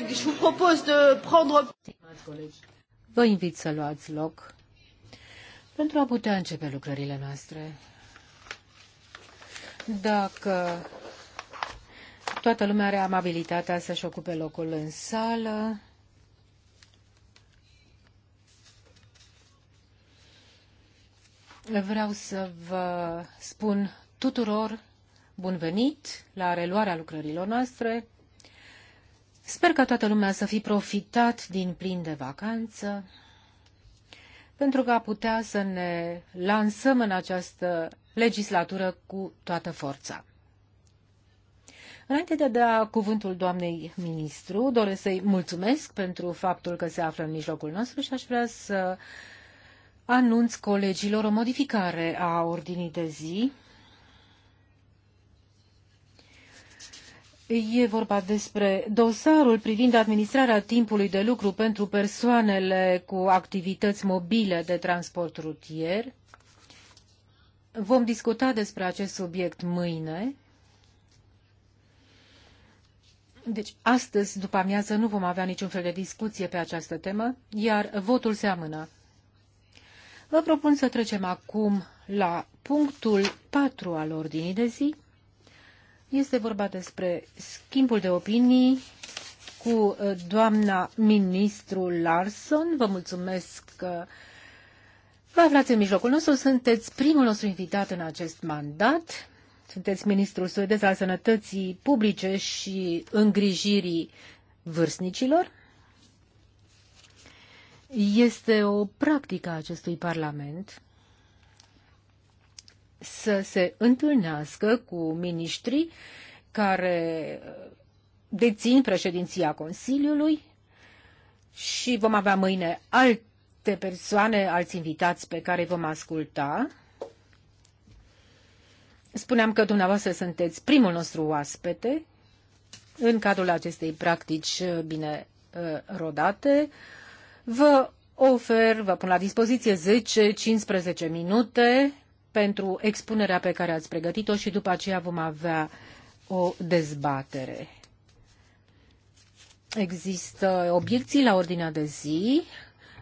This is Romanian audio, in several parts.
collègues, je vous propose de prendre... Vă invit să luați loc pentru a putea începe lucrările noastre. Dacă toată lumea are amabilitatea să-și ocupe locul în sală, vreau să vă spun tuturor bun venit la reluarea lucrărilor noastre. Sper ca toată lumea să fi profitat din plin de vacanță pentru că a putea să ne lansăm în această legislatură cu toată forța. Înainte de a da cuvântul doamnei ministru, doresc să-i mulțumesc pentru faptul că se află în mijlocul nostru și aș vrea să anunț colegilor o modificare a ordinii de zi E vorba despre dosarul privind administrarea timpului de lucru pentru persoanele cu activități mobile de transport rutier. Vom discuta despre acest subiect mâine. Deci, astăzi, după amiază, nu vom avea niciun fel de discuție pe această temă, iar votul se amână. Vă propun să trecem acum la punctul 4 al ordinii de zi. Este vorba despre schimbul de opinii cu uh, doamna ministru Larson. Vă mulțumesc că vă aflați în mijlocul nostru. Sunteți primul nostru invitat în acest mandat. Sunteți ministrul suedez al sănătății publice și îngrijirii vârstnicilor. Este o practică a acestui parlament să se întâlnească cu miniștrii care uh, dețin președinția Consiliului și vom avea mâine alte persoane, alți invitați pe care vom asculta. Spuneam că dumneavoastră sunteți primul nostru oaspete în cadrul acestei practici uh, bine uh, rodate. Vă ofer, vă pun la dispoziție 10-15 minute pentru expunerea pe care ați pregătit-o și după aceea vom avea o dezbatere. Există obiecții la ordinea de zi.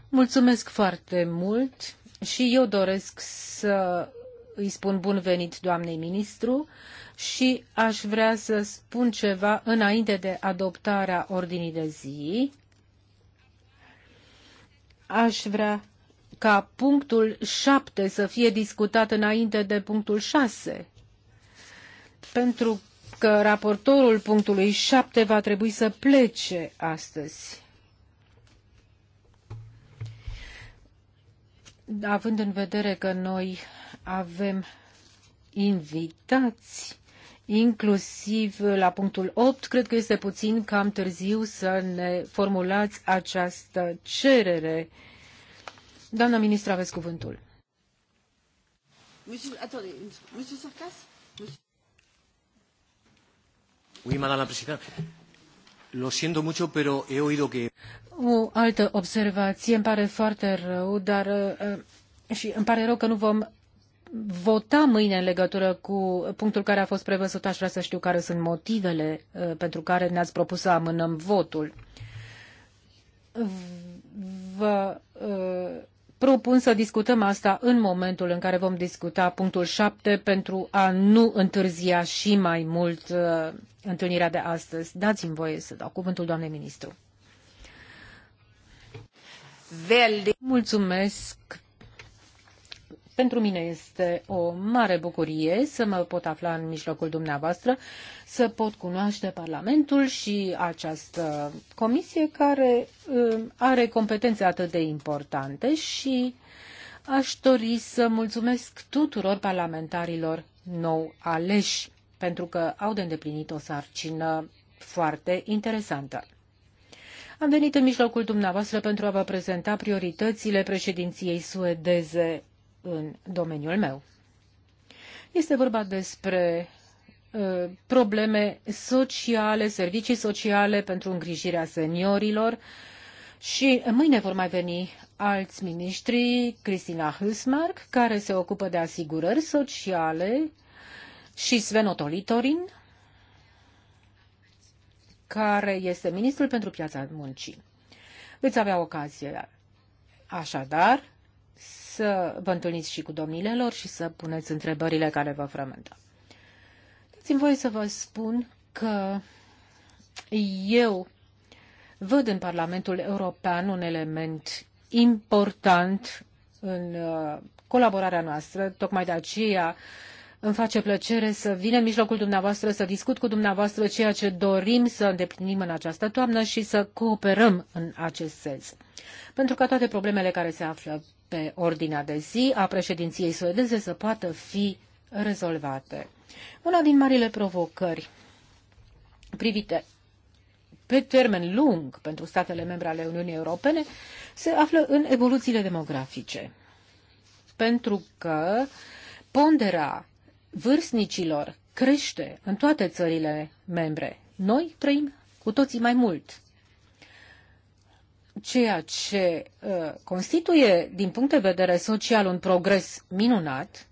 Mulțumesc foarte mult și eu doresc să îi spun bun venit doamnei ministru și aș vrea să spun ceva înainte de adoptarea ordinii de zi. Aș vrea ca punctul 7 să fie discutat înainte de punctul 6. Pentru că raportorul punctului 7 va trebui să plece astăzi. Având în vedere că noi avem invitați inclusiv la punctul 8, cred că este puțin cam târziu să ne formulați această cerere uh, Doamna ministru, aveți cuvântul. Sarkas O altă observație, îmi pare foarte rău, dar eh, și îmi pare rău că nu vom vota mâine în legătură cu punctul care a fost prevăzut. Aș vrea să știu care sunt motivele eh, pentru care ne-ați propus să amânăm votul. Vă eh, propun să discutăm asta în momentul în care vom discuta punctul 7 pentru a nu întârzia și mai mult uh, întâlnirea de astăzi. Dați-mi voie să dau cuvântul doamnei ministru. Mulțumesc pentru mine este o mare bucurie să mă pot afla în mijlocul dumneavoastră, să pot cunoaște Parlamentul și această comisie care um, are competențe atât de importante și aș dori să mulțumesc tuturor parlamentarilor nou aleși pentru că au de îndeplinit o sarcină foarte interesantă. Am venit în mijlocul dumneavoastră pentru a vă prezenta prioritățile președinției suedeze în domeniul meu. Este vorba despre uh, probleme sociale, servicii sociale pentru îngrijirea seniorilor și mâine vor mai veni alți miniștri, Cristina Hüsmark, care se ocupă de asigurări sociale și Sven Otolitorin, care este ministrul pentru piața muncii. Veți avea ocazia, așadar, să vă întâlniți și cu domnilelor și să puneți întrebările care vă frământă. Dați-mi să vă spun că eu văd în Parlamentul European un element important în uh, colaborarea noastră, tocmai de aceea îmi face plăcere să vin în mijlocul dumneavoastră, să discut cu dumneavoastră ceea ce dorim să îndeplinim în această toamnă și să cooperăm în acest sens. Pentru ca toate problemele care se află pe ordinea de zi a președinției suedeze să poată fi rezolvate. Una din marile provocări privite pe termen lung pentru statele membre ale Uniunii Europene se află în evoluțiile demografice. Pentru că pondera vârstnicilor crește în toate țările membre. Noi trăim cu toții mai mult ceea ce uh, constituie, din punct de vedere social, un progres minunat.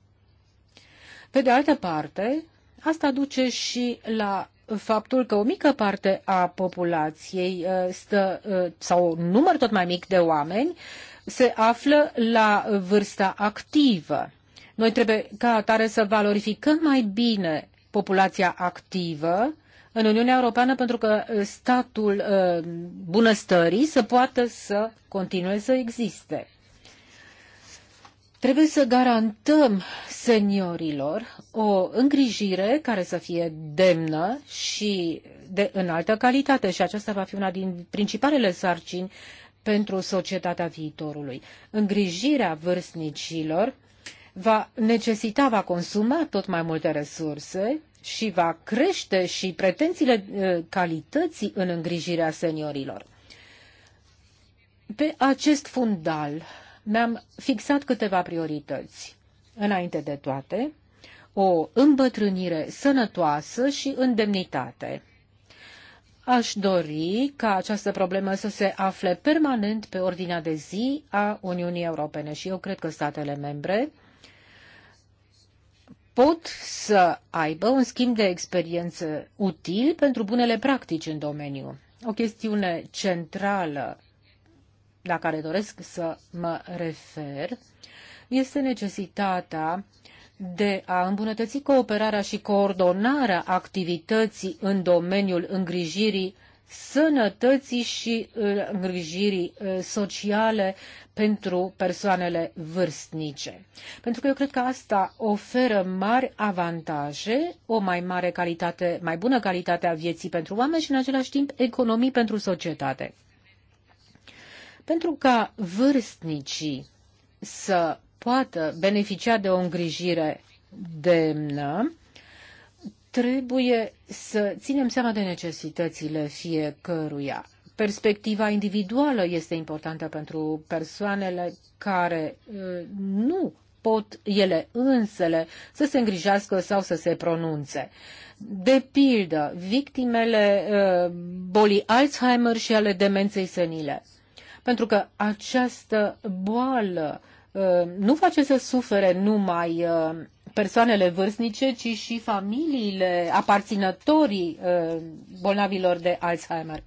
Pe de altă parte, asta duce și la faptul că o mică parte a populației uh, stă, uh, sau un număr tot mai mic de oameni se află la vârsta activă. Noi trebuie ca atare să valorificăm mai bine populația activă în Uniunea Europeană pentru că uh, statul uh, bunăstării să poată să continue să existe. Trebuie să garantăm seniorilor o îngrijire care să fie demnă și de înaltă calitate și aceasta va fi una din principalele sarcini pentru societatea viitorului. Îngrijirea vârstnicilor va necesita, va consuma tot mai multe resurse și va crește și pretențiile uh, calității în îngrijirea seniorilor. Pe acest fundal mi-am fixat câteva priorități. Înainte de toate, o îmbătrânire sănătoasă și în demnitate. Aș dori ca această problemă să se afle permanent pe ordinea de zi a Uniunii Europene și eu cred că statele membre pot să aibă un schimb de experiență util pentru bunele practici în domeniu. O chestiune centrală la care doresc să mă refer este necesitatea de a îmbunătăți cooperarea și coordonarea activității în domeniul îngrijirii sănătății și uh, îngrijirii uh, sociale pentru persoanele vârstnice. Pentru că eu cred că asta oferă mari avantaje, o mai mare calitate, mai bună calitate a vieții pentru oameni și în același timp economii pentru societate. Pentru ca vârstnicii să poată beneficia de o îngrijire demnă, trebuie să ținem seama de necesitățile fiecăruia. Perspectiva individuală este importantă pentru persoanele care uh, nu pot ele însele să se îngrijească sau să se pronunțe. De pildă, victimele uh, bolii Alzheimer și ale demenței senile. Pentru că această boală uh, nu face să sufere numai persoanele vârstnice, ci și familiile, aparținătorii uh, bolnavilor de Alzheimer.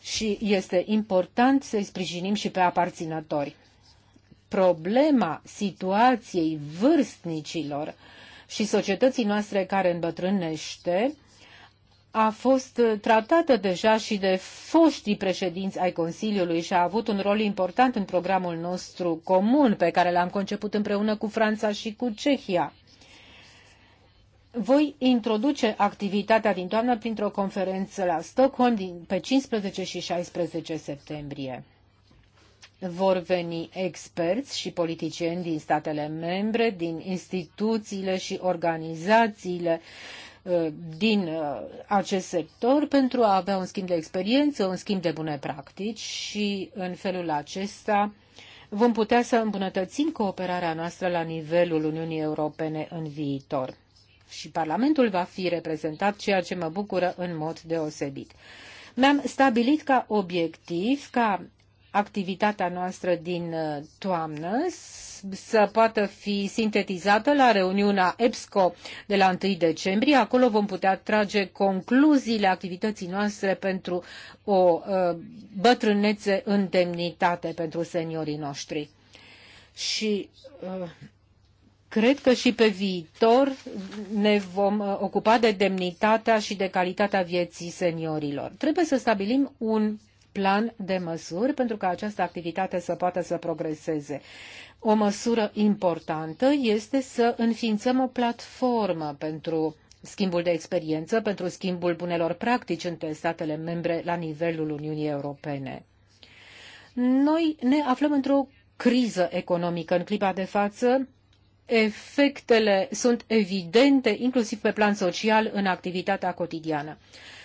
Și este important să-i sprijinim și pe aparținători. Problema situației vârstnicilor și societății noastre care îmbătrânește a fost uh, tratată deja și de foștii președinți ai Consiliului și a avut un rol important în programul nostru comun pe care l-am conceput împreună cu Franța și cu Cehia. Voi introduce activitatea din toamnă printr-o conferință la Stockholm din, pe 15 și 16 septembrie. Vor veni experți și politicieni din statele membre, din instituțiile și organizațiile Uh, din uh, acest sector pentru a avea un schimb de experiență, un schimb de bune practici și în felul acesta vom putea să îmbunătățim cooperarea noastră la nivelul Uniunii Europene în viitor. Și Parlamentul va fi reprezentat, ceea ce mă bucură în mod deosebit. Mi-am stabilit ca obiectiv ca activitatea noastră din uh, toamnă să poată fi sintetizată la reuniunea EPSCO de la 1 decembrie. Acolo vom putea trage concluziile activității noastre pentru o uh, bătrânețe în demnitate pentru seniorii noștri. Și uh, cred că și pe viitor ne vom ocupa de demnitatea și de calitatea vieții seniorilor. Trebuie să stabilim un plan de măsuri pentru ca această activitate să poată să progreseze. O măsură importantă este să înființăm o platformă pentru schimbul de experiență, pentru schimbul bunelor practici între statele membre la nivelul Uniunii Europene. Noi ne aflăm într-o criză economică în clipa de față, efectele sunt evidente inclusiv pe plan social în activitatea cotidiană.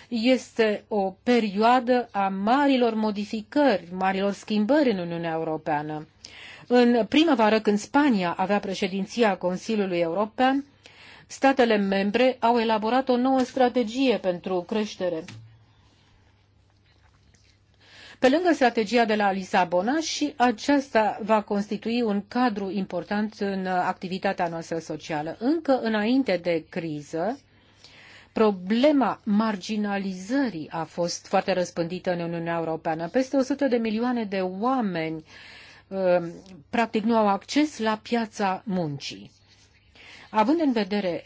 Este o perioadă a marilor modificări, marilor schimbări în Uniunea Europeană. În primăvară, când Spania avea președinția Consiliului European, statele membre au elaborat o nouă strategie pentru creștere. Pe lângă strategia de la Lisabona și aceasta va constitui un cadru important în activitatea noastră socială. Încă înainte de criză, problema marginalizării a fost foarte răspândită în Uniunea Europeană. Peste 100 de milioane de oameni um, practic nu au acces la piața muncii. Având în vedere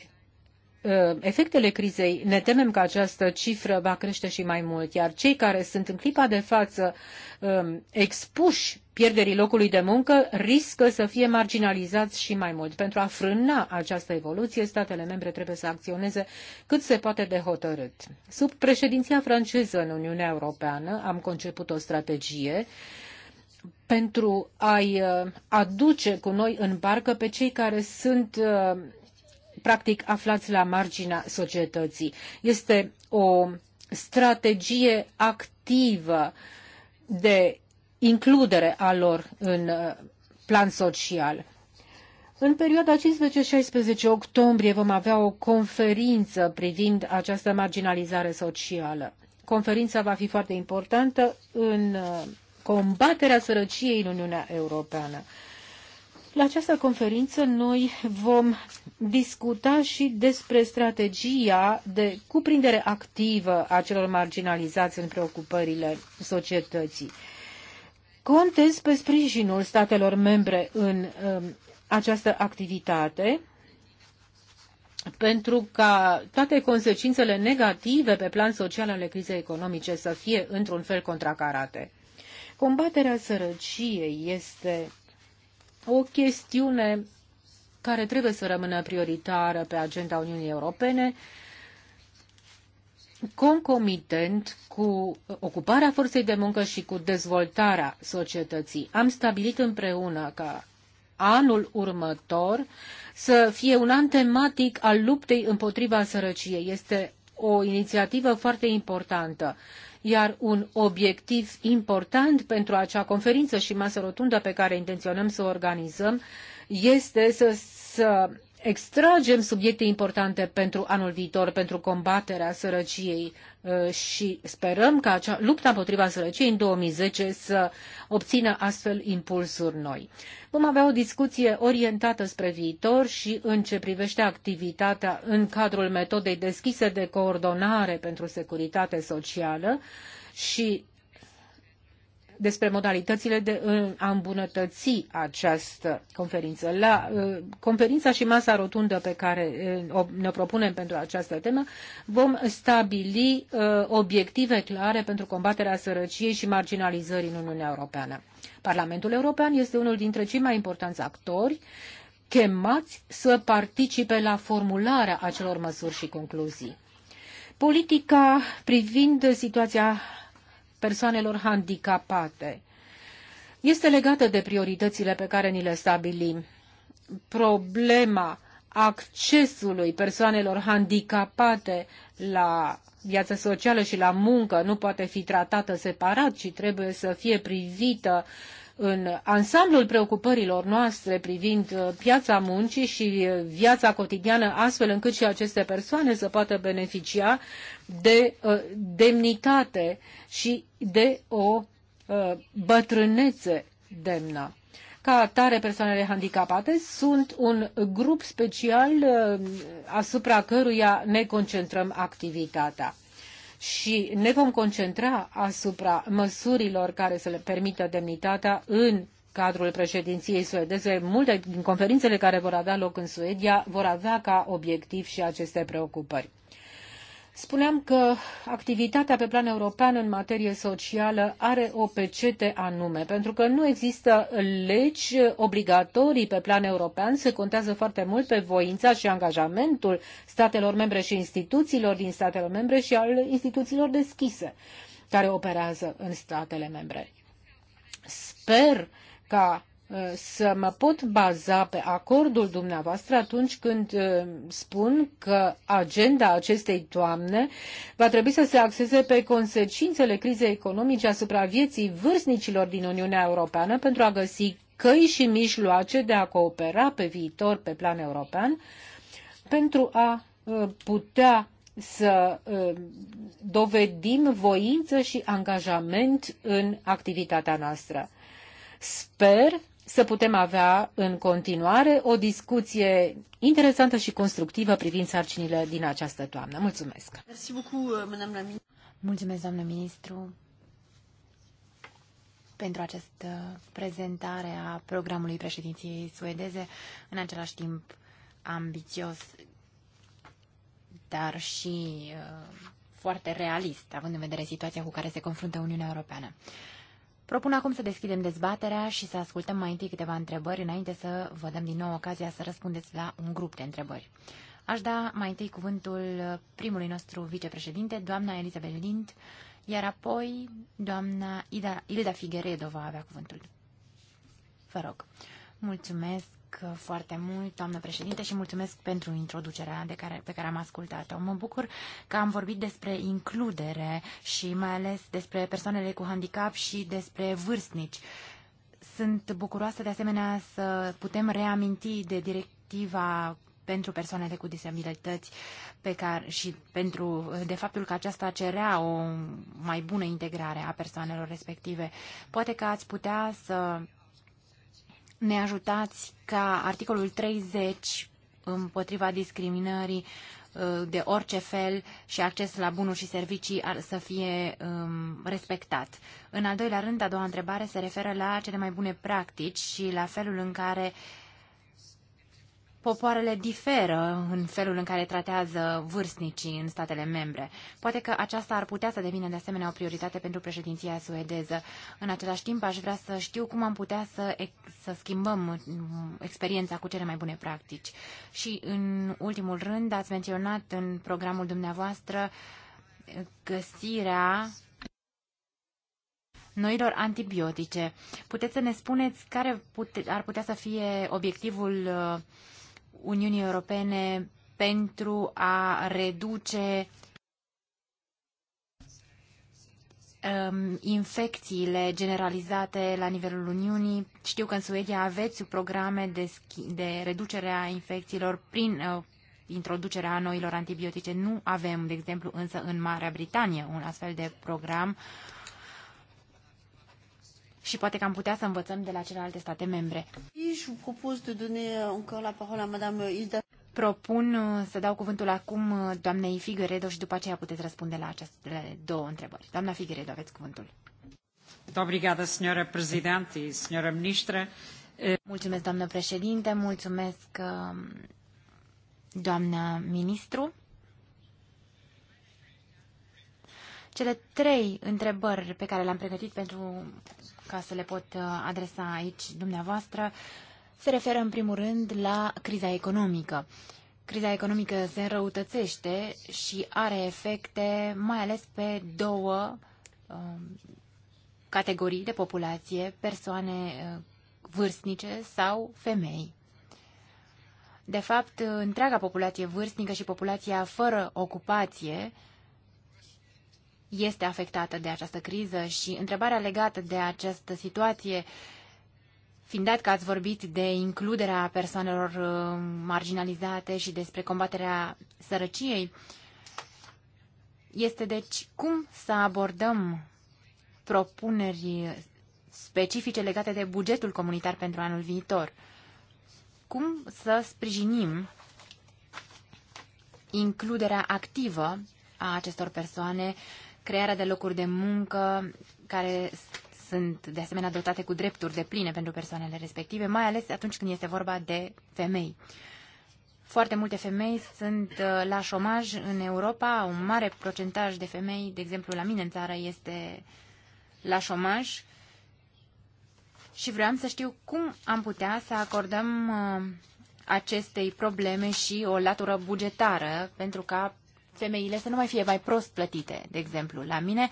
Uh, efectele crizei, ne temem că această cifră va crește și mai mult, iar cei care sunt în clipa de față um, expuși pierderii locului de muncă riscă să fie marginalizați și mai mult. Pentru a frâna această evoluție, statele membre trebuie să acționeze cât se poate de hotărât. Sub președinția franceză în Uniunea Europeană am conceput o strategie pentru a-i uh, aduce cu noi în barcă pe cei care sunt uh, practic aflați la marginea societății. Este o strategie activă de includere a lor în uh, plan social. În perioada 15-16 octombrie vom avea o conferință privind această marginalizare socială. Conferința va fi foarte importantă în uh, combaterea sărăciei în Uniunea Europeană. La această conferință noi vom discuta și despre strategia de cuprindere activă a celor marginalizați în preocupările societății. Contez pe sprijinul statelor membre în um, această activitate pentru ca toate consecințele negative pe plan social ale crizei economice să fie într-un fel contracarate. Combaterea sărăciei este o chestiune care trebuie să rămână prioritară pe agenda Uniunii Europene, concomitent cu ocuparea forței de muncă și cu dezvoltarea societății. Am stabilit împreună ca anul următor să fie un an tematic al luptei împotriva sărăciei. Este o inițiativă foarte importantă. Iar un obiectiv important pentru acea conferință și masă rotundă pe care intenționăm să o organizăm este să, să extragem subiecte importante pentru anul viitor, pentru combaterea sărăciei uh, și sperăm ca acea lupta împotriva sărăciei în 2010 să obțină astfel impulsuri noi. Vom avea o discuție orientată spre viitor și în ce privește activitatea în cadrul metodei deschise de coordonare pentru securitate socială și despre modalitățile de a îmbunătăți această conferință. La uh, conferința și masa rotundă pe care uh, ne propunem pentru această temă vom stabili uh, obiective clare pentru combaterea sărăciei și marginalizării în Uniunea Europeană. Parlamentul European este unul dintre cei mai importanți actori chemați să participe la formularea acelor măsuri și concluzii. Politica privind situația persoanelor handicapate este legată de prioritățile pe care ni le stabilim. Problema accesului persoanelor handicapate la viața socială și la muncă nu poate fi tratată separat, ci trebuie să fie privită uh, în ansamblul preocupărilor noastre privind uh, piața muncii și uh, viața cotidiană, astfel încât și aceste persoane să poată beneficia de uh, demnitate și de o bătrânețe demnă. Ca atare, persoanele handicapate sunt un grup special asupra căruia ne concentrăm activitatea și ne vom concentra asupra măsurilor care să le permită demnitatea în cadrul președinției suedeze. Multe din conferințele care vor avea loc în Suedia vor avea ca obiectiv și aceste preocupări. Spuneam că activitatea pe plan european în materie socială are o pecete anume, pentru că nu există legi obligatorii pe plan european, se contează foarte mult pe voința și angajamentul statelor membre și instituțiilor din statele membre și al instituțiilor deschise care operează în statele membre. Sper ca să mă pot baza pe acordul dumneavoastră atunci când uh, spun că agenda acestei toamne va trebui să se axeze pe consecințele crizei economice asupra vieții vârstnicilor din Uniunea Europeană pentru a găsi căi și mijloace de a coopera pe viitor pe plan european pentru a uh, putea să uh, dovedim voință și angajament în activitatea noastră. Sper să putem avea în continuare o discuție interesantă și constructivă privind sarcinile din această toamnă. Mulțumesc! Euh, Mulțumesc, doamnă ministru, pentru această prezentare a programului președinției suedeze, în același timp ambițios, dar și uh, foarte realist, având în vedere situația cu care se confruntă Uniunea Europeană. Propun acum să deschidem dezbaterea și să ascultăm mai întâi câteva întrebări înainte să vă dăm din nou ocazia să răspundeți la un grup de întrebări. Aș da mai întâi cuvântul primului nostru vicepreședinte, doamna Elizabeth Lind, iar apoi doamna Ida, Ilda Figueredo va avea cuvântul. Vă rog. Mulțumesc, foarte mult, doamnă președinte, și mulțumesc pentru introducerea de care, pe care am ascultat-o. Mă bucur că am vorbit despre includere și mai ales despre persoanele cu handicap și despre vârstnici. Sunt bucuroasă de asemenea să putem reaminti de directiva pentru persoanele cu disabilități pe care, și pentru de faptul că aceasta cerea o mai bună integrare a persoanelor respective. Poate că ați putea să ne ajutați ca articolul 30 împotriva discriminării uh, de orice fel și acces la bunuri și servicii să fie um, respectat. În al doilea rând, a doua întrebare se referă la cele mai bune practici și la felul în care popoarele diferă în felul în care tratează vârstnicii în statele membre. Poate că aceasta ar putea să devină de asemenea o prioritate pentru președinția suedeză. În același timp, aș vrea să știu cum am putea să, să schimbăm mm, experiența cu cele mai bune practici. Și, în ultimul rând, ați menționat în programul dumneavoastră găsirea noilor antibiotice. Puteți să ne spuneți care pute- ar putea să fie obiectivul uh, Uniunii Europene pentru a reduce um, infecțiile generalizate la nivelul Uniunii. Știu că în Suedia aveți programe de, de reducere a infecțiilor prin uh, introducerea noilor antibiotice. Nu avem, de exemplu, însă în Marea Britanie un astfel de program uh, și poate că am putea să învățăm de la celelalte state membre. Propun uh, să dau cuvântul acum uh, doamnei Figueredo și după aceea puteți răspunde la aceste două întrebări. Doamna Figueredo, aveți cuvântul. Obrigada, Presidente, eh, Mulțumesc, doamnă președinte, mulțumesc, um, doamnă ministru. cele trei întrebări pe care le-am pregătit pentru ca să le pot uh, adresa aici dumneavoastră se referă în primul rând la criza economică. Criza economică se înrăutățește și are efecte mai ales pe două um, categorii de populație, persoane uh, vârstnice sau femei. De fapt, uh, întreaga populație vârstnică și populația fără ocupație uh, este afectată de această criză și întrebarea legată de această situație, fiind dat că ați vorbit de includerea persoanelor uh, marginalizate și despre combaterea sărăciei, este deci cum să abordăm propuneri specifice legate de bugetul comunitar pentru anul viitor. Cum să sprijinim includerea activă a acestor persoane crearea de locuri de muncă care sunt de asemenea dotate cu drepturi de pline pentru persoanele respective, mai ales atunci când este vorba de femei. Foarte multe femei sunt uh, la șomaj în Europa, un mare procentaj de femei, de exemplu la mine în țară, este la șomaj și vreau să știu cum am putea să acordăm uh, acestei probleme și o latură bugetară pentru ca femeile să nu mai fie mai prost plătite. De exemplu, la mine,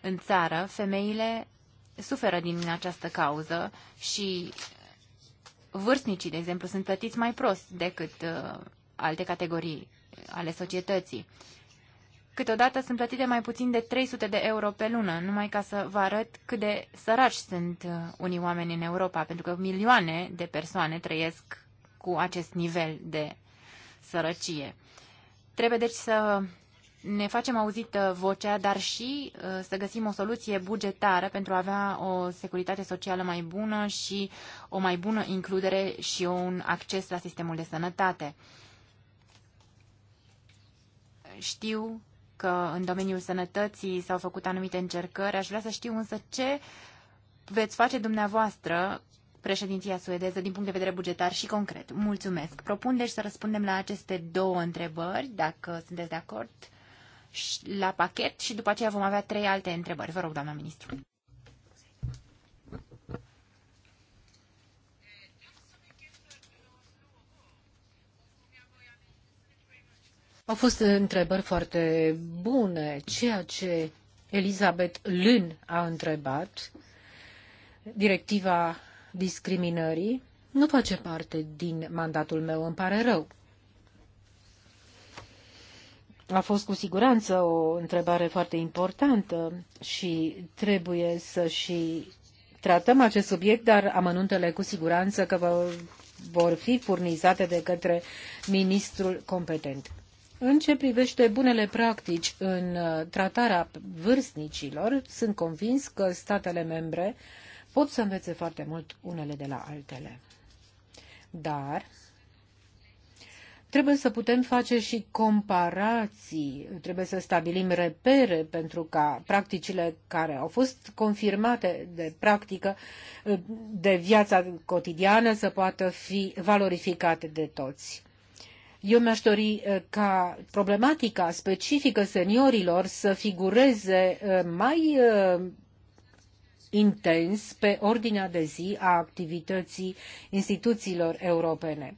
în țară, femeile suferă din această cauză și vârstnicii, de exemplu, sunt plătiți mai prost decât uh, alte categorii ale societății. Câteodată sunt plătite mai puțin de 300 de euro pe lună, numai ca să vă arăt cât de săraci sunt uh, unii oameni în Europa, pentru că milioane de persoane trăiesc cu acest nivel de sărăcie. Trebuie deci să ne facem auzit uh, vocea, dar și uh, să găsim o soluție bugetară pentru a avea o securitate socială mai bună și o mai bună includere și un acces la sistemul de sănătate. Știu că în domeniul sănătății s-au făcut anumite încercări, aș vrea să știu însă ce veți face dumneavoastră președinția suedeză din punct de vedere bugetar și concret. Mulțumesc. Propun deci să răspundem la aceste două întrebări, dacă sunteți de acord, la pachet și după aceea vom avea trei alte întrebări. Vă rog, doamna ministru. Au fost întrebări foarte bune. Ceea ce Elizabeth Lynn a întrebat, directiva discriminării nu face parte din mandatul meu, îmi pare rău. A fost cu siguranță o întrebare foarte importantă și trebuie să și tratăm acest subiect, dar amănuntele cu siguranță că vă vor fi furnizate de către ministrul competent. În ce privește bunele practici în tratarea vârstnicilor, sunt convins că statele membre uh, pot să învețe foarte mult unele de la altele. Dar trebuie să putem face și comparații, trebuie să stabilim repere pentru ca practicile care au fost confirmate de practică de viața cotidiană să poată fi valorificate de toți. Eu mi-aș dori eh, ca problematica specifică seniorilor să figureze eh, mai eh, intens pe ordinea de zi a activității instituțiilor europene.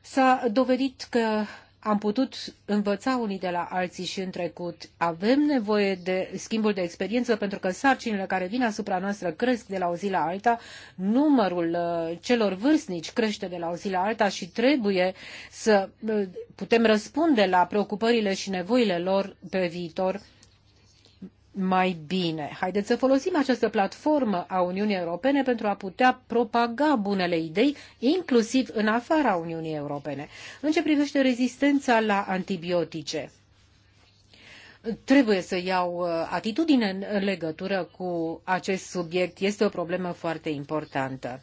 S-a dovedit că am putut învăța unii de la alții și în trecut. Avem nevoie de schimbul de experiență pentru că sarcinile care vin asupra noastră cresc de la o zi la alta, numărul uh, celor vârstnici crește de la o zi la alta și trebuie să uh, putem răspunde la preocupările și nevoile lor pe viitor mai bine. Haideți să folosim această platformă a Uniunii Europene pentru a putea propaga bunele idei, inclusiv în afara Uniunii Europene. În ce privește rezistența la antibiotice, trebuie să iau uh, atitudine în legătură cu acest subiect. Este o problemă foarte importantă.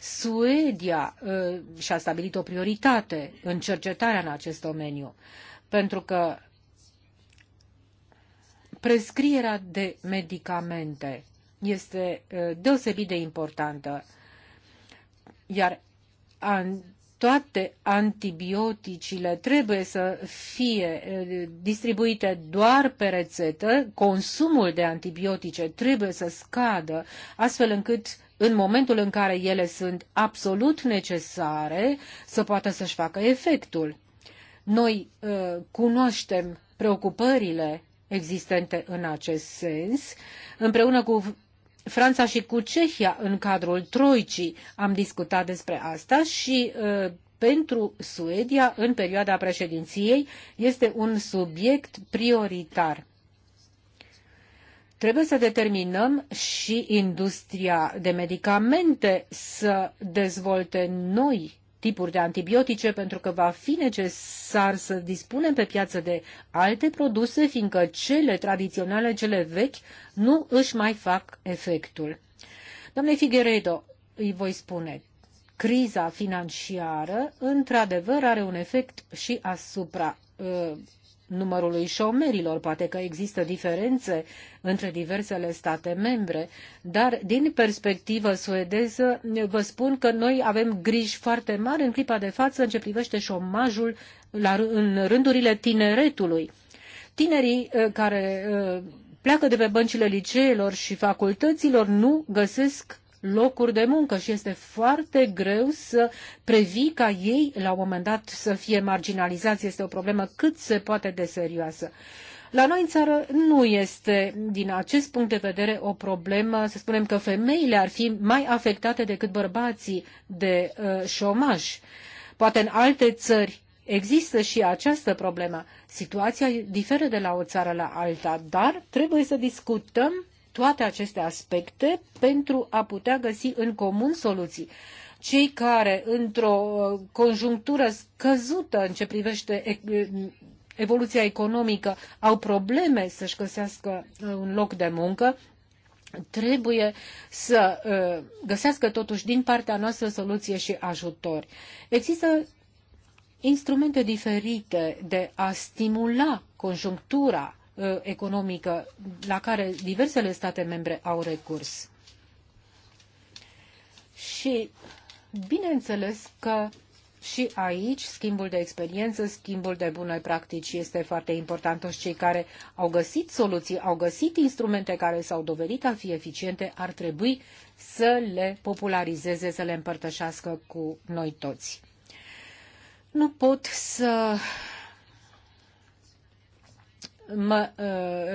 Suedia uh, și-a stabilit o prioritate în cercetarea în acest domeniu, pentru că prescrierea de medicamente este uh, deosebit de importantă, iar toate antibioticile trebuie să fie uh, distribuite doar pe rețetă, consumul de antibiotice trebuie să scadă, astfel încât în momentul în care ele sunt absolut necesare, să poată să-și facă efectul. Noi uh, cunoaștem preocupările existente în acest sens. Împreună cu Franța și cu Cehia, în cadrul Troicii, am discutat despre asta și uh, pentru Suedia, în perioada președinției, este un subiect prioritar. Trebuie să determinăm și industria de medicamente să dezvolte noi tipuri de antibiotice, pentru că va fi necesar să dispunem pe piață de alte produse, fiindcă cele tradiționale, cele vechi, nu își mai fac efectul. Domnule Figueredo, îi voi spune, criza financiară, într-adevăr, are un efect și asupra uh, numărului șomerilor. Poate că există diferențe între diversele state membre, dar din perspectivă suedeză vă spun că noi avem griji foarte mari în clipa de față în ce privește șomajul la, în rândurile tineretului. Tinerii uh, care uh, pleacă de pe băncile liceelor și facultăților nu găsesc locuri de muncă și este foarte greu să previi ca ei la un moment dat să fie marginalizați. Este o problemă cât se poate de serioasă. La noi în țară nu este, din acest punct de vedere, o problemă, să spunem că femeile ar fi mai afectate decât bărbații de uh, șomaj. Poate în alte țări Există și această problemă. Situația diferă de la o țară la alta, dar trebuie să discutăm toate aceste aspecte pentru a putea găsi în comun soluții. Cei care, într-o uh, conjunctură scăzută în ce privește evoluția economică, au probleme să-și găsească uh, un loc de muncă, trebuie să uh, găsească totuși din partea noastră soluție și ajutor. Există instrumente diferite de a stimula conjunctura Uh, economică la care diversele state membre au recurs. Și bineînțeles că și aici schimbul de experiență, schimbul de bune practici este foarte important. Toți cei care au găsit soluții, au găsit instrumente care s-au dovedit a fi eficiente, ar trebui să le popularizeze, să le împărtășească cu noi toți. Nu pot să mă ă,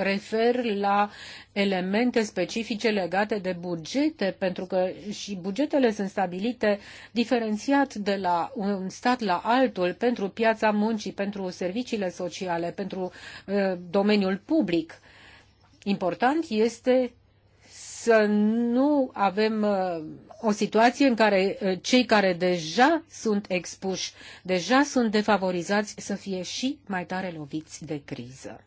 refer la elemente specifice legate de bugete, pentru că și bugetele sunt stabilite diferențiat de la un stat la altul pentru piața muncii, pentru serviciile sociale, pentru ă, domeniul public. Important este să nu avem ă, o situație în care cei care deja sunt expuși, deja sunt defavorizați, să fie și mai tare loviți de criză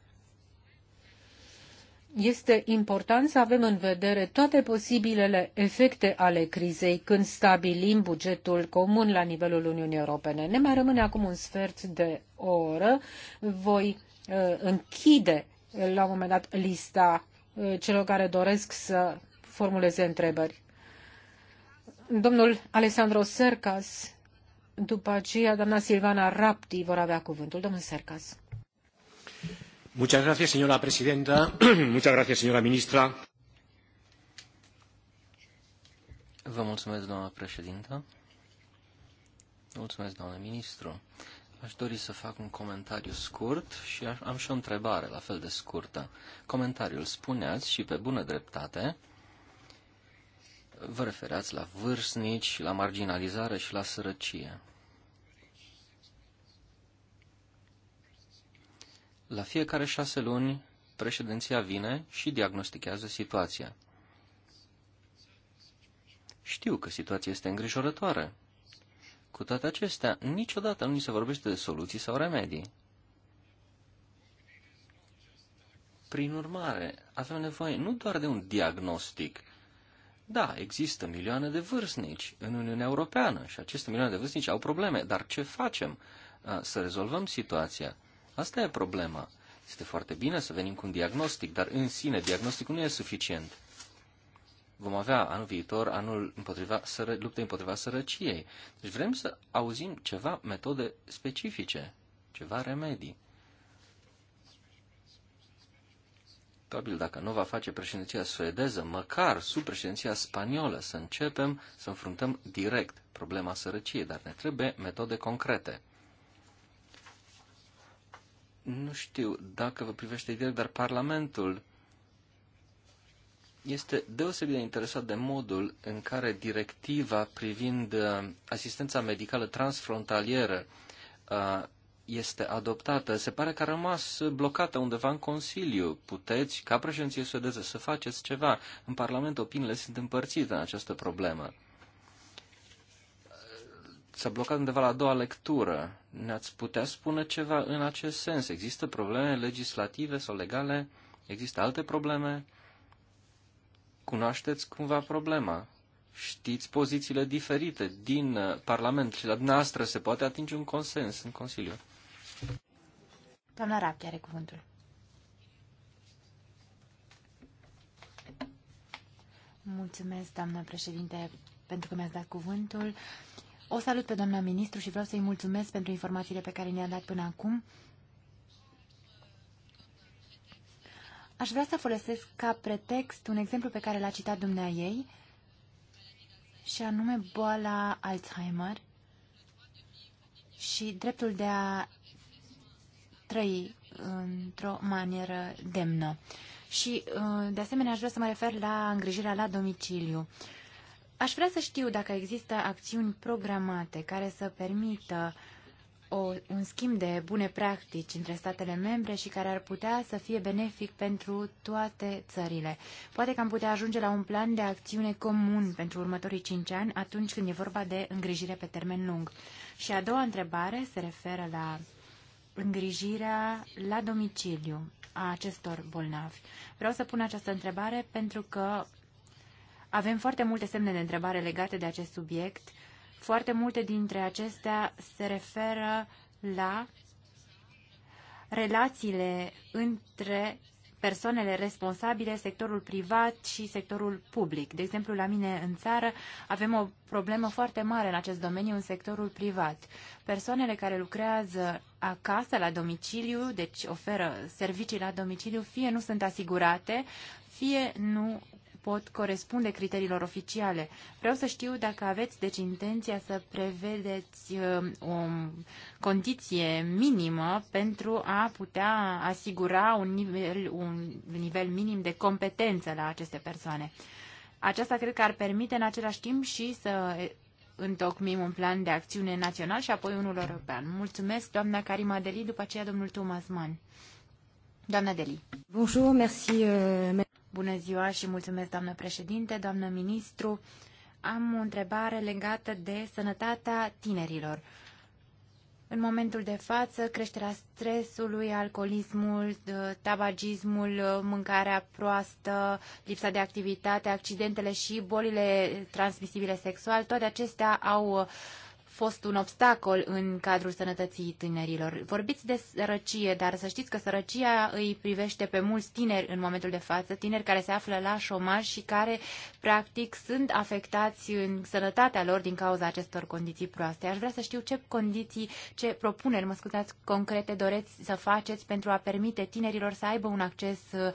este important să avem în vedere toate posibilele efecte ale crizei când stabilim bugetul comun la nivelul Uniunii Europene. Ne mai rămâne acum un sfert de oră. Voi uh, închide uh, la un moment dat lista uh, celor care doresc să formuleze întrebări. Domnul Alessandro Sercas, după aceea doamna Silvana Rapti vor avea cuvântul. Domnul Sercas. Muchas gracias, señora presidenta. Muchas gracias, señora ministra. Vă mulțumesc, doamna președintă. Mulțumesc, doamna ministru. Aș dori să fac un comentariu scurt și am și o întrebare la fel de scurtă. Comentariul spuneați și pe bună dreptate, vă referați la vârstnici, la marginalizare și la sărăcie. La fiecare șase luni, președinția vine și diagnostichează situația. Știu că situația este îngrijorătoare. Cu toate acestea, niciodată nu ni se vorbește de soluții sau remedii. Prin urmare, avem nevoie nu doar de un diagnostic. Da, există milioane de vârstnici în Uniunea Europeană și aceste milioane de vârstnici au probleme, dar ce facem să rezolvăm situația? Asta e problema. Este foarte bine să venim cu un diagnostic, dar în sine diagnosticul nu e suficient. Vom avea anul viitor anul împotriva sără, lupte împotriva sărăciei. Deci vrem să auzim ceva metode specifice, ceva remedii. Probabil dacă nu va face președinția suedeză, măcar sub președinția spaniolă, să începem să înfruntăm direct problema sărăciei, dar ne trebuie metode concrete nu știu dacă vă privește direct, dar Parlamentul este deosebit de interesat de modul în care directiva privind uh, asistența medicală transfrontalieră uh, este adoptată. Se pare că a rămas blocată undeva în Consiliu. Puteți, ca președinție suedeză, să faceți ceva. În Parlament opiniile sunt împărțite în această problemă s-a blocat undeva la a doua lectură. Ne-ați putea spune ceva în acest sens? Există probleme legislative sau legale? Există alte probleme? Cunoașteți cumva problema? Știți pozițiile diferite din uh, Parlament și la dumneavoastră se poate atinge un consens în Consiliu? Doamna Rapti are cuvântul. Mulțumesc, doamnă președinte, pentru că mi-ați dat cuvântul. Uh, o salut pe doamna ministru și vreau să-i mulțumesc pentru informațiile pe care ne-a dat până acum. Aș vrea să folosesc ca pretext un exemplu pe care l-a citat dumnea ei, și anume boala Alzheimer și dreptul de a trăi într-o manieră demnă. Și, uh, de asemenea, aș vrea să mă refer la îngrijirea la domiciliu. Aș vrea să știu dacă există acțiuni programate care să permită o, un schimb de bune practici între statele membre și care ar putea să fie benefic pentru toate țările. Poate că am putea ajunge la un plan de acțiune comun pentru următorii cinci ani atunci când e vorba de îngrijire pe termen lung. Și a doua întrebare se referă la îngrijirea la domiciliu a acestor bolnavi. Vreau să pun această întrebare pentru că avem foarte multe semne de întrebare legate de acest subiect. Foarte multe dintre acestea se referă la relațiile între persoanele responsabile, sectorul privat și sectorul public. De exemplu, la mine în țară avem o problemă foarte mare în acest domeniu, în sectorul privat. Persoanele care lucrează acasă, la domiciliu, deci oferă servicii la domiciliu, fie nu sunt asigurate, fie nu pot corespunde criteriilor oficiale. Vreau să știu dacă aveți deci intenția să prevedeți um, o condiție minimă pentru a putea asigura un nivel, un nivel minim de competență la aceste persoane. Aceasta cred că ar permite în același timp și să întocmim un plan de acțiune național și apoi unul european. Mulțumesc, doamna Karima Deli, după aceea domnul Thomas Mann. Doamna Deli. Bonjour, merci, euh, Bună ziua și mulțumesc, doamnă președinte, doamnă ministru. Am o întrebare legată de sănătatea tinerilor. În momentul de față, creșterea stresului, alcoolismul, ă, tabagismul, ă, mâncarea proastă, lipsa de activitate, accidentele și bolile transmisibile sexual, toate acestea au ă, fost un obstacol în cadrul sănătății tinerilor. Vorbiți de sărăcie, dar să știți că sărăcia îi privește pe mulți tineri în momentul de față, tineri care se află la șomaj și care, practic, sunt afectați în sănătatea lor din cauza acestor condiții proaste. Aș vrea să știu ce condiții, ce propuneri, mă scuzați, concrete doreți să faceți pentru a permite tinerilor să aibă un acces uh,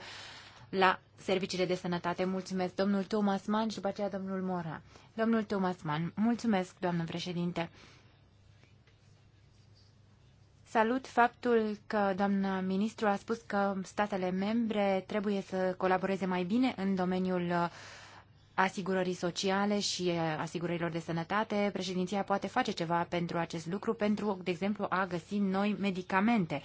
la serviciile de sănătate. Mulțumesc, domnul Thomas Mann și după aceea domnul Mora. Domnul Thomas Mann, mulțumesc, doamnă președinte. Salut faptul că doamna ministru a spus că statele membre trebuie să colaboreze mai bine în domeniul uh, asigurării sociale și asigurărilor de sănătate, președinția poate face ceva pentru acest lucru, pentru, de exemplu, a găsi noi medicamente.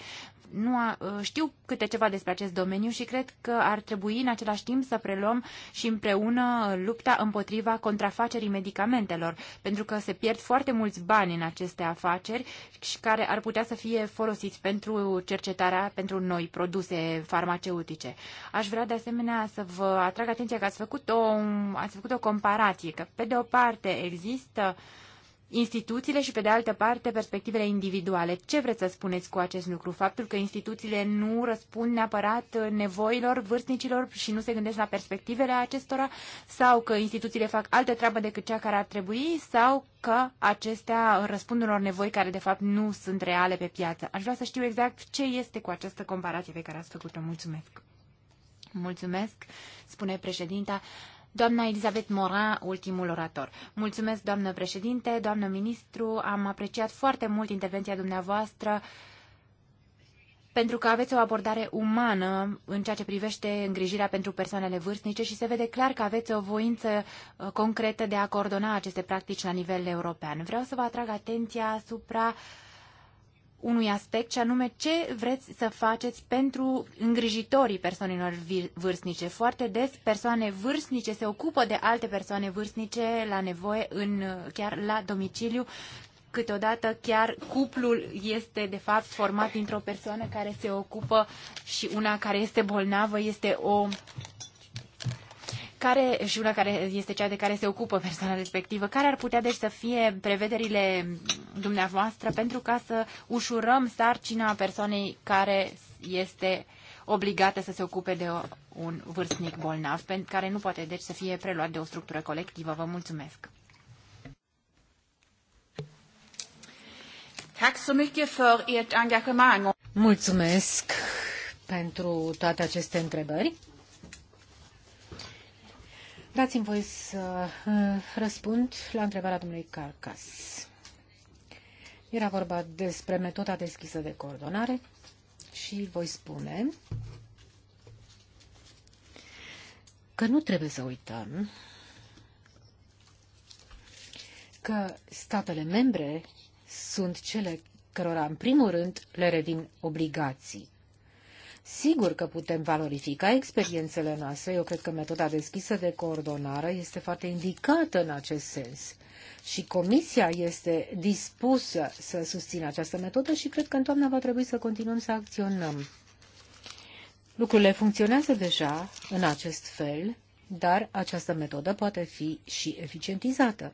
Nu a, ă, știu câte ceva despre acest domeniu și cred că ar trebui în același timp să preluăm și împreună lupta împotriva contrafacerii medicamentelor, pentru că se pierd foarte mulți bani în aceste afaceri și care ar putea să fie folosiți pentru cercetarea pentru noi produse farmaceutice. Aș vrea de asemenea să vă atrag atenția că ați făcut o ați făcut o comparație, că pe de o parte există instituțiile și pe de altă parte perspectivele individuale. Ce vreți să spuneți cu acest lucru? Faptul că instituțiile nu răspund neapărat nevoilor vârstnicilor și nu se gândesc la perspectivele acestora sau că instituțiile fac altă treabă decât cea care ar trebui sau că acestea răspund unor nevoi care de fapt nu sunt reale pe piață. Aș vrea să știu exact ce este cu această comparație pe care ați făcut-o. Mulțumesc! Mulțumesc, spune președinta. Doamna Elizabeth Morin, ultimul orator. Mulțumesc, doamnă președinte, doamnă ministru, am apreciat foarte mult intervenția dumneavoastră pentru că aveți o abordare umană în ceea ce privește îngrijirea pentru persoanele vârstnice și se vede clar că aveți o voință uh, concretă de a coordona aceste practici la nivel european. Vreau să vă atrag atenția asupra uh, unui aspect, și anume ce vreți să faceți pentru îngrijitorii persoanelor vârstnice. Foarte des persoane vârstnice se ocupă de alte persoane vârstnice la nevoie, în, chiar la domiciliu. Câteodată chiar cuplul este de fapt format dintr-o persoană care se ocupă și una care este bolnavă este o care, și una care este cea de care se ocupă persoana respectivă, care ar putea deci să fie prevederile dumneavoastră pentru ca să ușurăm sarcina persoanei care este obligată să se ocupe de un vârstnic bolnav, care nu poate deci să fie preluat de o structură colectivă. Vă mulțumesc! Mulțumesc pentru toate aceste întrebări. Dați-mi voi să uh, răspund la întrebarea domnului Carcas. Era vorba despre metoda deschisă de coordonare și voi spune că nu trebuie să uităm că statele membre sunt cele cărora, în primul rând, le revin obligații. Sigur că putem valorifica experiențele noastre. Eu cred că metoda deschisă de coordonare este foarte indicată în acest sens. Și Comisia este dispusă să susțină această metodă și cred că în toamna va trebui să continuăm să acționăm. Lucrurile funcționează deja în acest fel, dar această metodă poate fi și eficientizată.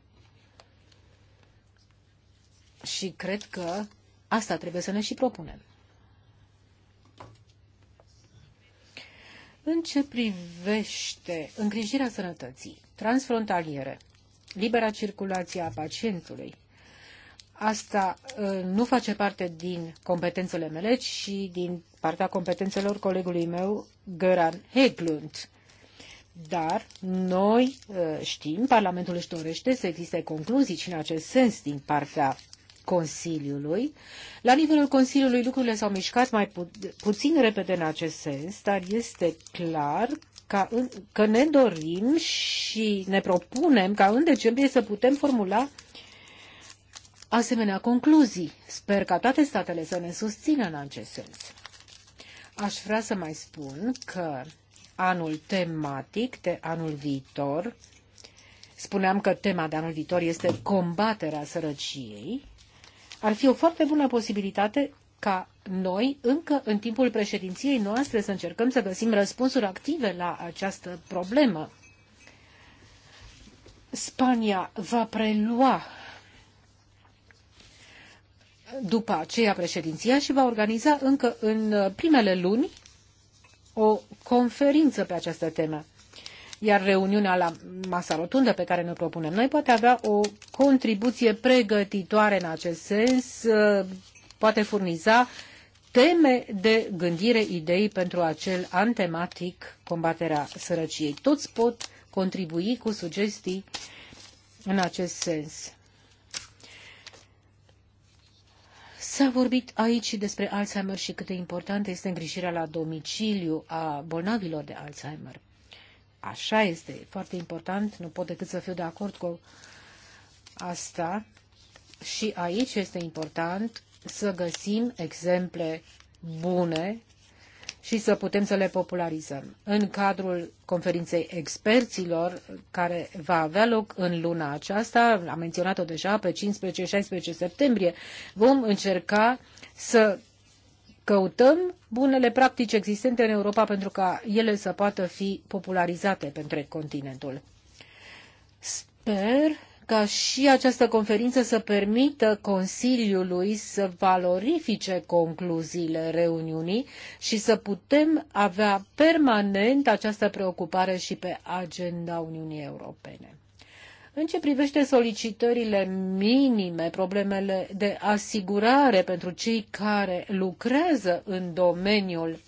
Și cred că asta trebuie să ne și propunem. În ce privește îngrijirea sănătății transfrontaliere, libera circulație a pacientului, asta ă, nu face parte din competențele mele, ci din partea competențelor colegului meu, Göran Heglund. Dar noi ă, știm, Parlamentul își dorește să existe concluzii și în acest sens din partea Consiliului. La nivelul Consiliului lucrurile s-au mișcat mai pu- puțin repede în acest sens, dar este clar ca în, că ne dorim și ne propunem ca în decembrie să putem formula asemenea concluzii. Sper ca toate statele să ne susțină în acest sens. Aș vrea să mai spun că anul tematic de anul viitor, spuneam că tema de anul viitor este combaterea sărăciei, ar fi o foarte bună posibilitate ca noi, încă în timpul președinției noastre, să încercăm să găsim răspunsuri active la această problemă. Spania va prelua după aceea președinția și va organiza încă în primele luni o conferință pe această temă. Iar reuniunea la masa rotundă pe care ne propunem noi poate avea o contribuție pregătitoare în acest sens, uh, poate furniza teme de gândire, idei pentru acel an tematic combaterea sărăciei. Toți pot contribui cu sugestii în acest sens. S-a vorbit aici și despre Alzheimer și cât de importantă este îngrijirea la domiciliu a bolnavilor de Alzheimer așa este foarte important, nu pot decât să fiu de acord cu asta. Și aici este important să găsim exemple bune și să putem să le popularizăm. În cadrul conferinței experților, care va avea loc în luna aceasta, am menționat-o deja, pe 15-16 septembrie, vom încerca să căutăm bunele practici existente în Europa pentru ca ele să poată fi popularizate pentru continentul. Sper ca și această conferință să permită Consiliului să valorifice concluziile reuniunii și să putem avea permanent această preocupare și pe agenda Uniunii Europene. În ce privește solicitările minime, problemele de asigurare pentru cei care lucrează în domeniul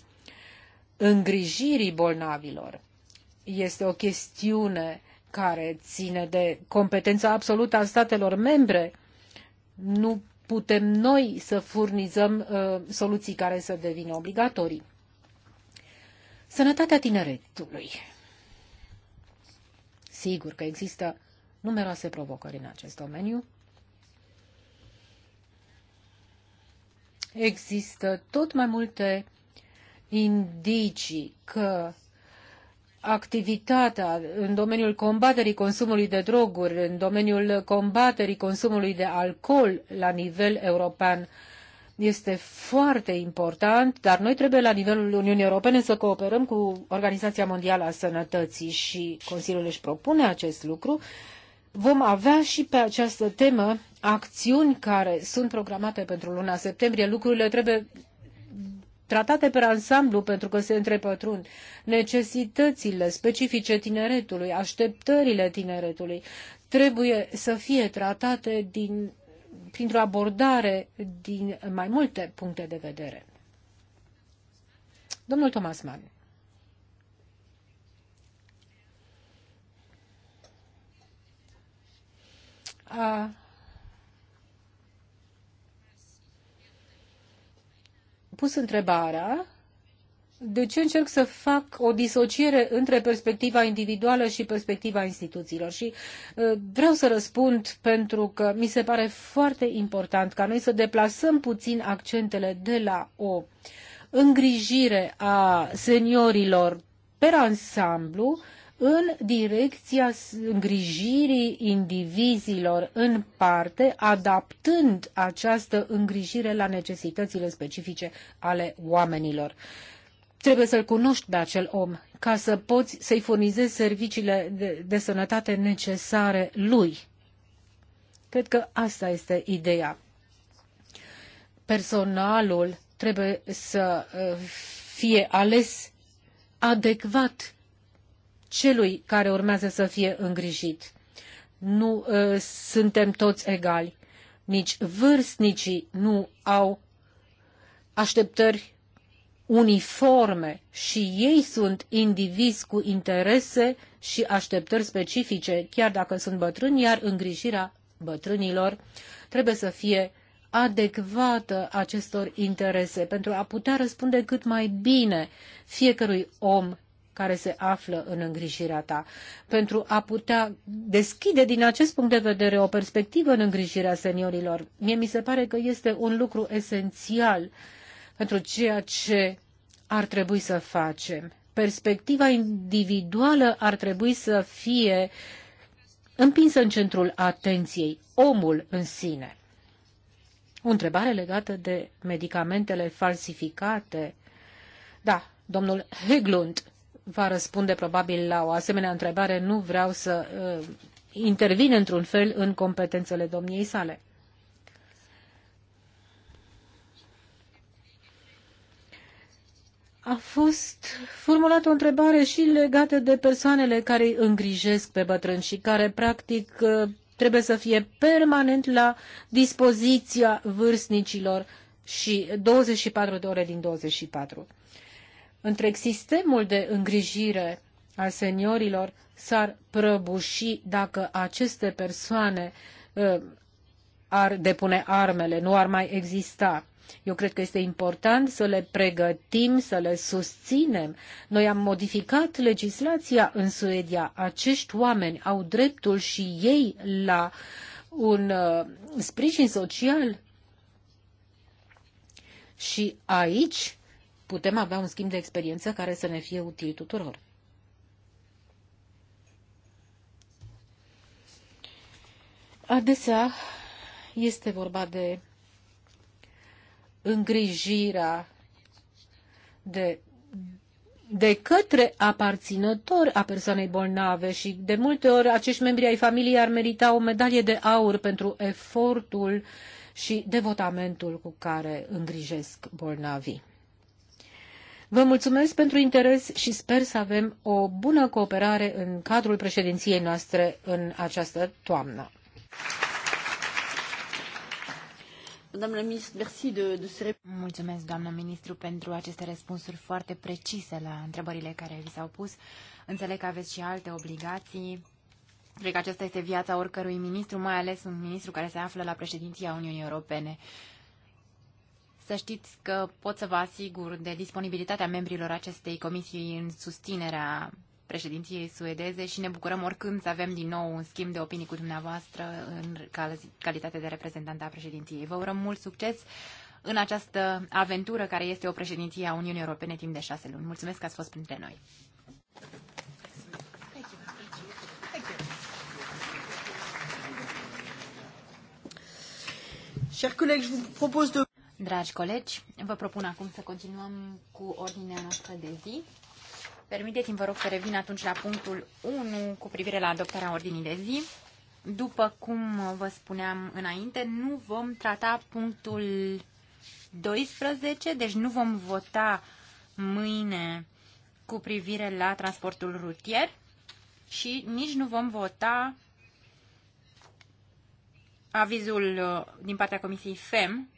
îngrijirii bolnavilor, este o chestiune care ține de competența absolută a statelor membre. Nu putem noi să furnizăm uh, soluții care să devină obligatorii. Sănătatea tineretului. Sigur că există numeroase provocări în acest domeniu. Există tot mai multe indicii că activitatea în domeniul combaterii consumului de droguri, în domeniul combaterii consumului de alcool la nivel european este foarte important, dar noi trebuie la nivelul Uniunii Europene să cooperăm cu Organizația Mondială a Sănătății și Consiliul își propune acest lucru vom avea și pe această temă acțiuni care sunt programate pentru luna septembrie. Lucrurile trebuie tratate pe ansamblu pentru că se întrepătrund necesitățile specifice tineretului, așteptările tineretului trebuie să fie tratate din, printr-o abordare din mai multe puncte de vedere. Domnul Thomas Mann. a pus întrebarea de ce încerc să fac o disociere între perspectiva individuală și perspectiva instituțiilor? Și uh, vreau să răspund pentru că mi se pare foarte important ca noi să deplasăm puțin accentele de la o îngrijire a seniorilor per ansamblu uh, în direcția îngrijirii indivizilor în parte, adaptând această îngrijire la necesitățile specifice ale oamenilor. Trebuie să-l cunoști pe acel om ca să poți să-i furnizezi serviciile de, de sănătate necesare lui. Cred că asta este ideea. Personalul trebuie să uh, fie ales adecvat celui care urmează să fie îngrijit. Nu uh, suntem toți egali. Nici vârstnicii nu au așteptări uniforme și ei sunt indivizi cu interese și așteptări specifice, chiar dacă sunt bătrâni, iar îngrijirea bătrânilor trebuie să fie adecvată acestor interese pentru a putea răspunde cât mai bine fiecărui om care se află în îngrijirea ta, pentru a putea deschide din acest punct de vedere o perspectivă în îngrijirea seniorilor. Mie mi se pare că este un lucru esențial pentru ceea ce ar trebui să facem. Perspectiva individuală ar trebui să fie împinsă în centrul atenției, omul în sine. O întrebare legată de medicamentele falsificate. Da, domnul Heglund va răspunde probabil la o asemenea întrebare. Nu vreau să uh, intervin într-un fel în competențele domniei sale. A fost formulată o întrebare și legată de persoanele care îi îngrijesc pe bătrâni și care, practic, uh, trebuie să fie permanent la dispoziția vârstnicilor și 24 de ore din 24 întreg sistemul de îngrijire al seniorilor s-ar prăbuși dacă aceste persoane uh, ar depune armele, nu ar mai exista. Eu cred că este important să le pregătim, să le susținem. Noi am modificat legislația în Suedia. Acești oameni au dreptul și ei la un uh, sprijin social. Și aici putem avea un schimb de experiență care să ne fie util tuturor. Adesea este vorba de îngrijirea de, de către aparținători a persoanei bolnave și de multe ori acești membri ai familiei ar merita o medalie de aur pentru efortul și devotamentul cu care îngrijesc bolnavii. Vă mulțumesc pentru interes și sper să avem o bună cooperare în cadrul președinției noastre în această toamnă. Mulțumesc, doamnă ministru, pentru aceste răspunsuri foarte precise la întrebările care vi s-au pus. Înțeleg că aveți și alte obligații. Cred că aceasta este viața oricărui ministru, mai ales un ministru care se află la președinția Uniunii Europene. Să știți că pot să vă asigur de disponibilitatea membrilor acestei comisii în susținerea președinției suedeze și ne bucurăm oricând să avem din nou un schimb de opinii cu dumneavoastră în calitate de reprezentant a președinției. Vă urăm mult succes în această aventură care este o președinție a Uniunii Europene timp de șase luni. Mulțumesc că ați fost printre noi. Chers collègues, je vous propose de... Dragi colegi, vă propun acum să continuăm cu ordinea noastră de zi. Permiteți-mi, vă rog, să revin atunci la punctul 1 cu privire la adoptarea ordinii de zi. După cum vă spuneam înainte, nu vom trata punctul 12, deci nu vom vota mâine cu privire la transportul rutier și nici nu vom vota avizul uh, din partea Comisiei FEM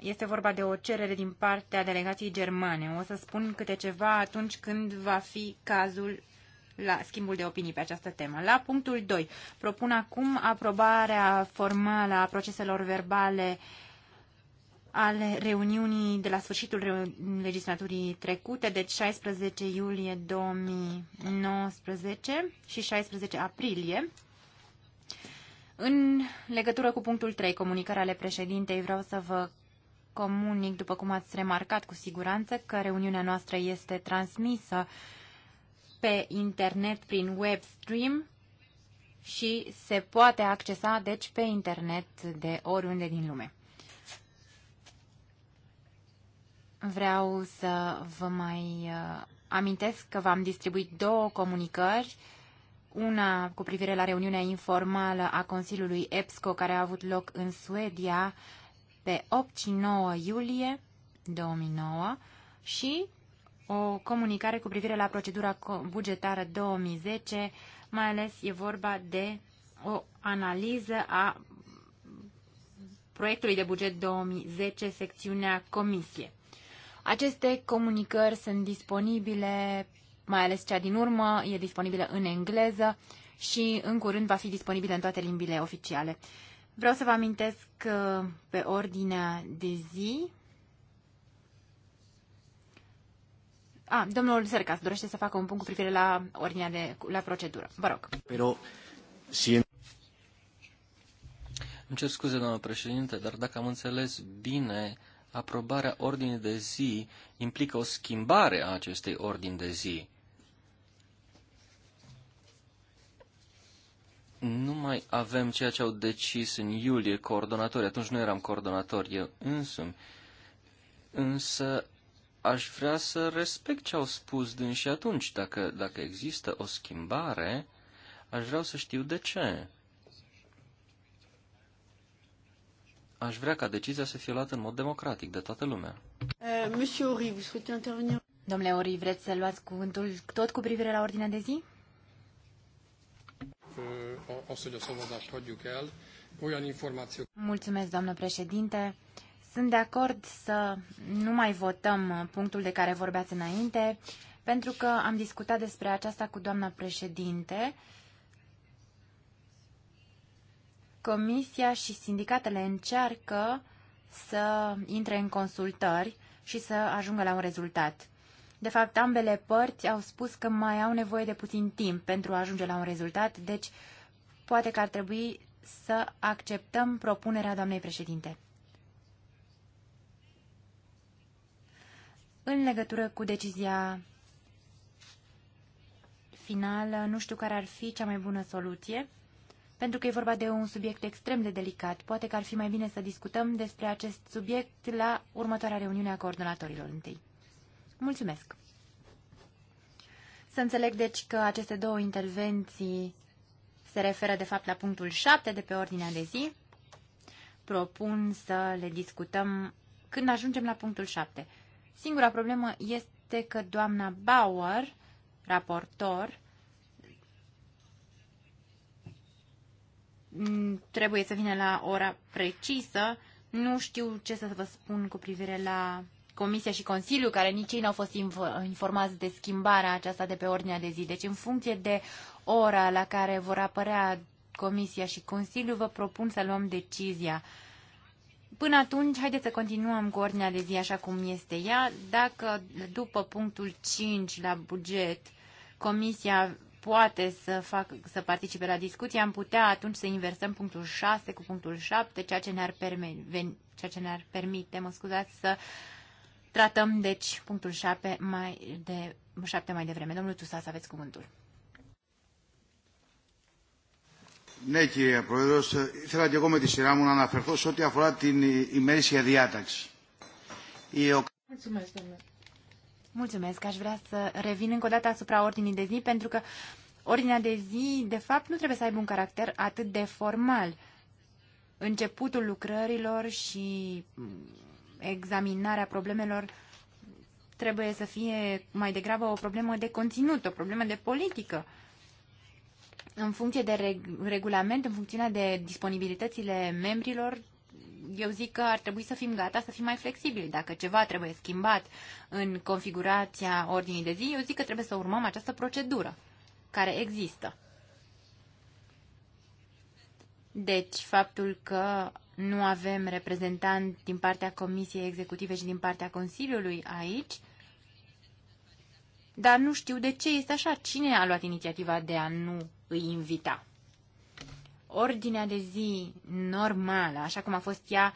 este vorba de o cerere din partea delegației germane. O să spun câte ceva atunci când va fi cazul la schimbul de opinii pe această temă. La punctul 2, propun acum aprobarea formală a proceselor verbale ale reuniunii de la sfârșitul legislaturii trecute, deci 16 iulie 2019 și 16 aprilie. În legătură cu punctul 3, comunicarea ale președintei, vreau să vă comunic, după cum ați remarcat cu siguranță, că reuniunea noastră este transmisă pe internet prin web stream și se poate accesa, deci, pe internet de oriunde din lume. Vreau să vă mai uh, amintesc că v-am distribuit două comunicări una cu privire la reuniunea informală a Consiliului EPSCO care a avut loc în Suedia pe 8 și 9 iulie 2009 și o comunicare cu privire la procedura bugetară 2010, mai ales e vorba de o analiză a proiectului de buget 2010, secțiunea Comisie. Aceste comunicări sunt disponibile, mai ales cea din urmă, e disponibilă în engleză și în curând va fi disponibilă în toate limbile oficiale. Vreau să vă amintesc că pe ordinea de zi Ah, domnul Sercas dorește să facă un punct cu privire la ordinea de, la procedură. Vă rog. Pero, si... Îmi cer scuze, doamnă președinte, dar dacă am înțeles bine, aprobarea ordinii de zi implică o schimbare a acestei ordini de zi. nu mai avem ceea ce au decis în iulie coordonatori. Atunci nu eram coordonator eu însumi. Însă aș vrea să respect ce au spus din și atunci. Dacă, dacă există o schimbare, aș vrea să știu de ce. Aș vrea ca decizia să fie luată în mod democratic de toată lumea. Eh, monsieur Ori, Domnule Ori, vreți să luați cuvântul tot cu privire la ordinea de zi? hogy a szavazást hagyjuk el. Olyan információ... Mulțumesc, doamnă președinte. Sunt de acord să nu mai votăm punctul de care vorbeați înainte, pentru că am discutat despre aceasta cu doamna președinte. Comisia și sindicatele încearcă să intre în consultări și să ajungă la un rezultat. De fapt, ambele părți au spus că mai au nevoie de puțin timp pentru a ajunge la un rezultat, deci poate că ar trebui să acceptăm propunerea doamnei președinte. În legătură cu decizia finală, nu știu care ar fi cea mai bună soluție, pentru că e vorba de un subiect extrem de delicat. Poate că ar fi mai bine să discutăm despre acest subiect la următoarea reuniune a coordonatorilor întâi. Mulțumesc! Să înțeleg, deci, că aceste două intervenții se referă, de fapt, la punctul 7 de pe ordinea de zi. Propun să le discutăm când ajungem la punctul 7. Singura problemă este că doamna Bauer, raportor, trebuie să vină la ora precisă. Nu știu ce să vă spun cu privire la Comisia și Consiliu, care nici ei n-au fost informați de schimbarea aceasta de pe ordinea de zi. Deci, în funcție de ora la care vor apărea Comisia și Consiliu, vă propun să luăm decizia. Până atunci, haideți să continuăm cu ordinea de zi așa cum este ea. Dacă după punctul 5 la buget, Comisia poate să, fac, să participe la discuție, am putea atunci să inversăm punctul 6 cu punctul 7, ceea ce ne-ar, perme, ceea ce ne-ar permite mă scuzați, să Tratăm, deci, punctul 7 mai, de, 7 mai devreme. Domnul Tusas, aveți cuvântul. Ναι, κύριε Πρόεδρο, ήθελα και εγώ με τη σειρά μου να αναφερθώ σε ό,τι αφορά την ημέρησια διάταξη. Η... Mulțumesc, domnule. Mulțumesc, aș vrea să revin încă o dată asupra ordinii de zi, pentru că ordinea de zi, de fapt, nu trebuie să aibă un caracter atât de formal. Începutul lucrărilor și examinarea problemelor trebuie să fie mai degrabă o problemă de conținut, o problemă de politică. În funcție de reg- regulament, în funcție de disponibilitățile membrilor, eu zic că ar trebui să fim gata să fim mai flexibili. Dacă ceva trebuie schimbat în configurația ordinii de zi, eu zic că trebuie să urmăm această procedură care există. Deci, faptul că nu avem reprezentant din partea Comisiei Executive și din partea Consiliului aici, dar nu știu de ce este așa. Cine a luat inițiativa de a nu îi invita? Ordinea de zi normală, așa cum a fost ea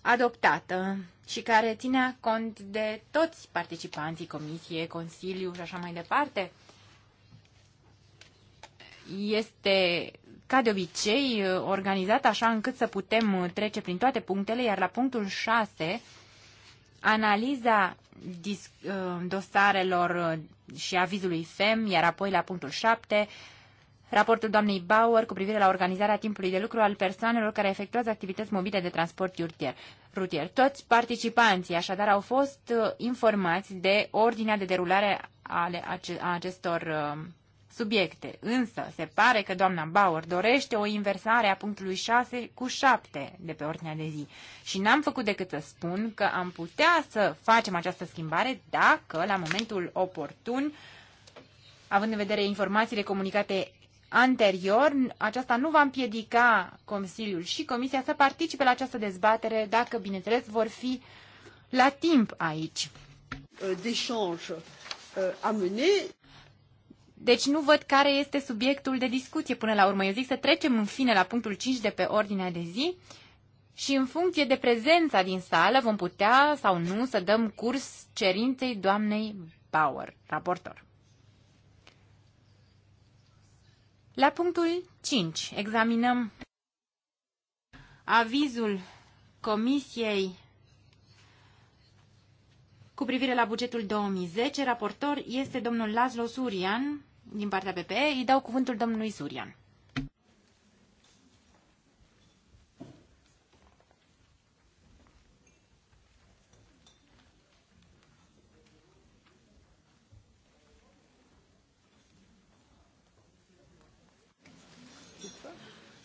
adoptată și care ținea cont de toți participanții, comisie, consiliu și așa mai departe, este ca de obicei, uh, organizat așa încât să putem uh, trece prin toate punctele, iar la punctul 6, analiza uh, dosarelor și avizului FEM, iar apoi la punctul 7, raportul doamnei Bauer cu privire la organizarea timpului de lucru al persoanelor care efectuează activități mobile de transport rutier. rutier. Toți participanții așadar au fost informați de ordinea de derulare ale acestor subiecte. Însă, se pare că doamna Bauer dorește o inversare a punctului 6 cu 7 de pe ordinea de zi. Și n-am făcut decât să spun că am putea să facem această schimbare dacă, la momentul oportun, având în vedere informațiile comunicate anterior, aceasta nu va împiedica Consiliul și Comisia să participe la această dezbatere, dacă, bineînțeles, vor fi la timp aici. Uh, deci nu văd care este subiectul de discuție până la urmă. Eu zic să trecem în fine la punctul 5 de pe ordinea de zi și în funcție de prezența din sală vom putea sau nu să dăm curs cerinței doamnei Bauer, raportor. La punctul 5 examinăm avizul Comisiei cu privire la bugetul 2010. Raportor este domnul Laszlo Surian, din partea PPE. Îi dau cuvântul domnului Zurian.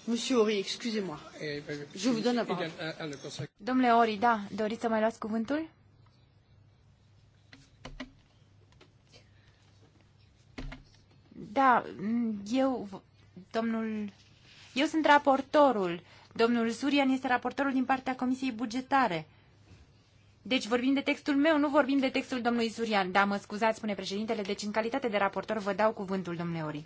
Monsieur Ori, excusez-moi. Eh, Je vous donne la eh, parole. Eh, Domnule Ori, da, doriți să mai luați cuvântul? Da, eu, domnul, eu sunt raportorul. Domnul Surian este raportorul din partea Comisiei Bugetare. Deci vorbim de textul meu, nu vorbim de textul domnului Surian. Da, mă scuzați, spune președintele, deci în calitate de raportor vă dau cuvântul, domnule Ori.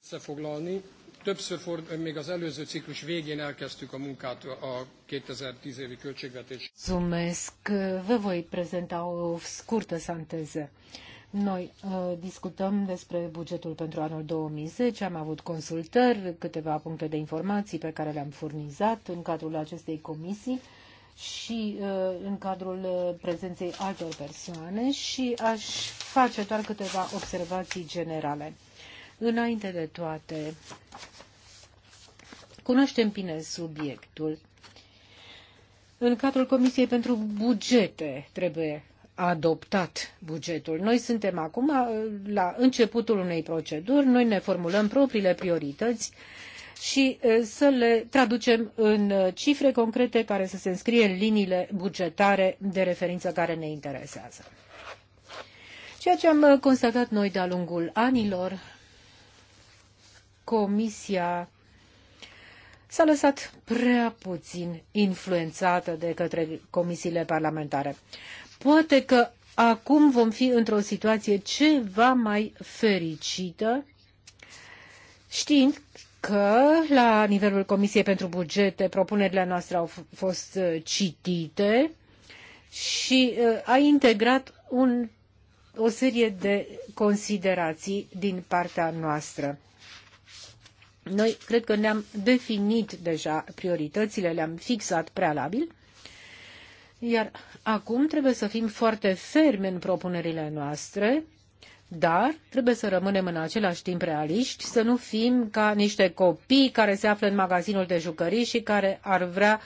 Să foglalni. Többször ford, még az előző ciklus végén elkezdtük a munkát a 2010 évi költségvetés. Mulțumesc. Vă voi prezenta o scurtă sinteză. Noi uh, discutăm despre bugetul pentru anul 2010, am avut consultări, câteva puncte de informații pe care le-am furnizat în cadrul acestei comisii și uh, în cadrul uh, prezenței altor persoane și aș face doar câteva observații generale. Înainte de toate, cunoaștem bine subiectul. În cadrul Comisiei pentru Bugete trebuie adoptat bugetul. Noi suntem acum uh, la începutul unei proceduri, noi ne formulăm propriile priorități și uh, să le traducem în uh, cifre concrete care să se înscrie în liniile bugetare de referință care ne interesează. Ceea ce am constatat noi de-a lungul anilor Comisia s-a lăsat prea puțin influențată de către comisiile parlamentare. Poate că acum vom fi într-o situație ceva mai fericită, știind că la nivelul Comisiei pentru Bugete propunerile noastre au fost uh, citite și uh, a integrat un, o serie de considerații din partea noastră. Noi cred că ne-am definit deja prioritățile, le-am fixat prealabil, iar acum trebuie să fim foarte fermi în propunerile noastre, dar trebuie să rămânem în același timp realiști, să nu fim ca niște copii care se află în magazinul de jucării și care ar vrea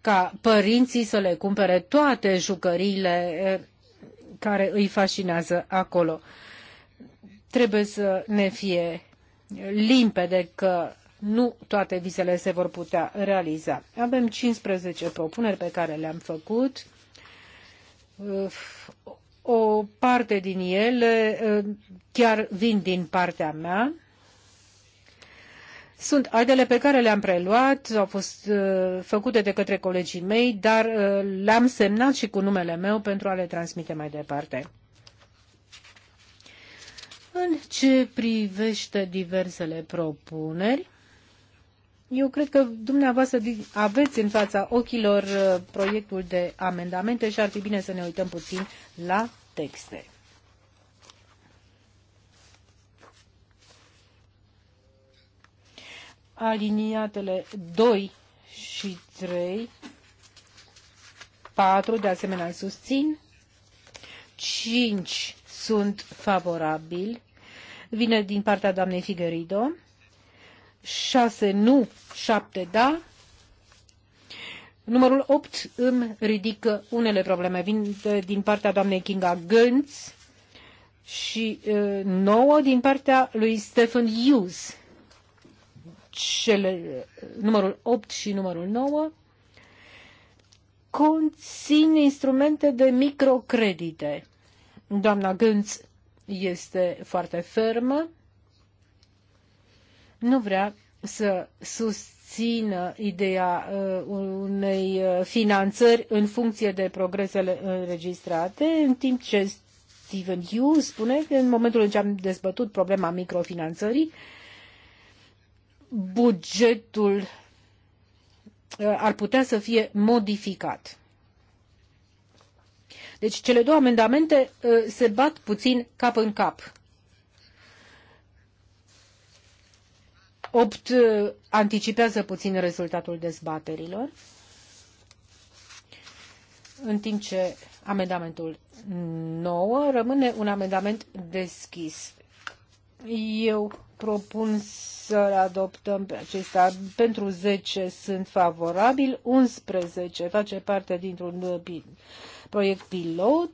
ca părinții să le cumpere toate jucăriile eh, care îi fascinează acolo. Trebuie să ne fie limpede că nu toate visele se vor putea realiza. Avem 15 propuneri pe care le-am făcut. O parte din ele ă, chiar vin din partea mea. Sunt altele pe care le-am preluat, au fost ă, făcute de către colegii mei, dar ă, le-am semnat și cu numele meu pentru a le transmite mai departe. În ce privește diversele propuneri, eu cred că dumneavoastră aveți în fața ochilor uh, proiectul de amendamente și ar fi bine să ne uităm puțin la texte. Aliniatele 2 și 3, 4 de asemenea susțin, 5 sunt favorabili, vine din partea doamnei Figuerido. 6 nu, 7 da. Numărul 8 îmi ridică unele probleme. Vin de, din partea doamnei Kinga Gânț și uh, 9 din partea lui Stephen Hughes. Cele, numărul 8 și numărul 9 conțin instrumente de microcredite. Doamna Gânț este foarte fermă, nu vrea să susțină ideea uh, unei uh, finanțări în funcție de progresele înregistrate, în timp ce Stephen Hughes spune că în momentul în care am dezbătut problema microfinanțării, bugetul uh, ar putea să fie modificat. Deci cele două amendamente uh, se bat puțin cap în cap. Opt uh, anticipează puțin rezultatul dezbaterilor, în timp ce amendamentul 9 rămâne un amendament deschis. Eu propun să-l adoptăm pe acesta. Pentru 10 sunt favorabil, 11 face parte dintr-un proiect pilot.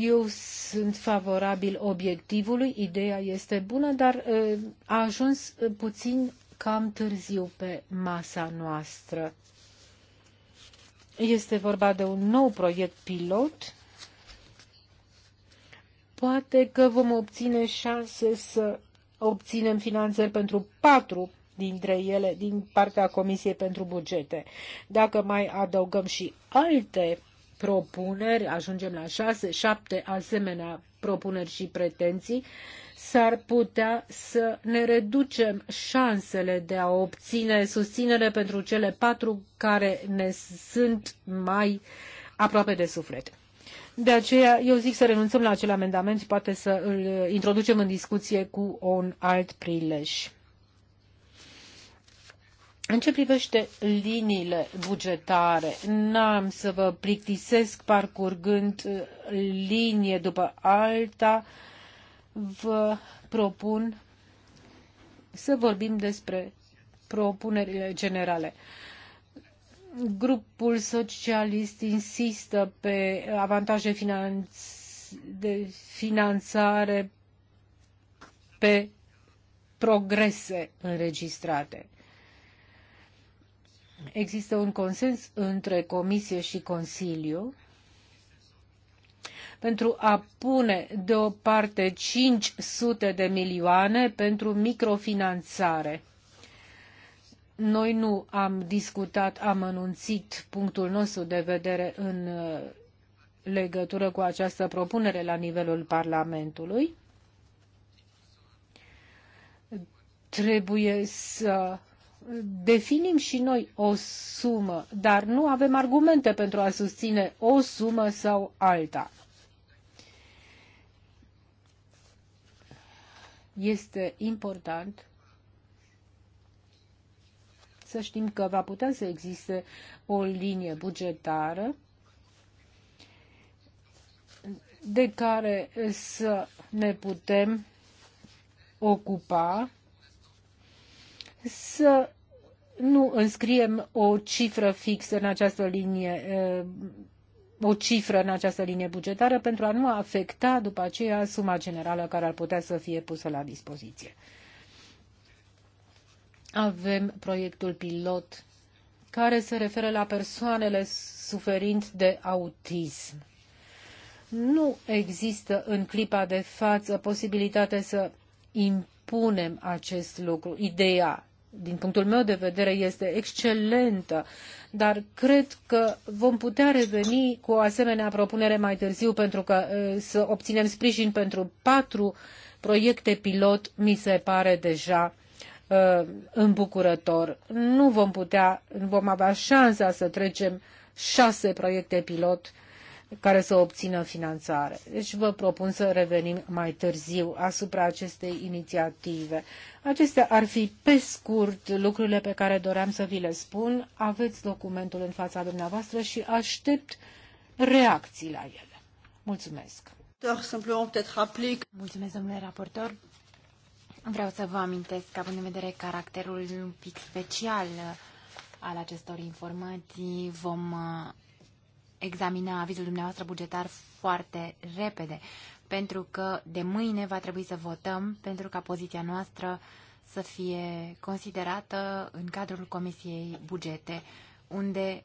Eu sunt favorabil obiectivului, ideea este bună, dar a ajuns puțin cam târziu pe masa noastră. Este vorba de un nou proiect pilot. Poate că vom obține șanse să obținem finanțări pentru patru dintre ele din partea Comisiei pentru Bugete. Dacă mai adăugăm și alte propuneri, ajungem la șase, șapte asemenea propuneri și pretenții, s-ar putea să ne reducem șansele de a obține susținere pentru cele patru care ne sunt mai aproape de suflet. De aceea, eu zic să renunțăm la acel amendament și poate să îl introducem în discuție cu un alt prilej. În ce privește liniile bugetare, n-am să vă plictisesc parcurgând uh, linie după alta, vă propun să vorbim despre propunerile generale. Grupul socialist insistă pe avantaje finanț- de finanțare pe progrese înregistrate Există un consens între Comisie și Consiliu pentru a pune deoparte 500 de milioane pentru microfinanțare. Noi nu am discutat, am anunțit punctul nostru de vedere în uh, legătură cu această propunere la nivelul Parlamentului. Trebuie să definim și noi o sumă, dar nu avem argumente pentru a susține o sumă sau alta. Este important să știm că va putea să existe o linie bugetară de care să ne putem ocupa, să nu înscriem o cifră fixă în această linie, eh, o cifră în această linie bugetară pentru a nu afecta după aceea suma generală care ar putea să fie pusă la dispoziție. Avem proiectul pilot care se referă la persoanele suferind de autism. Nu există în clipa de față posibilitate să impunem acest lucru. Ideea din punctul meu de vedere, este excelentă, dar cred că vom putea reveni cu o asemenea propunere mai târziu pentru că uh, să obținem sprijin pentru patru proiecte pilot mi se pare deja uh, îmbucurător. Nu vom putea, nu vom avea șansa să trecem șase proiecte pilot uh, care să obțină finanțare. Deci vă propun să revenim mai târziu asupra acestei inițiative. Acestea ar fi pe scurt lucrurile pe care doream să vi le spun. Aveți documentul în fața dumneavoastră și aștept reacții la ele. Mulțumesc! Mulțumesc, domnule raportor. Vreau să vă amintesc, având în vedere caracterul un pic special al acestor informații, vom examina avizul dumneavoastră bugetar foarte repede, pentru că de mâine va trebui să votăm pentru ca poziția noastră să fie considerată în cadrul Comisiei Bugete, unde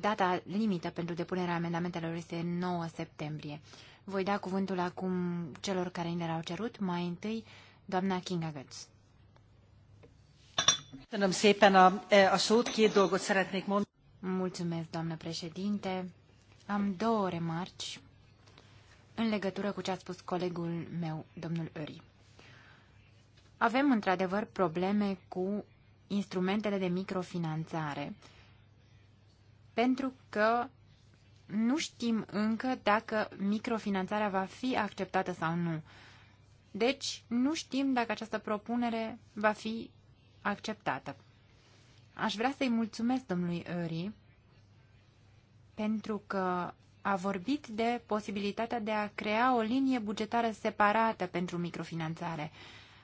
data limită pentru depunerea amendamentelor este 9 septembrie. Voi da cuvântul acum celor care ne l-au cerut, mai întâi doamna Kinga Götz. Mulțumesc, doamnă președinte. Am două remarci în legătură cu ce a spus colegul meu, domnul Uri. Avem într-adevăr probleme cu instrumentele de microfinanțare, pentru că nu știm încă dacă microfinanțarea va fi acceptată sau nu. Deci, nu știm dacă această propunere va fi acceptată. Aș vrea să-i mulțumesc domnului Uri pentru că a vorbit de posibilitatea de a crea o linie bugetară separată pentru microfinanțare,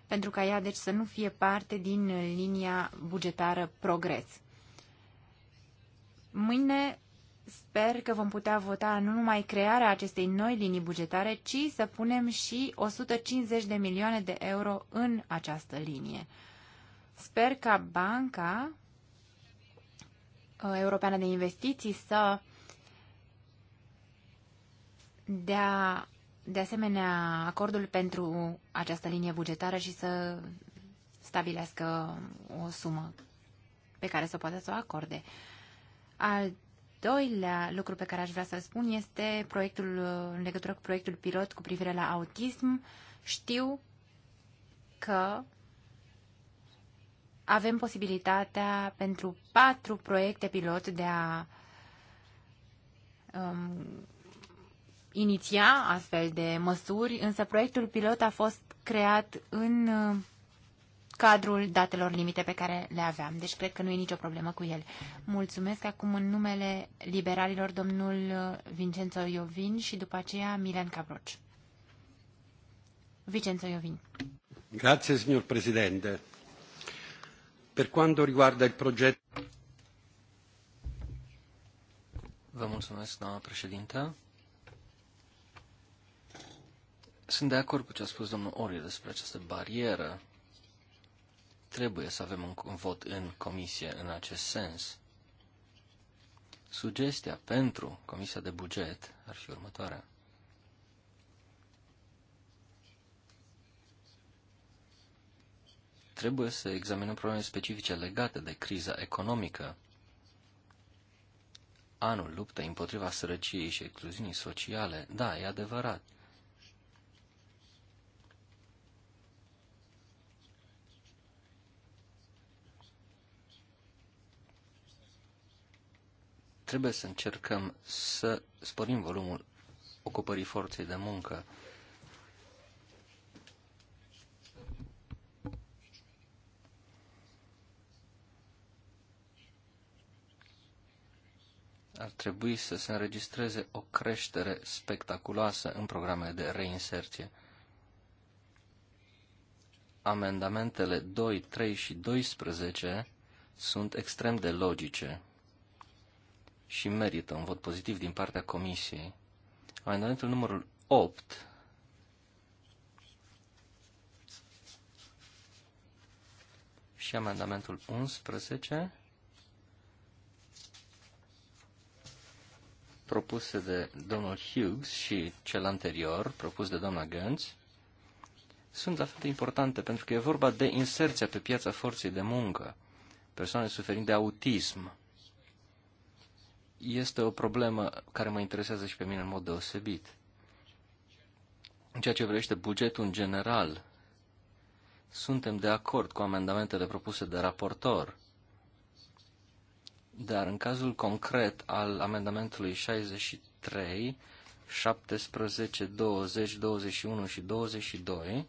pentru ca ea deci să nu fie parte din linia bugetară progres. Mâine sper că vom putea vota nu numai crearea acestei noi linii bugetare, ci să punem și 150 de milioane de euro în această linie. Sper ca Banca uh, Europeană de Investiții să de a de asemenea acordul pentru această linie bugetară și să stabilească o sumă pe care să poată să o acorde. Al doilea lucru pe care aș vrea să-l spun este proiectul, în legătură cu proiectul pilot cu privire la autism. Știu că avem posibilitatea pentru patru proiecte pilot de a um, iniția astfel de măsuri, însă proiectul pilot a fost creat în uh, cadrul datelor limite pe care le aveam. Deci cred că nu e nicio problemă cu el. Mulțumesc acum în numele liberalilor domnul uh, Vincenzo Iovin și după aceea Milan Cabroci. Vincenzo Iovin. Grazie, signor Presidente. Per quanto riguarda il progetto... Vă mulțumesc, doamna președintă. Sunt de acord cu ce a spus domnul Ori despre această barieră. Trebuie să avem un, vot în comisie în acest sens. Sugestia pentru Comisia de Buget ar fi următoarea. Trebuie să examinăm probleme specifice legate de criza economică. Anul luptei împotriva sărăciei și excluziunii sociale, da, e adevărat – trebuie să încercăm să sporim volumul ocupării forței de muncă. ar trebui să se înregistreze o creștere spectaculoasă în programele de reinserție. Amendamentele 2, 3 și 12 sunt extrem de logice și merită un vot pozitiv din partea Comisiei. Amendamentul numărul 8 și amendamentul 11 propuse de domnul Hughes și cel anterior propus de doamna Gantz sunt la fel de importante pentru că e vorba de inserția pe piața forței de muncă, persoane suferind de autism, este o problemă care mă interesează și pe mine în mod deosebit. În ceea ce privește bugetul în general, suntem de acord cu amendamentele propuse de raportor, dar în cazul concret al amendamentului 63, 17, 20, 21 și 22,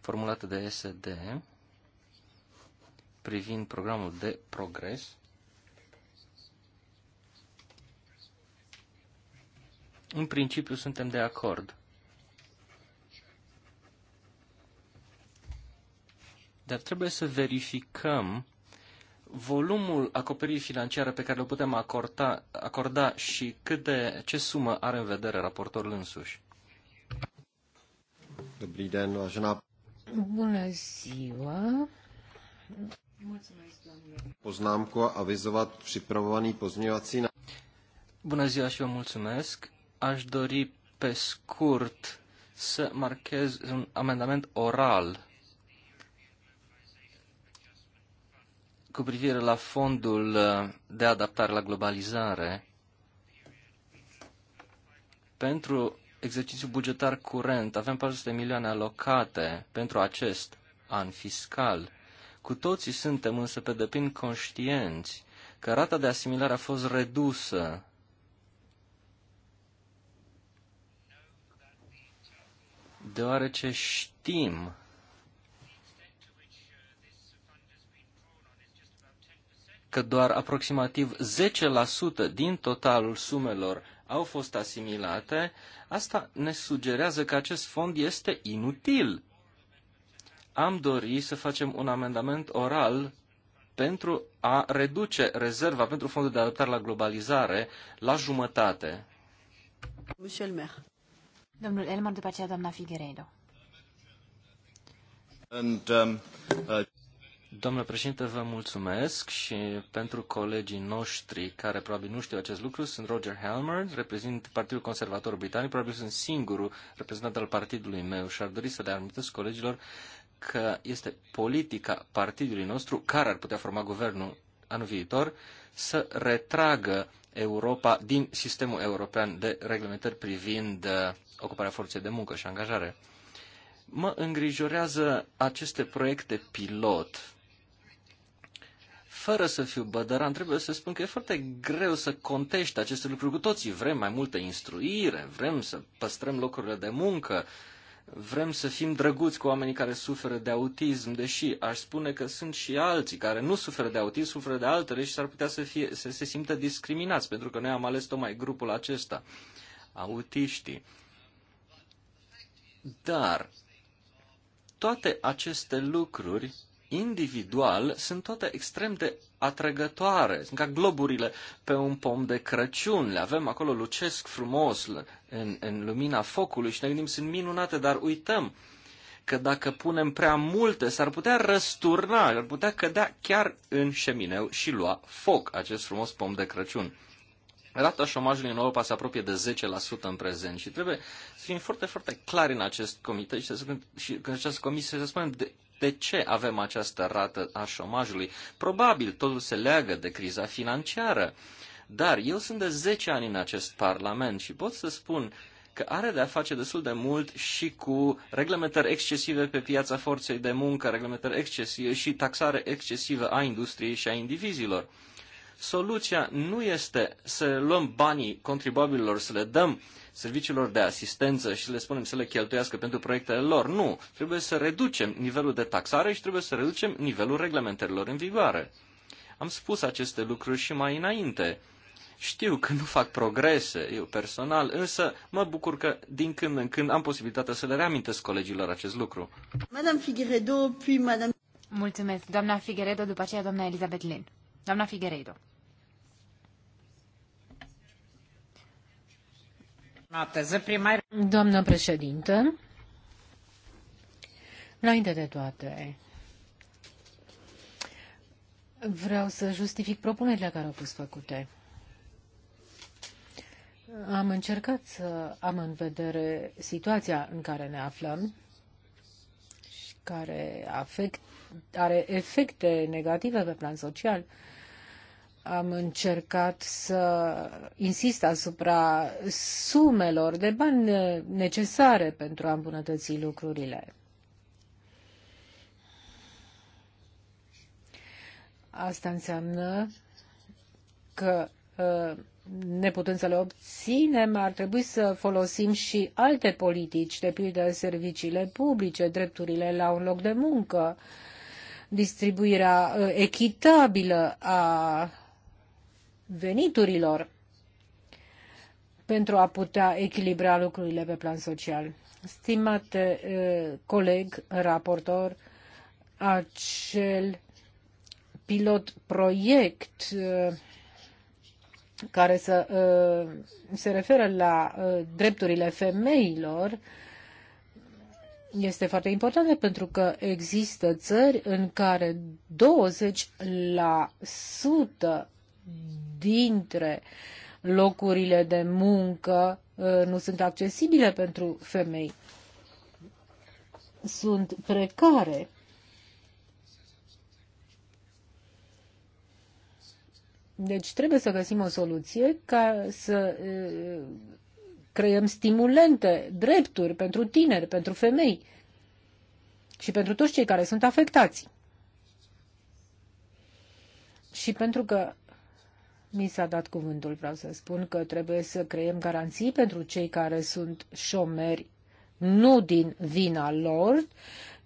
formulate de SD, privind programul de progres, În principiu suntem de acord. Dar trebuie să verificăm volumul acoperirii financiare pe care o putem acorda, acorda și cât de, ce sumă are în vedere raportorul însuși. Bună ziua. Poznámku a avizovat připravovaný pozměňovací Bună ziua și vă mulțumesc aș dori pe scurt să marchez un amendament oral cu privire la fondul uh, de adaptare la globalizare pentru exercițiul bugetar curent avem 400 de milioane alocate pentru acest an fiscal. Cu toții suntem însă pe deplin conștienți că rata de asimilare a fost redusă deoarece știm că doar aproximativ 10% din totalul sumelor au fost asimilate, asta ne sugerează că acest fond este inutil. Am dori să facem un amendament oral pentru a reduce rezerva pentru fondul de adaptare la globalizare la jumătate. Monsieur le maire. Domnul Elmar, după aceea doamna Figueiredo. And, um, uh... Domnule președinte, vă mulțumesc și pentru colegii noștri care probabil nu știu acest lucru, sunt Roger Helmer, reprezint Partidul Conservator Britanic, probabil sunt singurul reprezentant al partidului meu și ar dori să le amintesc colegilor că este politica partidului nostru, care ar putea forma guvernul anul viitor, să retragă Europa din sistemul european de reglementări privind uh, ocuparea forței de muncă și angajare. Mă îngrijorează aceste proiecte pilot. Fără să fiu bădăran, trebuie să spun că e foarte greu să contești aceste lucruri. Cu toții vrem mai multă instruire, vrem să păstrăm locurile de muncă, vrem să fim drăguți cu oamenii care suferă de autism, deși aș spune că sunt și alții care nu suferă de autism, suferă de altele și s-ar putea să, fie, să se simtă discriminați, pentru că noi am ales tocmai grupul acesta, autiștii. Dar toate aceste lucruri individual sunt toate extrem de atrăgătoare. Sunt ca globurile pe un pom de Crăciun. Le avem acolo lucesc frumos în, în lumina focului și ne gândim sunt minunate, dar uităm că dacă punem prea multe, s-ar putea răsturna, ar putea cădea chiar în șemineu și lua foc acest frumos pom de Crăciun. Rata șomajului în Europa se apropie de 10% în prezent și trebuie să fim foarte, foarte clari în acest comitet și să, și, în această comisie să spunem de de ce avem această rată a șomajului. Probabil totul se leagă de criza financiară. Dar eu sunt de 10 ani în acest parlament și pot să spun că are de a face destul de mult și cu reglementări excesive pe piața forței de muncă, reglementări excesive și taxare excesivă a industriei și a indivizilor. Soluția nu este să luăm banii contribuabililor, să le dăm uh, serviciilor de asistență și le spunem să le cheltuiască pentru proiectele lor. Nu, trebuie să reducem nivelul de taxare și trebuie să reducem nivelul reglementărilor în vigoare. Am spus aceste lucruri și mai înainte. Știu că nu fac progrese eu personal, însă mă bucur că din când în când am posibilitatea să le reamintesc colegilor acest lucru. Madame Figueredo, puis Madame... Mulțumesc, doamna Figueredo, după aceea doamna Elizabeth Lin. Doamna Figueredo. Doamnă președintă, înainte de toate, vreau să justific propunerile care au fost făcute. Am încercat să am în vedere situația în care ne aflăm și care afect, are efecte negative pe plan social. Uh, am încercat să insist asupra sumelor de bani necesare pentru a îmbunătăți lucrurile. Asta înseamnă că ă, ne putem să le obținem, ar trebui să folosim și alte politici, de pildă serviciile publice, drepturile la un loc de muncă, distribuirea ă, echitabilă a veniturilor pentru a putea echilibra lucrurile pe plan social. Stimate eh, coleg raportor, acel pilot proiect eh, care să, eh, se referă la drepturile femeilor este foarte important pentru că există țări în care 20% dintre locurile de muncă uh, nu sunt accesibile pentru femei. Sunt precare. Deci trebuie să găsim o soluție ca să uh, creăm stimulente, drepturi pentru tineri, pentru femei și pentru toți cei care sunt afectați. Și pentru că mi s-a dat cuvântul, vreau să spun că trebuie să creăm garanții pentru cei care sunt șomeri, nu din vina lor,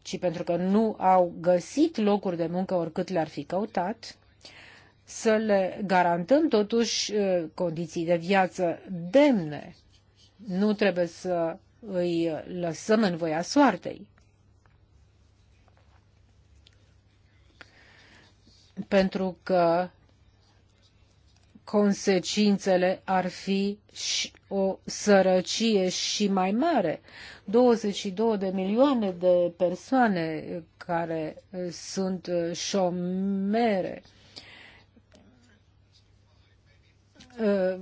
ci pentru că nu au găsit locuri de muncă oricât le-ar fi căutat, să le garantăm totuși uh, condiții de viață demne. Nu trebuie să îi lăsăm în voia soartei. Pentru că consecințele ar fi și o sărăcie și mai mare. 22 de milioane de persoane care uh, sunt uh, șomere. Uh,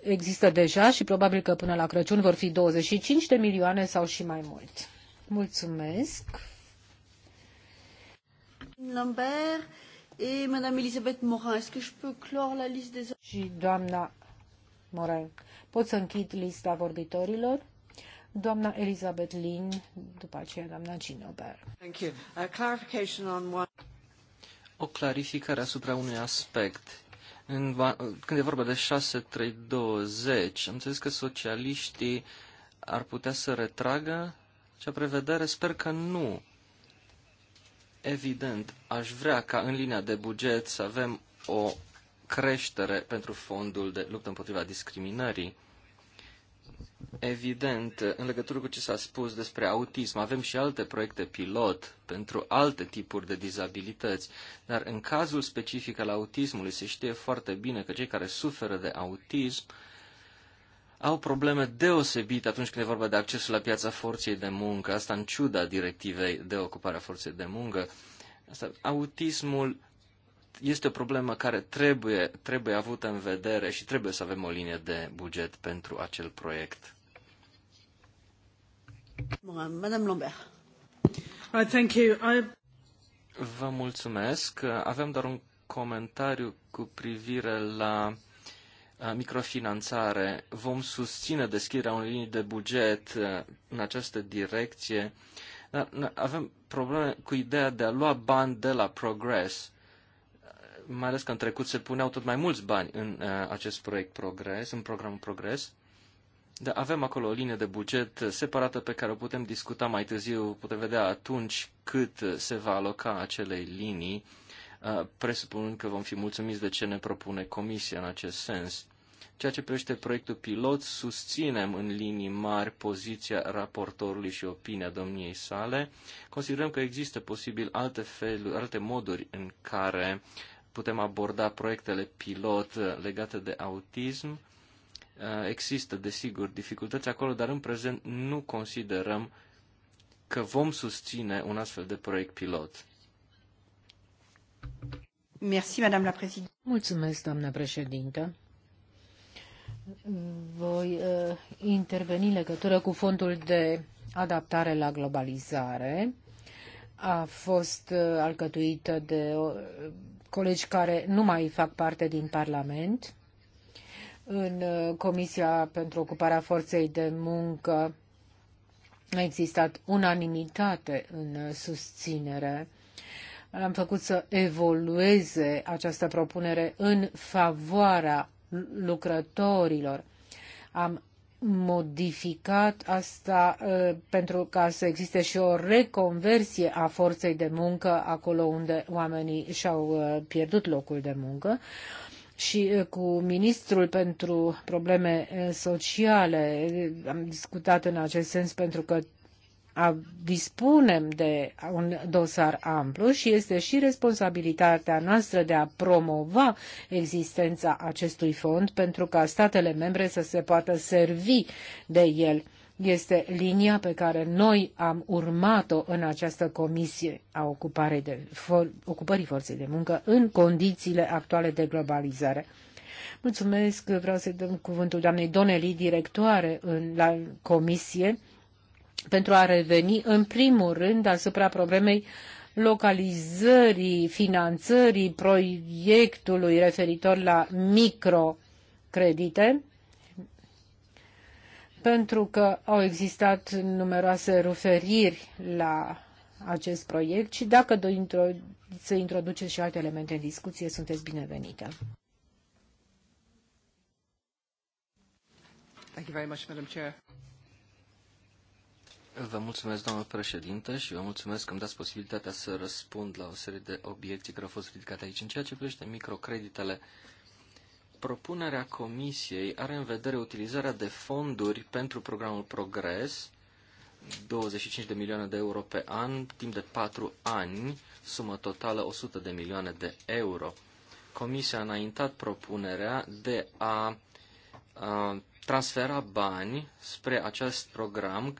există deja și probabil că până la Crăciun vor fi 25 de milioane sau și mai mult. Mulțumesc! Lambert. Et Madame Elisabeth Morin, est-ce que je peux clore la liste des... Și doamna Morin, pot să închid lista vorbitorilor? Doamna Elizabeth Lin, după aceea doamna Ginober. Thank you. A clarification on one... O clarificare asupra unui aspect. În, când e vorba de 6320, am înțeles că socialiștii ar putea să retragă Cea prevedere? Sper că nu. Evident, aș vrea ca în linia de buget să avem o creștere pentru fondul de luptă împotriva discriminării. Evident, în legătură cu ce s-a spus despre autism, avem și alte proiecte pilot pentru alte tipuri de dizabilități, dar în cazul specific al autismului se știe foarte bine că cei care suferă de autism uh, au probleme deosebite atunci când e vorba de accesul la piața forței de muncă, asta în ciuda directivei de ocupare a forței de muncă. Asta, autismul este o problemă care trebuie, trebuie avută în vedere și trebuie să avem o linie de buget pentru acel proiect. Madame Lambert. I thank you. I... Vă mulțumesc. Aveam doar un comentariu cu privire la microfinanțare. Vom susține deschiderea unei linii de buget uh, în această direcție, dar avem probleme cu ideea de a lua bani de la Progress, uh, mai ales că în trecut se puneau tot mai mulți bani în uh, acest proiect Progress, în programul Progress. Dar avem acolo o linie de buget separată pe care o putem discuta mai târziu, putem vedea atunci cât se va aloca acelei linii presupunând că vom fi mulțumiți de ce ne propune Comisia în acest sens. Ceea ce privește proiectul pilot, susținem în linii mari poziția raportorului și opinia domniei sale. Considerăm că există posibil alte, feluri, alte moduri în care putem aborda proiectele pilot legate de autism. Există, desigur, dificultăți acolo, dar în prezent nu considerăm că vom susține un astfel de proiect pilot. Mulțumesc, doamnă președintă. Voi uh, interveni în legătură cu fondul de adaptare la globalizare. A fost uh, alcătuită de uh, colegi care nu mai fac parte din Parlament. În uh, Comisia pentru Ocuparea Forței de Muncă a existat unanimitate în susținere uh, am făcut să evolueze această propunere în favoarea lucrătorilor. Am modificat asta ă, pentru ca să existe și o reconversie a forței de muncă acolo unde oamenii și-au ă, pierdut locul de muncă și ă, cu ministrul pentru probleme sociale am discutat în acest sens pentru că dispunem de un dosar amplu și este și responsabilitatea noastră de a promova existența acestui fond pentru ca statele membre să se poată servi de el. Este linia pe care noi am urmat-o în această comisie a de for, ocupării forței de muncă în condițiile actuale de globalizare. Mulțumesc, vreau să dăm cuvântul doamnei Doneli, directoare în, la comisie pentru a reveni în primul rând asupra problemei localizării, finanțării proiectului referitor la microcredite, pentru că au existat numeroase referiri la acest proiect și dacă se introduce și alte elemente în discuție, sunteți binevenite. Thank you very much, Madam Chair. Vă mulțumesc, doamnă președinte, și vă mulțumesc că îmi dați posibilitatea să răspund la o serie de obiecții care au fost ridicate aici. În ceea ce privește microcreditele, propunerea Comisiei are în vedere utilizarea de fonduri pentru programul Progres, 25 de milioane de euro pe an, timp de 4 ani, sumă totală 100 de milioane de euro. Comisia a înaintat propunerea de a Uh, transfera bani spre acest program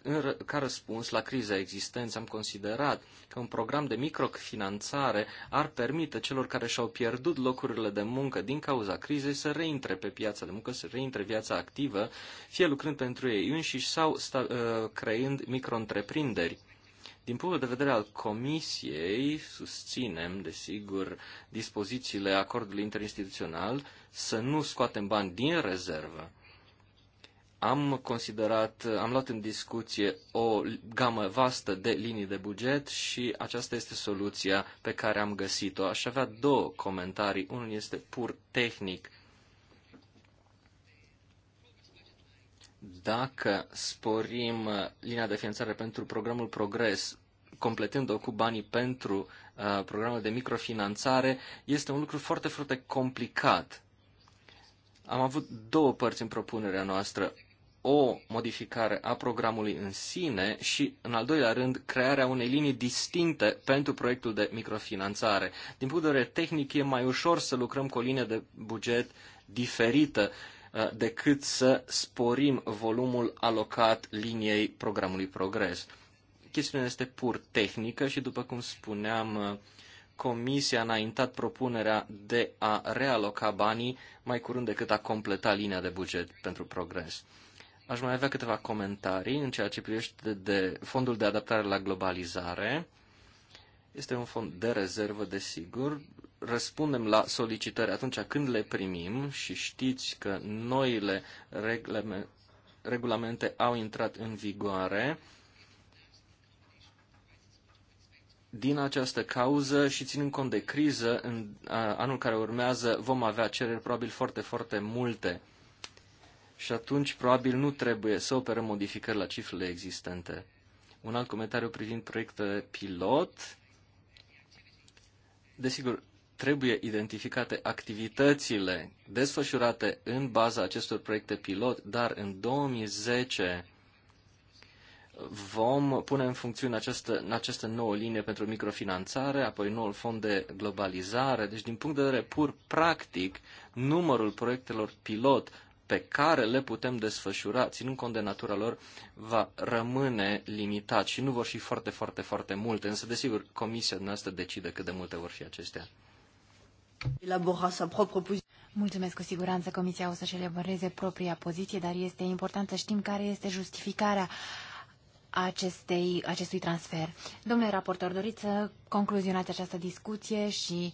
ca răspuns la criza existență. Am considerat că un program de microfinanțare ar permite celor care și-au pierdut locurile de muncă din cauza crizei să reintre pe piața de muncă, să reintre viața activă, fie lucrând pentru ei înșiși sau sta, uh, creând micro-întreprinderi. Din punct de vedere al Comisiei, susținem, desigur, dispozițiile acordului interinstituțional să nu scoatem bani din rezervă. Am considerat, am luat în discuție o gamă vastă de linii de buget și aceasta este soluția pe care am găsit-o. Aș avea două comentarii. Unul este pur tehnic dacă sporim uh, linia de finanțare pentru programul Progres, completând-o cu banii pentru uh, programul de microfinanțare, este un lucru foarte, foarte complicat. Am avut două părți în propunerea noastră. O modificare a programului în sine și, în al doilea rând, crearea unei linii distincte pentru proiectul de microfinanțare. Din punct de vedere tehnic, e mai ușor să lucrăm cu o linie de buget diferită Uh, decât să sporim volumul alocat liniei programului Progres. Chestiunea este pur tehnică și, după cum spuneam, uh, Comisia a înaintat propunerea de a realoca banii mai curând decât a completa linia de buget pentru progres. Aș mai avea câteva comentarii în ceea ce privește de fondul de adaptare la globalizare. Este un fond de rezervă, desigur. Răspundem la solicitări atunci când le primim și știți că noile regulamente au intrat în vigoare. Din această cauză și ținând cont de criză, în anul care urmează vom avea cereri probabil foarte, foarte multe. Și atunci probabil nu trebuie să operăm modificări la cifrele existente. Un alt comentariu privind proiectul pilot Desigur, trebuie identificate activitățile desfășurate în baza acestor proiecte pilot, dar în 2010 vom pune în funcțiune această, în această nouă linie pentru microfinanțare, apoi noul fond de globalizare. Deci, din punct de vedere pur practic, numărul proiectelor pilot pe care le putem desfășura, ținând cont de natura lor, va rămâne limitat și nu vor fi foarte, foarte, foarte multe, însă, desigur, comisia noastră decide cât de multe vor fi acestea. Elabora Mulțumesc, cu siguranță Comisia o să-și elaboreze propria poziție, dar este important să știm care este justificarea acestei, acestui transfer. Domnule raportor, doriți să concluzionați această discuție și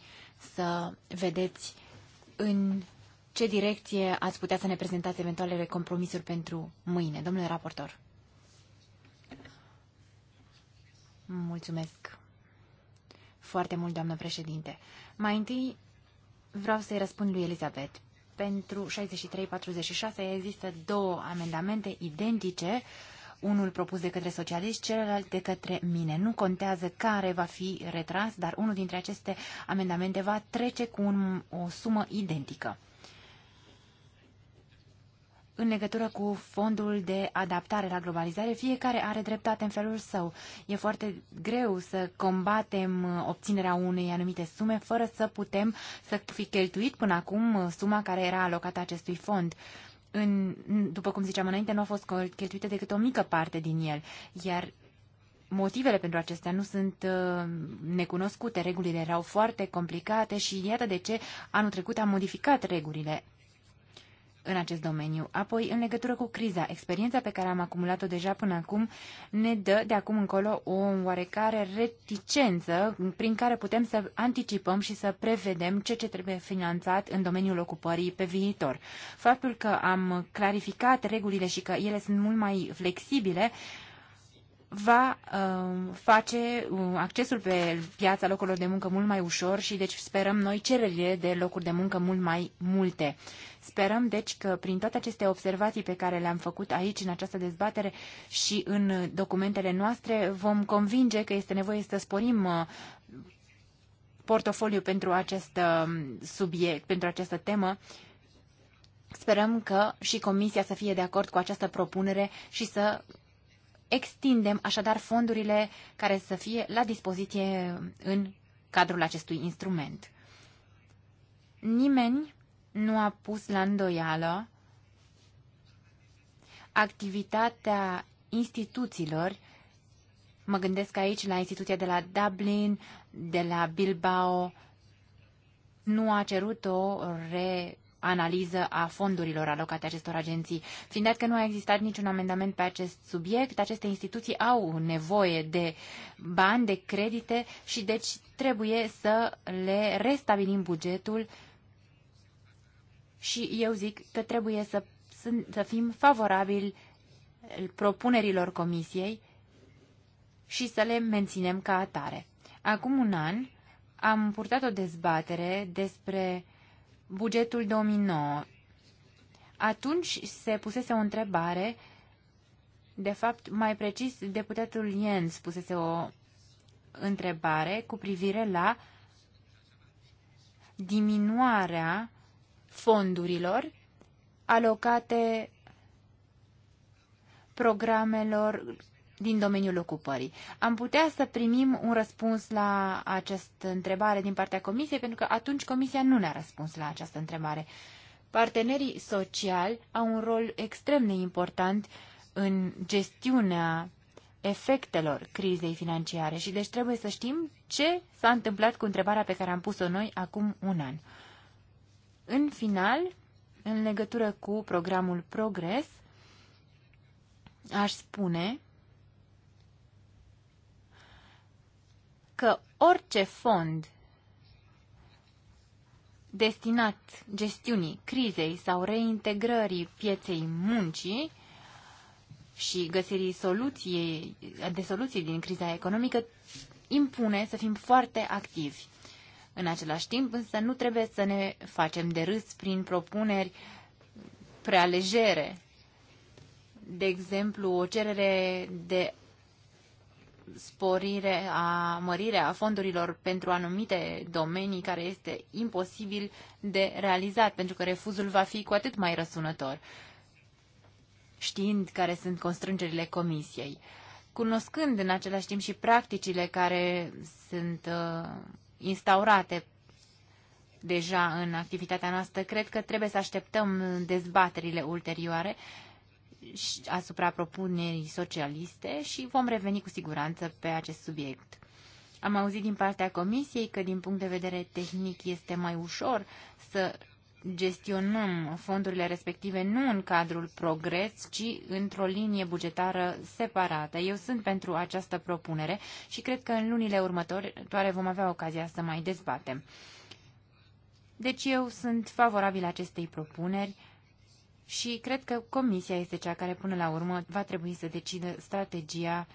să vedeți în ce direcție ați putea să ne prezentați eventualele compromisuri pentru mâine, domnule raportor? Mulțumesc foarte mult, doamnă președinte. Mai întâi vreau să-i răspund lui Elizabeth. Pentru 63-46 există două amendamente identice, unul propus de către socialiști, celălalt de către mine. Nu contează care va fi retras, dar unul dintre aceste amendamente va trece cu un, o sumă identică în legătură cu fondul de adaptare la globalizare, fiecare are dreptate în felul său. E foarte greu să combatem uh, obținerea unei anumite sume fără să putem să fi cheltuit până acum uh, suma care era alocată acestui fond în, după cum ziceam înainte, nu a fost cheltuită decât o mică parte din el, iar motivele pentru acestea nu sunt uh, necunoscute, regulile erau foarte complicate și iată de ce anul trecut am modificat regulile în acest domeniu. Apoi, în legătură cu criza, experiența pe care am acumulat-o deja până acum ne dă de acum încolo o oarecare reticență prin care putem să anticipăm și să prevedem ce ce trebuie finanțat în domeniul ocupării pe viitor. Faptul că am clarificat regulile și că ele sunt mult mai flexibile va uh, face uh, accesul pe piața locurilor de muncă mult mai ușor și deci sperăm noi cererile de locuri de muncă mult mai multe. Sperăm deci că prin toate aceste observații pe care le-am făcut aici în această dezbatere și în documentele noastre vom convinge că este nevoie să sporim uh, portofoliu pentru acest um, subiect, pentru această temă Sperăm că și Comisia să fie de acord cu această propunere și să extindem așadar fondurile care să fie la dispoziție în cadrul acestui instrument. Nimeni nu a pus la îndoială activitatea instituțiilor Mă gândesc aici la instituția de la Dublin, de la Bilbao. Nu a cerut o re analiză a fondurilor alocate acestor agenții. Fiind dat că nu a existat niciun amendament pe acest subiect, aceste instituții au nevoie de bani, de credite și deci trebuie să le restabilim bugetul și eu zic că trebuie să, să fim favorabili propunerilor comisiei și să le menținem ca atare. Acum un an am purtat o dezbatere despre bugetul 2009. Atunci se pusese o întrebare, de fapt, mai precis, deputatul Jens pusese o întrebare cu privire la diminuarea fondurilor alocate programelor din domeniul ocupării. Am putea să primim un răspuns la această întrebare din partea Comisiei, pentru că atunci Comisia nu ne-a răspuns la această întrebare. Partenerii sociali au un rol extrem de important în gestiunea efectelor crizei financiare și deci trebuie să știm ce s-a întâmplat cu întrebarea pe care am pus-o noi acum un an. În final, în legătură cu programul Progres, aș spune că orice fond destinat gestiunii crizei sau reintegrării pieței muncii și găsirii soluției, de soluții din criza economică impune să fim foarte activi. În același timp, însă, nu trebuie să ne facem de râs prin propuneri prealegere. De exemplu, o cerere de sporire, a mărirea fondurilor pentru anumite domenii care este imposibil de realizat, pentru că refuzul va fi cu atât mai răsunător, știind care sunt constrângerile comisiei. Cunoscând în același timp și practicile care sunt uh, instaurate deja în activitatea noastră, cred că trebuie să așteptăm dezbaterile ulterioare uh, asupra propunerii socialiste și vom reveni cu siguranță pe acest subiect. Am auzit din partea Comisiei că din punct de vedere tehnic este mai ușor să gestionăm fondurile respective nu în cadrul progres, ci într-o linie bugetară separată. Eu sunt pentru această propunere și cred că în lunile următoare vom avea ocazia să mai dezbatem. Deci eu sunt favorabil acestei propuneri și cred că Comisia este cea care până la urmă va trebui să decidă strategia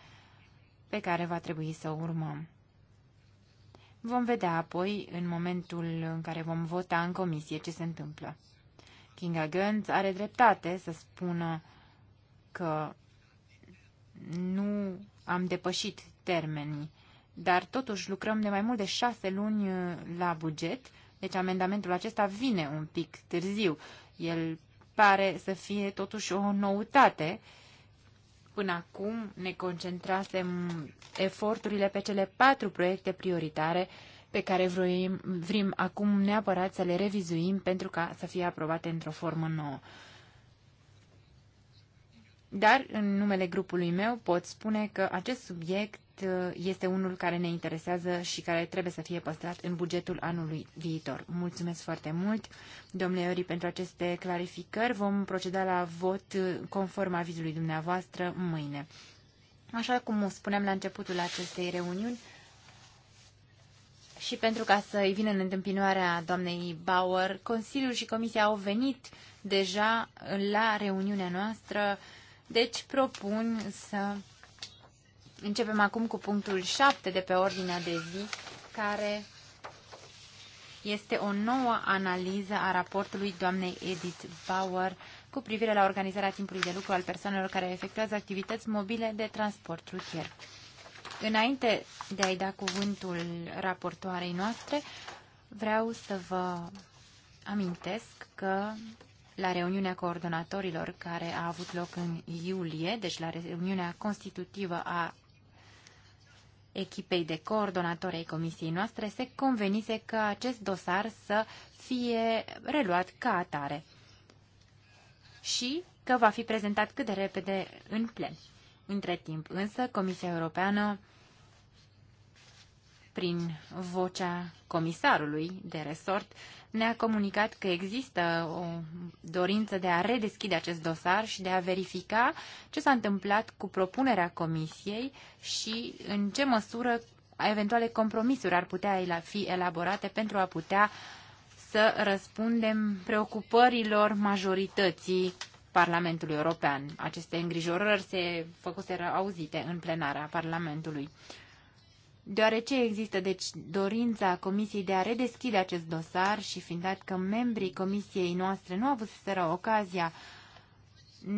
pe care va trebui să o urmăm. Vom vedea apoi, în momentul în care vom vota în comisie, ce se întâmplă. Kinga Gönz are dreptate să spună că nu am depășit termenii, dar totuși lucrăm de mai mult de șase luni uh, la buget, deci amendamentul acesta vine un pic târziu. El pare să fie totuși o noutate. Până acum ne concentrasem eforturile pe cele patru proiecte prioritare pe care vrem acum neapărat să le revizuim pentru ca să fie aprobate într-o formă nouă. Dar, în numele grupului meu, pot spune că acest subiect uh, este unul care ne interesează și care trebuie să fie păstrat în bugetul anului viitor. Mulțumesc foarte mult, domnule Iori, pentru aceste clarificări. Vom proceda la vot uh, conform avizului dumneavoastră mâine. Așa cum spuneam la începutul acestei reuniuni, și pentru ca să îi vină în întâmpinarea doamnei Bauer, Consiliul și Comisia au venit deja la reuniunea noastră deci propun să începem acum cu punctul 7 de pe ordinea de zi, care este o nouă analiză a raportului doamnei Edith Bauer cu privire la organizarea timpului de lucru al persoanelor care efectuează activități mobile de transport rutier. Înainte de a-i da cuvântul raportoarei noastre, vreau să vă amintesc că la reuniunea coordonatorilor care a avut loc în iulie, deci la reuniunea constitutivă a echipei de coordonatori ai comisiei noastre, se convenise că acest dosar să fie reluat ca atare și că va fi prezentat cât de repede în plen. Între timp, însă, Comisia Europeană prin vocea comisarului de resort, ne-a comunicat că există o dorință de a redeschide acest dosar și de a verifica ce s-a întâmplat cu propunerea comisiei și în ce măsură eventuale compromisuri ar putea fi elaborate pentru a putea să răspundem preocupărilor majorității Parlamentului European. Aceste îngrijorări se făcuseră auzite în plenara Parlamentului. Deoarece există deci dorința Comisiei de a redeschide acest dosar și fiind dat că membrii Comisiei noastre nu au avut să ocazia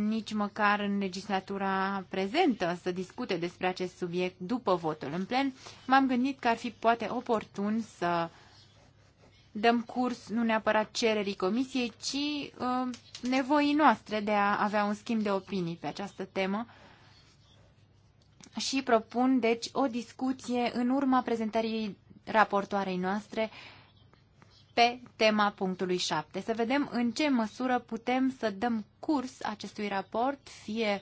nici măcar în legislatura prezentă să discute despre acest subiect după votul în plen, m-am gândit că ar fi poate oportun să dăm curs nu neapărat cererii comisiei, ci uh, nevoii noastre de a avea un schimb de opinii pe această temă și propun, deci, o discuție în urma prezentării raportoarei noastre pe tema punctului 7. Să vedem în ce măsură putem să dăm curs acestui raport, fie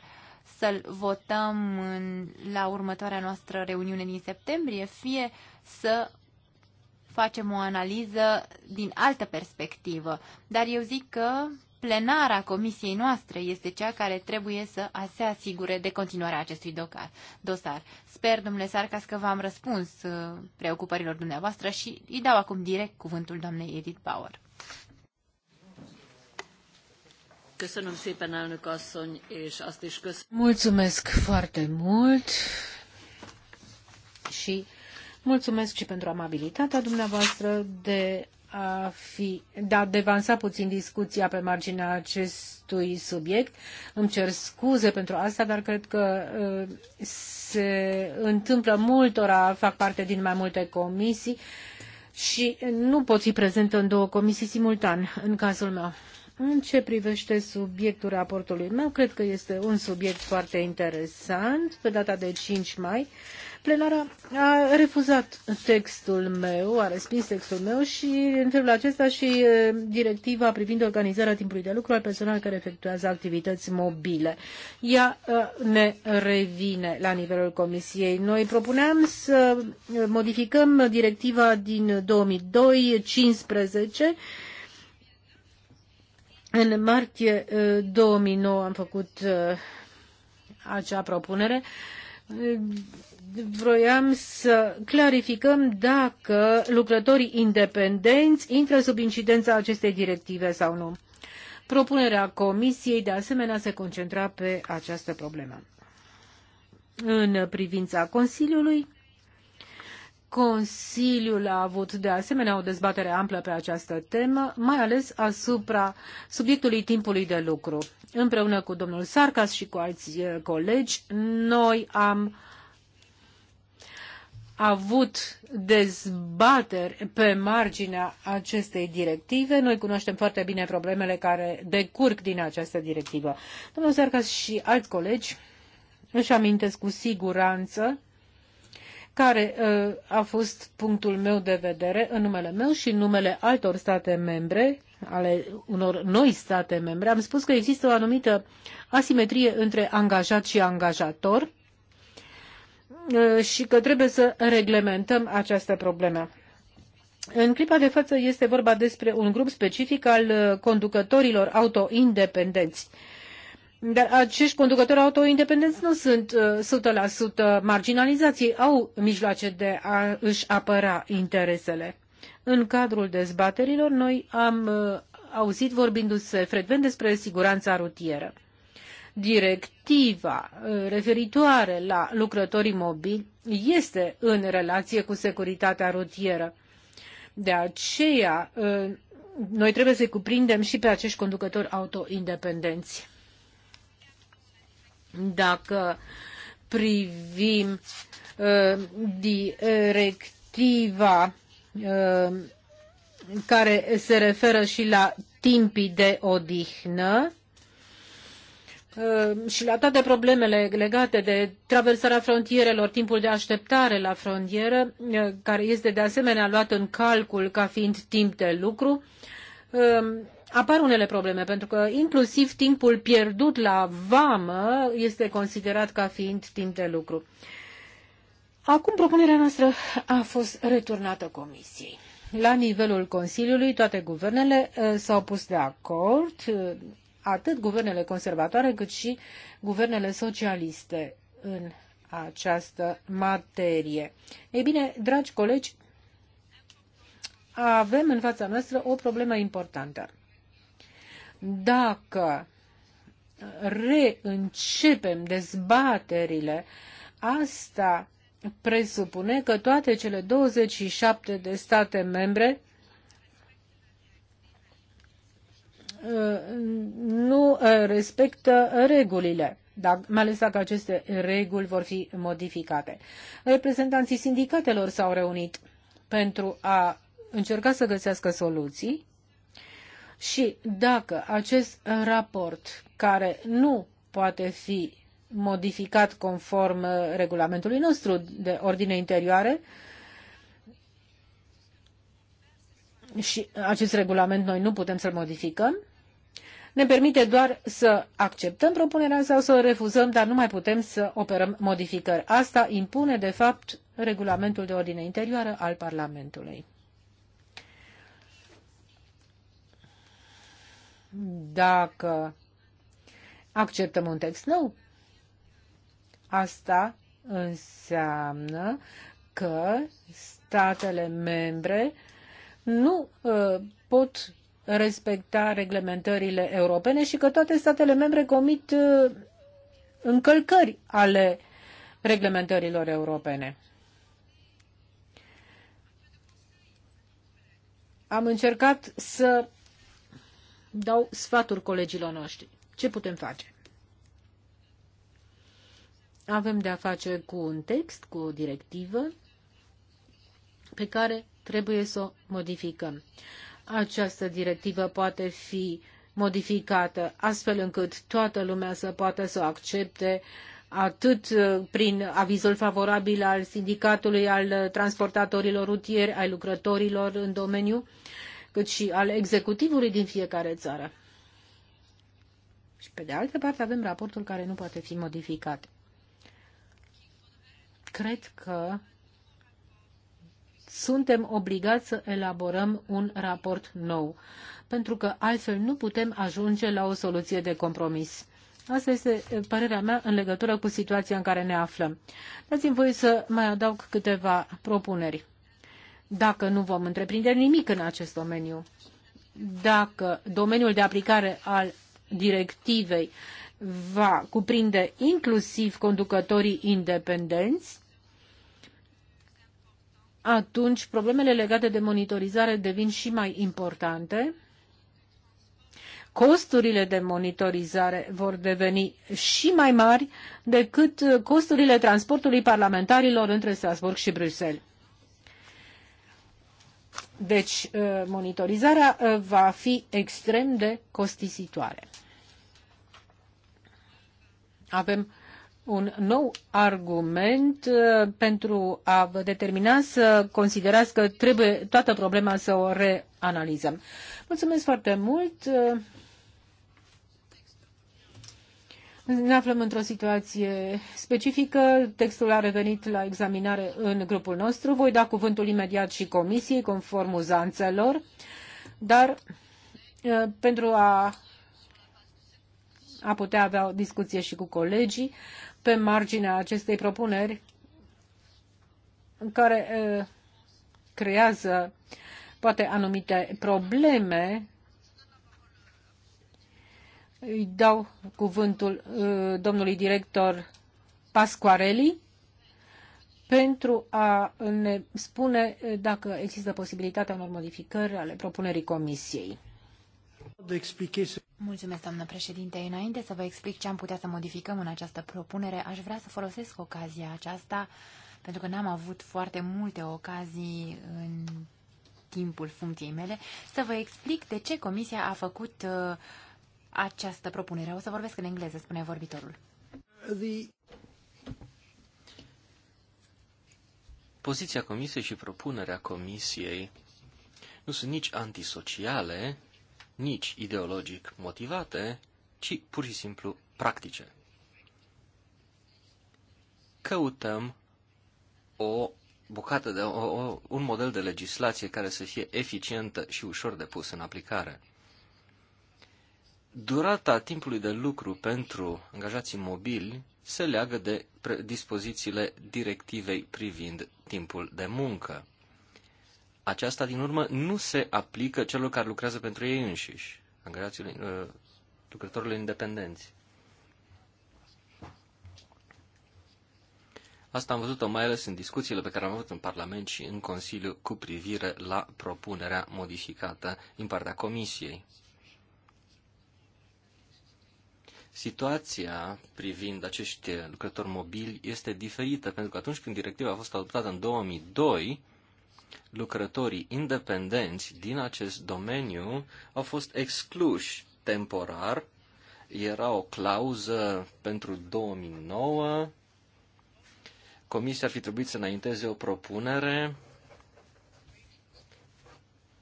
să-l votăm în, la următoarea noastră reuniune din septembrie, fie să facem o analiză din altă perspectivă. Dar eu zic că plenara comisiei noastre este cea care trebuie să se asigure de continuarea acestui dosar. Sper, domnule Sarcas, că v-am răspuns uh, preocupărilor dumneavoastră și îi dau acum direct cuvântul doamnei Edith Bauer. Mulțumesc foarte mult și mulțumesc și pentru amabilitatea dumneavoastră de a fi, de a devansa puțin discuția pe marginea acestui subiect. Îmi cer scuze pentru asta, dar cred că se întâmplă multora, fac parte din mai multe comisii și nu pot fi prezent în două comisii simultan în cazul meu. În ce privește subiectul raportului meu, cred că este un subiect foarte interesant. Pe data de 5 mai, plenara a refuzat textul meu, a respins textul meu și în felul acesta și directiva privind organizarea timpului de lucru al persoanelor care efectuează activități mobile. Ea ne revine la nivelul Comisiei. Noi propuneam să modificăm directiva din 2002-15 în martie 2009 uh, am făcut uh, acea propunere. Vroiam să clarificăm dacă lucrătorii independenți intră sub incidența acestei directive sau nu. Propunerea Comisiei, de asemenea, se concentra pe această problemă. În privința Consiliului, Consiliul a avut de asemenea o dezbatere amplă pe această temă, mai ales asupra subiectului timpului de lucru. Împreună cu domnul Sarcas și cu alți eh, colegi, noi am avut dezbateri pe marginea acestei directive. Noi cunoaștem foarte bine problemele care decurg din această directivă. Domnul Sarcas și alți colegi își amintesc cu siguranță care uh, a fost punctul meu de vedere în numele meu și în numele altor state membre, ale unor noi state membre. Am spus că există o anumită asimetrie între angajat și angajator uh, și că trebuie să reglementăm această problemă. În clipa de față este vorba despre un grup specific al uh, conducătorilor auto independenți. Dar acești conducători auto independenți nu sunt 100% uh, marginalizați, ei au mijloace de a își apăra interesele. În cadrul dezbaterilor, noi am uh, auzit vorbindu-se frecvent despre siguranța rutieră. Directiva uh, referitoare la lucrătorii mobili este în relație cu securitatea rutieră. De aceea, noi trebuie să-i cuprindem și pe acești conducători auto independenți. Dacă privim uh, directiva uh, care se referă și la timpii de odihnă, uh, și la toate problemele legate de traversarea frontierelor, timpul de așteptare la frontieră, uh, care este de asemenea luat în calcul ca fiind timp de lucru, uh, apar unele probleme, pentru că inclusiv timpul pierdut la vamă este considerat ca fiind timp de lucru. Acum propunerea noastră a fost returnată Comisiei. La nivelul Consiliului, toate guvernele uh, s-au pus de acord, uh, atât guvernele conservatoare cât și guvernele socialiste în această materie. Ei bine, dragi colegi, avem în fața noastră o problemă importantă. Dacă reîncepem dezbaterile, asta presupune că toate cele 27 de state membre uh, nu uh, respectă regulile, dar, mai ales dacă aceste reguli vor fi modificate. Reprezentanții sindicatelor s-au reunit pentru a încerca să găsească soluții și dacă acest raport, care nu poate fi modificat conform uh, regulamentului nostru de ordine interioare, și acest regulament noi nu putem să-l modificăm, ne permite doar să acceptăm propunerea sau să o refuzăm, dar nu mai putem să operăm modificări. Asta impune, de fapt, regulamentul de ordine interioară al Parlamentului. dacă acceptăm un text nou, asta înseamnă că statele membre nu uh, pot respecta reglementările europene și că toate statele membre comit uh, încălcări ale reglementărilor europene. Am încercat să dau sfaturi colegilor noștri. Ce putem face? Avem de-a face cu un text, cu o directivă pe care trebuie să o modificăm. Această directivă poate fi modificată astfel încât toată lumea să poată să o accepte atât uh, prin avizul favorabil al sindicatului, al uh, transportatorilor rutieri, ai lucrătorilor în domeniu, cât și al executivului din fiecare țară. Și pe de altă parte avem raportul care nu poate fi modificat. Cred că suntem obligați să elaborăm un raport nou, pentru că altfel nu putem ajunge la o soluție de compromis. Asta este eh, părerea mea în legătură cu situația în care ne aflăm. Dați-mi voi să mai adaug câteva propuneri dacă nu vom întreprinde nimic în acest domeniu. Dacă domeniul de aplicare al directivei va cuprinde inclusiv conducătorii independenți, atunci problemele legate de monitorizare devin și mai importante. Costurile de monitorizare vor deveni și mai mari decât costurile transportului parlamentarilor între Strasburg și Bruxelles. Deci, uh, monitorizarea uh, va fi extrem de costisitoare. Avem un nou argument uh, pentru a vă determina să considerați că trebuie toată problema să o reanalizăm. Mulțumesc foarte mult! Ne aflăm într-o situație specifică. Textul a revenit la examinare în grupul nostru. Voi da cuvântul imediat și comisiei, conform uzanțelor, dar pentru a, a putea avea o discuție și cu colegii pe marginea acestei propuneri care creează poate anumite probleme îi dau cuvântul uh, domnului director Pasquarelli pentru a ne spune uh, dacă există posibilitatea unor modificări ale propunerii Comisiei. Mulțumesc, doamnă președinte. Înainte să vă explic ce am putea să modificăm în această propunere, aș vrea să folosesc ocazia aceasta, pentru că n-am avut foarte multe ocazii în timpul funcției mele, să vă explic de ce Comisia a făcut uh, această propunere. O să vorbesc în engleză, spune vorbitorul. The... Poziția comisiei și propunerea comisiei nu sunt nici antisociale, nici ideologic motivate, ci pur și simplu practice. Căutăm o bucată de o, o, un model de legislație care să fie eficientă și ușor de pus în aplicare. Durata timpului de lucru pentru angajații mobili se leagă de dispozițiile directivei privind timpul de muncă. Aceasta, din urmă, nu se aplică celor care lucrează pentru ei înșiși, angajații uh, lucrătorilor independenți. Asta am văzut-o mai ales în discuțiile pe care am avut în Parlament și în Consiliu cu privire la propunerea modificată din partea Comisiei. Situația privind acești lucrători mobili este diferită, pentru că atunci când directiva a fost adoptată în 2002, lucrătorii independenți din acest domeniu au fost excluși temporar. Era o clauză pentru 2009. Comisia ar fi trebuit să înainteze o propunere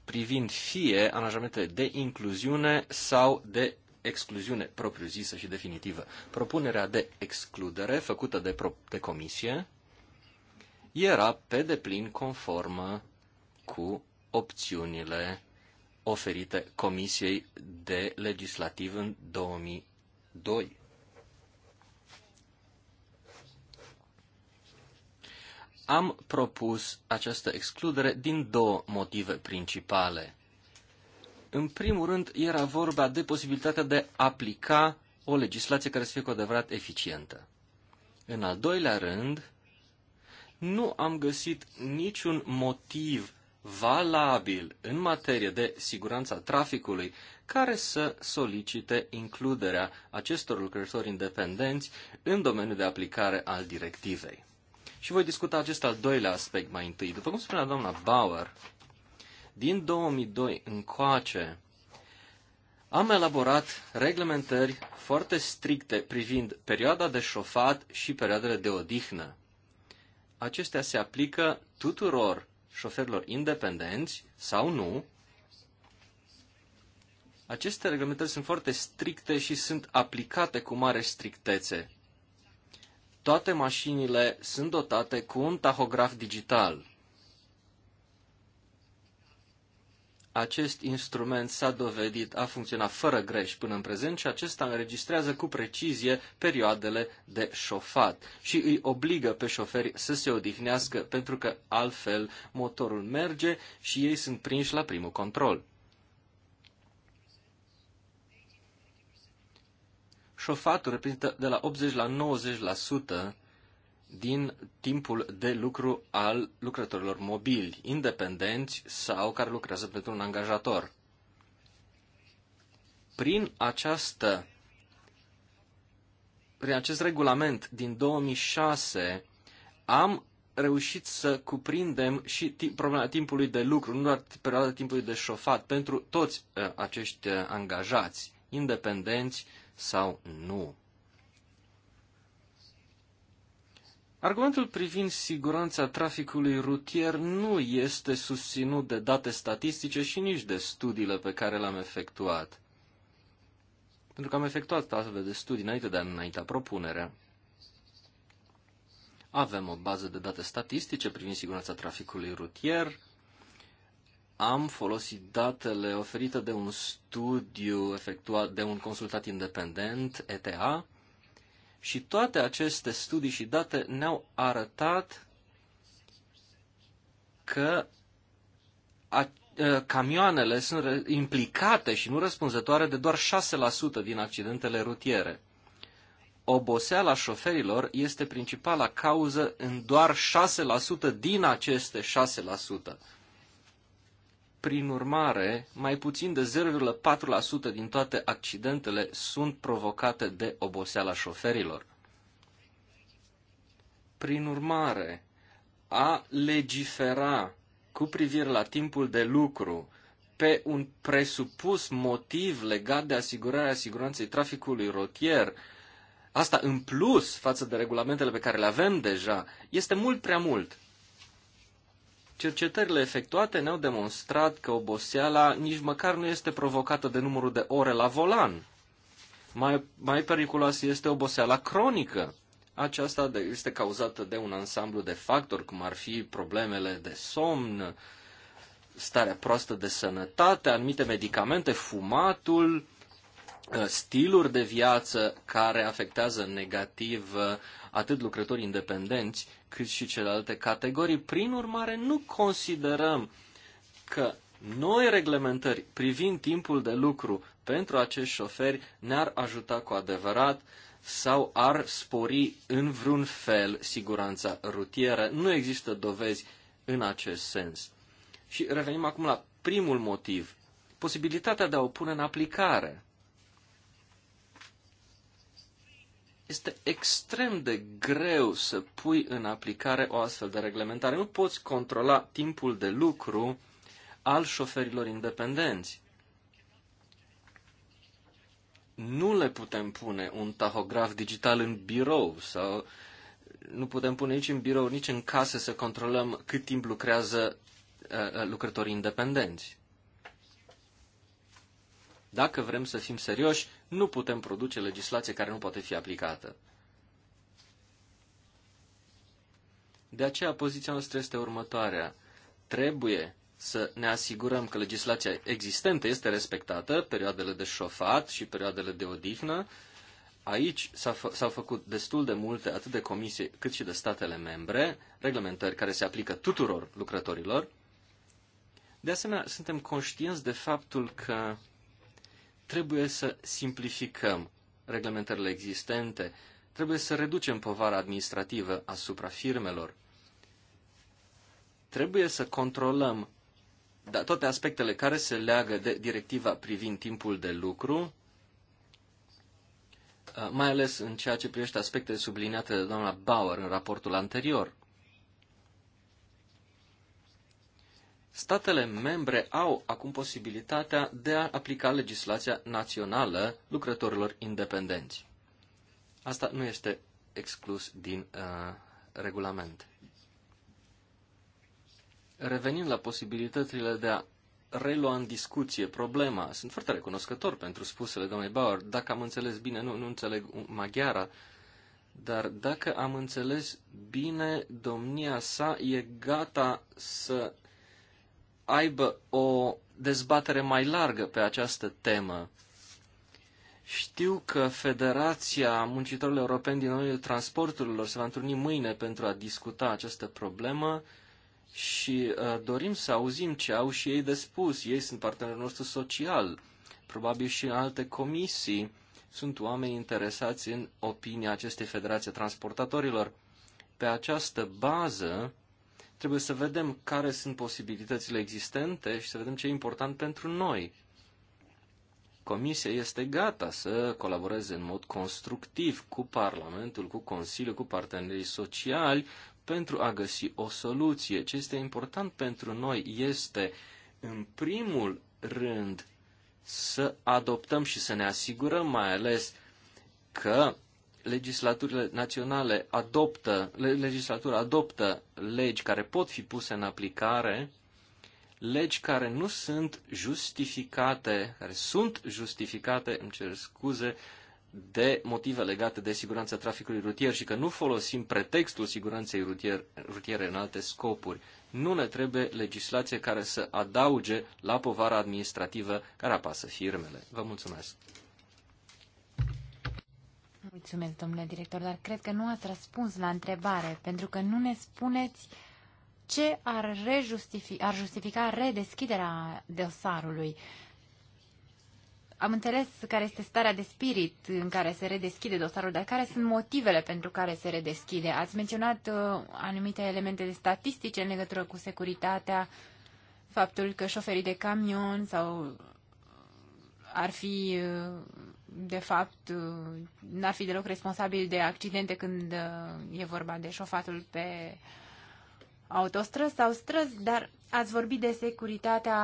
privind fie angajamente de incluziune sau de excluziune propriu-zisă și definitivă. Propunerea de excludere făcută de, pro- de comisie era pe deplin conformă cu opțiunile oferite Comisiei de Legislativ în 2002. Am propus această excludere din două motive principale. În primul rând, era vorba de posibilitatea de a aplica o legislație care să fie cu adevărat eficientă. În al doilea rând, nu am găsit niciun motiv valabil în materie de siguranța traficului care să solicite includerea acestor lucrători independenți în domeniul de aplicare al directivei. Și voi discuta acest al doilea aspect mai întâi. După cum spunea doamna Bauer, din 2002 încoace am elaborat reglementări foarte stricte privind perioada de șofat și perioadele de odihnă. Acestea se aplică tuturor șoferilor independenți sau nu. Aceste reglementări sunt foarte stricte și sunt aplicate cu mare strictețe. Toate mașinile sunt dotate cu un tahograf digital. acest instrument s-a dovedit a funcționa fără greș până în prezent și acesta înregistrează cu precizie perioadele de șofat și îi obligă pe șoferi să se odihnească pentru că altfel motorul merge și ei sunt prinși la primul control. Șofatul reprezintă de la 80 la 90% din timpul de lucru al lucrătorilor mobili, independenți sau care lucrează pentru un angajator. Prin această prin acest regulament din 2006 am reușit să cuprindem și problema timpului de lucru, nu doar perioada timpului de șofat, pentru toți uh, acești uh, angajați, independenți sau nu. Argumentul privind siguranța traficului rutier nu este susținut de date statistice și nici de studiile pe care le-am efectuat. Pentru că am efectuat astfel de studii înainte de a înainta propunerea. Avem o bază de date statistice privind siguranța traficului rutier. Am folosit datele oferite de un studiu efectuat de un consultat independent, ETA, și toate aceste studii și date ne-au arătat că a, ă, camioanele sunt implicate și nu răspunzătoare de doar 6% din accidentele rutiere. Oboseala șoferilor este principala cauză în doar 6% din aceste prin urmare, mai puțin de 0,4% din toate accidentele sunt provocate de oboseala șoferilor. Prin urmare, a legifera cu privire la timpul de lucru pe un presupus motiv legat de asigurarea siguranței traficului rotier, asta în plus față de regulamentele pe care le avem deja, este mult prea mult. Cercetările efectuate ne-au demonstrat că oboseala nici măcar nu este provocată de numărul de ore la volan. Mai, mai periculoasă este oboseala cronică. Aceasta este cauzată de un ansamblu de factori, cum ar fi problemele de somn, starea proastă de sănătate, anumite medicamente, fumatul, ă, stiluri de viață care afectează negativ ă, atât lucrători independenți cât și celelalte categorii. Prin urmare, nu considerăm că noi reglementări privind timpul de lucru pentru acești șoferi ne-ar ajuta cu adevărat sau ar spori în vreun fel siguranța rutieră. Nu există dovezi în acest sens. Și revenim acum la primul motiv, posibilitatea de a o pune în aplicare. Este extrem de greu să pui în aplicare o astfel de reglementare. Nu poți controla timpul de lucru al șoferilor independenți. Nu le putem pune un tahograf digital în birou sau nu putem pune nici în birou, nici în casă să controlăm cât timp lucrează uh, uh, lucrătorii independenți. Dacă vrem să fim serioși, nu putem produce legislație care nu poate fi aplicată. De aceea, poziția noastră este următoarea. Trebuie să ne asigurăm că legislația existentă este respectată, perioadele de șofat și perioadele de odihnă. Aici s-au fă, făcut destul de multe, atât de comisie cât și de statele membre, reglementări care se aplică tuturor lucrătorilor. De asemenea, suntem conștienți de faptul că Trebuie să simplificăm reglementările existente, trebuie să reducem povara administrativă asupra firmelor, trebuie să controlăm da, toate aspectele care se leagă de directiva privind timpul de lucru, uh, mai ales în ceea ce privește aspectele subliniate de doamna Bauer în raportul anterior. statele membre au acum posibilitatea de a aplica legislația națională lucrătorilor independenți. Asta nu este exclus din uh, regulament. Revenind la posibilitățile de a relua în discuție problema, sunt foarte recunoscător pentru spusele domnului Bauer. Dacă am înțeles bine, nu, nu înțeleg maghiara, dar dacă am înțeles bine, domnia sa e gata să aibă o dezbatere mai largă pe această temă. Știu că Federația Muncitorilor Europeni din Domeniul Transporturilor se va întâlni mâine pentru a discuta această problemă și uh, dorim să auzim ce au și ei de spus. Ei sunt partenerul nostru social, probabil și în alte comisii. Sunt oameni interesați în opinia acestei Federații Transportatorilor. Pe această bază, Trebuie să vedem care sunt posibilitățile existente și să vedem ce e important pentru noi. Comisia este gata să colaboreze în mod constructiv cu Parlamentul, cu Consiliul, cu partenerii sociali pentru a găsi o soluție. Ce este important pentru noi este, în primul rând, să adoptăm și să ne asigurăm mai ales că legislaturile naționale adoptă, legislatura adoptă legi care pot fi puse în aplicare, legi care nu sunt justificate, care sunt justificate, îmi cer scuze, de motive legate de siguranța traficului rutier și că nu folosim pretextul siguranței rutier, rutiere în alte scopuri. Nu ne trebuie legislație care să adauge la povara administrativă care apasă firmele. Vă mulțumesc! Mulțumesc, domnule director, dar cred că nu ați răspuns la întrebare, pentru că nu ne spuneți ce ar, rejustifi, ar justifica redeschiderea dosarului. Am înțeles care este starea de spirit în care se redeschide dosarul, dar care sunt motivele pentru care se redeschide? Ați menționat uh, anumite elemente de statistice în legătură cu securitatea, faptul că șoferii de camion sau ar fi uh, de fapt, uh, n-ar fi deloc responsabil de accidente când uh, e vorba de șofatul pe autostrăzi sau străzi, dar ați vorbit de securitatea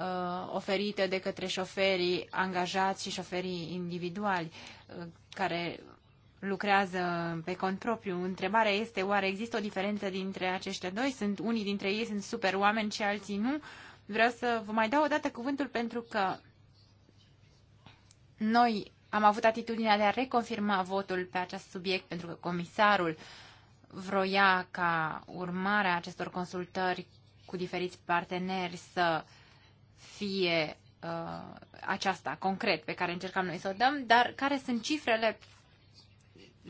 uh, oferită de către șoferii angajați și șoferii individuali care lucrează pe cont propriu. Întrebarea este, oare există o diferență dintre aceștia doi? Sunt unii dintre ei sunt super oameni și alții nu? Vreau să vă mai dau o dată cuvântul pentru că noi am avut atitudinea de a reconfirma votul pe acest subiect, pentru că comisarul vroia ca urmarea acestor consultări cu diferiți parteneri să fie uh, aceasta concret pe care încercam noi să o dăm, dar care sunt cifrele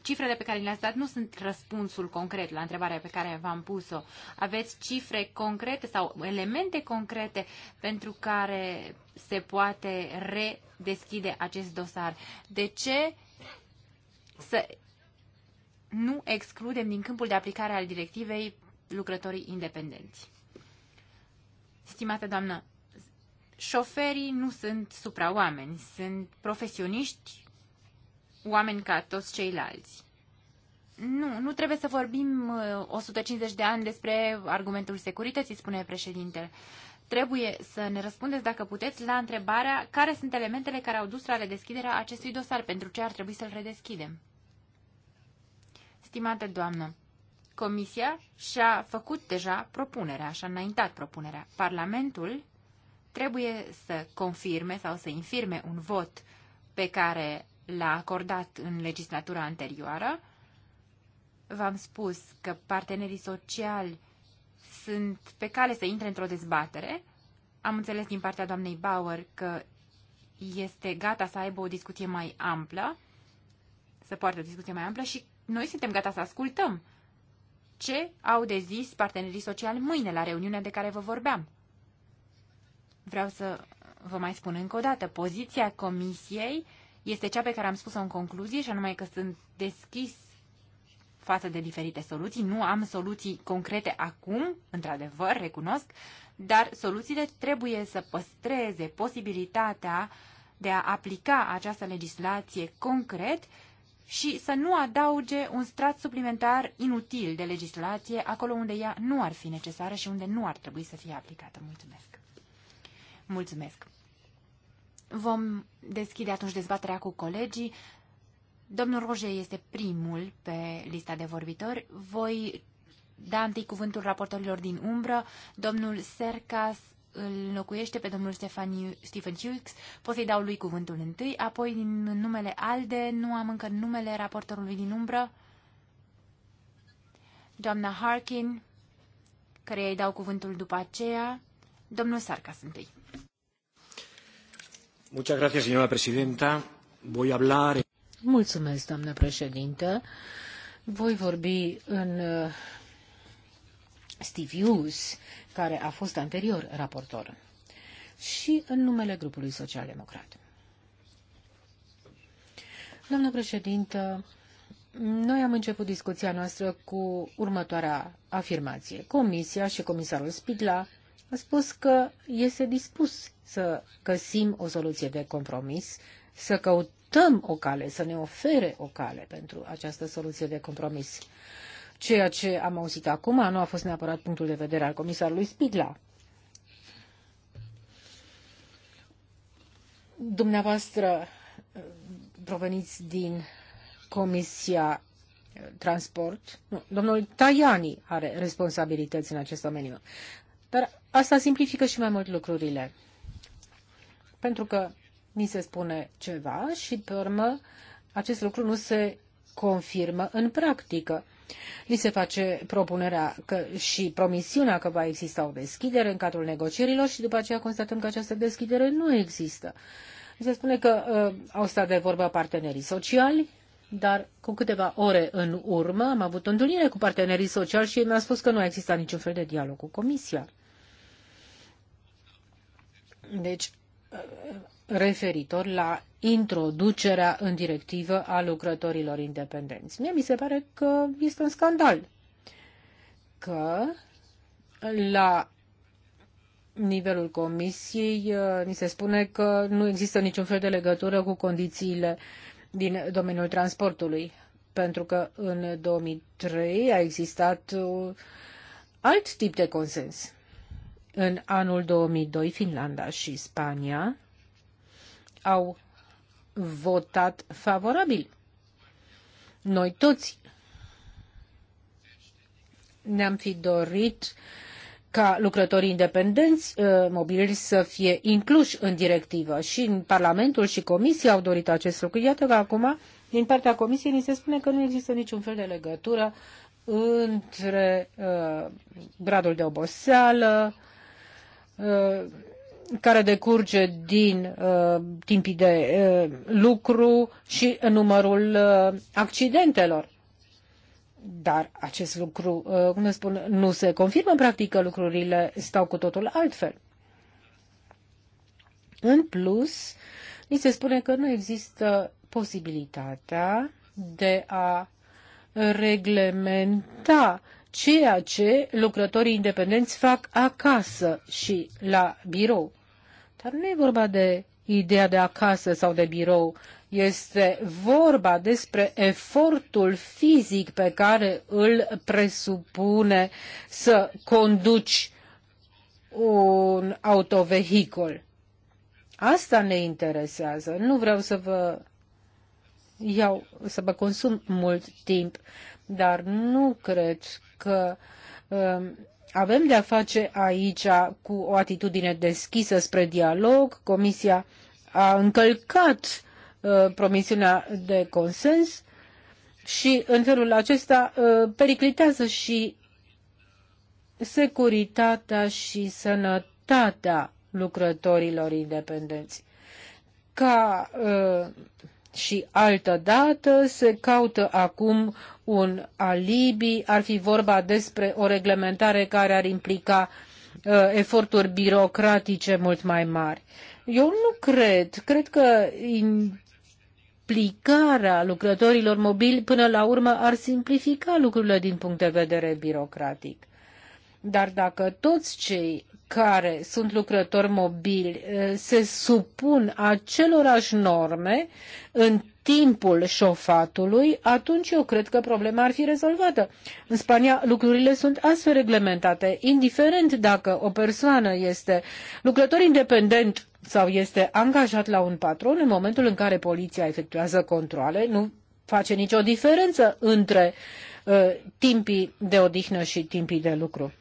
cifrele pe care le-ați dat nu sunt răspunsul concret la întrebarea pe care v-am pus-o. Aveți cifre concrete sau elemente concrete pentru care se poate redeschide acest dosar? De ce să nu excludem din câmpul de aplicare al directivei lucrătorii independenți? Stimată doamnă, șoferii nu sunt supraoameni, sunt profesioniști oameni ca toți ceilalți. Nu, nu trebuie să vorbim 150 uh, de ani despre argumentul securității, spune președintele. Trebuie să ne răspundeți, dacă puteți, la întrebarea care sunt elementele care au dus la redeschiderea acestui dosar, pentru ce ar trebui să-l redeschidem. Stimată doamnă, Comisia și-a făcut deja propunerea, și-a înaintat propunerea. Parlamentul trebuie să confirme sau să infirme un vot pe care l-a acordat în legislatura anterioară. V-am spus că partenerii sociali sunt pe cale să intre într-o dezbatere. Am înțeles din partea doamnei Bauer că este gata să aibă o discuție mai amplă, să poartă o discuție mai amplă și noi suntem gata să ascultăm ce au de zis partenerii sociali mâine la reuniunea de care vă vorbeam. Vreau să vă mai spun încă o dată, poziția comisiei este cea pe care am spus-o în concluzie, și anume că sunt deschis față de diferite soluții. Nu am soluții concrete acum, într-adevăr, recunosc, dar soluțiile trebuie să păstreze posibilitatea de a aplica această legislație concret și să nu adauge un strat suplimentar inutil de legislație acolo unde ea nu ar fi necesară și unde nu ar trebui să fie aplicată. Mulțumesc! Mulțumesc! Vom deschide atunci dezbaterea cu colegii. Domnul Roger este primul pe lista de vorbitori. Voi da întâi cuvântul raportorilor din umbră. Domnul Sercas îl locuiește pe domnul Stefani, Stephen Hughes. Pot să-i dau lui cuvântul întâi, apoi din numele ALDE, nu am încă numele raportorului din umbră. Doamna Harkin, care îi dau cuvântul după aceea. Domnul Sarcas întâi. Muchas gracias, Voi Mulțumesc, doamnă președintă. Voi vorbi în uh, Steve Hughes, care a fost anterior raportor, și în numele grupului social-democrat. Doamnă președintă, noi am început discuția noastră cu următoarea afirmație. Comisia și comisarul Spidla a spus că este dispus să găsim o soluție de compromis, să căutăm o cale, să ne ofere o cale pentru această soluție de compromis. Ceea ce am auzit acum nu a fost neapărat punctul de vedere al comisarului Spigla. Dumneavoastră proveniți din Comisia Transport. Nu, domnul Tajani are responsabilități în acest domeniu. Dar asta simplifică și mai mult lucrurile. Pentru că ni se spune ceva și, pe urmă, acest lucru nu se confirmă în practică. Li se face propunerea că și promisiunea că va exista o deschidere în cadrul negocierilor și după aceea constatăm că această deschidere nu există. Li se spune că uh, au stat de vorbă partenerii sociali, dar cu câteva ore în urmă am avut o întâlnire cu partenerii sociali și ei mi-au spus că nu a existat niciun fel de dialog cu Comisia. Deci, referitor la introducerea în directivă a lucrătorilor independenți. Mie mi se pare că este un scandal că la nivelul comisiei uh, ni se spune că nu există niciun fel de legătură cu condițiile din domeniul transportului, pentru că în 2003 a existat uh, alt tip de consens. În anul 2002, Finlanda și Spania au votat favorabil. Noi toți ne-am fi dorit ca lucrătorii independenți uh, mobili să fie incluși în directivă și în Parlamentul și Comisia au dorit acest lucru. Iată că acum, din partea Comisiei, ni se spune că nu există niciun fel de legătură între uh, gradul de oboseală, Uh, care decurge din uh, timpii de uh, lucru și numărul uh, accidentelor. Dar acest lucru, uh, cum spun, nu se confirmă în practică, lucrurile stau cu totul altfel. În plus, ni se spune că nu există posibilitatea de a reglementa ceea ce lucrătorii independenți fac acasă și la birou. Dar nu e vorba de ideea de acasă sau de birou, este vorba despre efortul fizic pe care îl presupune să conduci un autovehicol. Asta ne interesează. Nu vreau să vă iau, să vă consum mult timp, dar nu cred că um, avem de-a face aici cu o atitudine deschisă spre dialog. Comisia a încălcat uh, promisiunea de consens și în felul acesta uh, periclitează și securitatea și sănătatea lucrătorilor independenți. Ca uh, și altădată dată se caută acum un alibi, ar fi vorba despre o reglementare care ar implica uh, eforturi birocratice mult mai mari. Eu nu cred, cred că implicarea lucrătorilor mobili până la urmă ar simplifica lucrurile din punct de vedere birocratic. Dar dacă toți cei care sunt lucrători mobili uh, se supun acelorași norme în timpul șofatului, atunci eu cred că problema ar fi rezolvată. În Spania lucrurile sunt astfel reglementate, indiferent dacă o persoană este lucrător independent sau este angajat la un patron, în momentul în care poliția efectuează controle, nu face nicio diferență între uh, timpii de odihnă și timpii de lucru.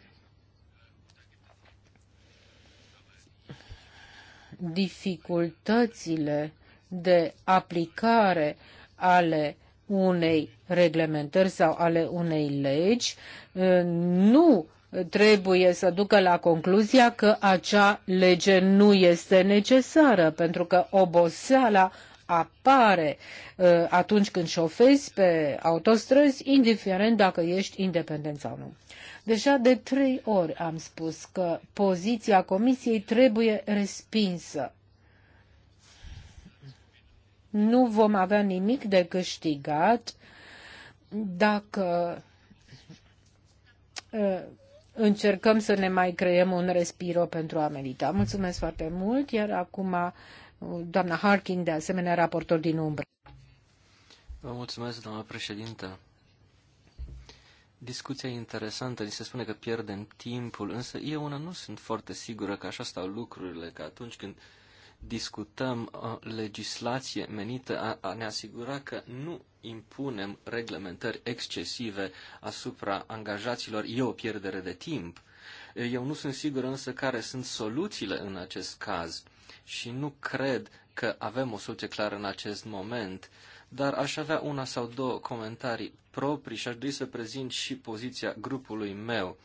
dificultățile de aplicare ale unei reglementări sau ale unei legi uh, nu trebuie să ducă la concluzia că acea lege nu este necesară, pentru că oboseala apare uh, atunci când șofezi pe autostrăzi, indiferent dacă ești independent sau nu. Deja de trei ori am spus că poziția Comisiei trebuie respinsă. Nu vom avea nimic de câștigat dacă uh, încercăm să ne mai creăm un respiro pentru a medita. Mulțumesc foarte mult, iar acum doamna Harkin, de asemenea raportor din umbră. Vă mulțumesc, doamna președintă. Discuția e interesantă, ni se spune că pierdem timpul, însă eu una nu sunt foarte sigură că așa stau lucrurile, că atunci când discutăm o uh, legislație menită a, a ne asigura că nu impunem reglementări excesive asupra angajaților, e o pierdere de timp. Eu nu sunt sigur însă care sunt soluțiile în acest caz și nu cred că avem o soluție clară în acest moment, dar aș avea una sau două comentarii proprii și aș dori să prezint și poziția grupului meu.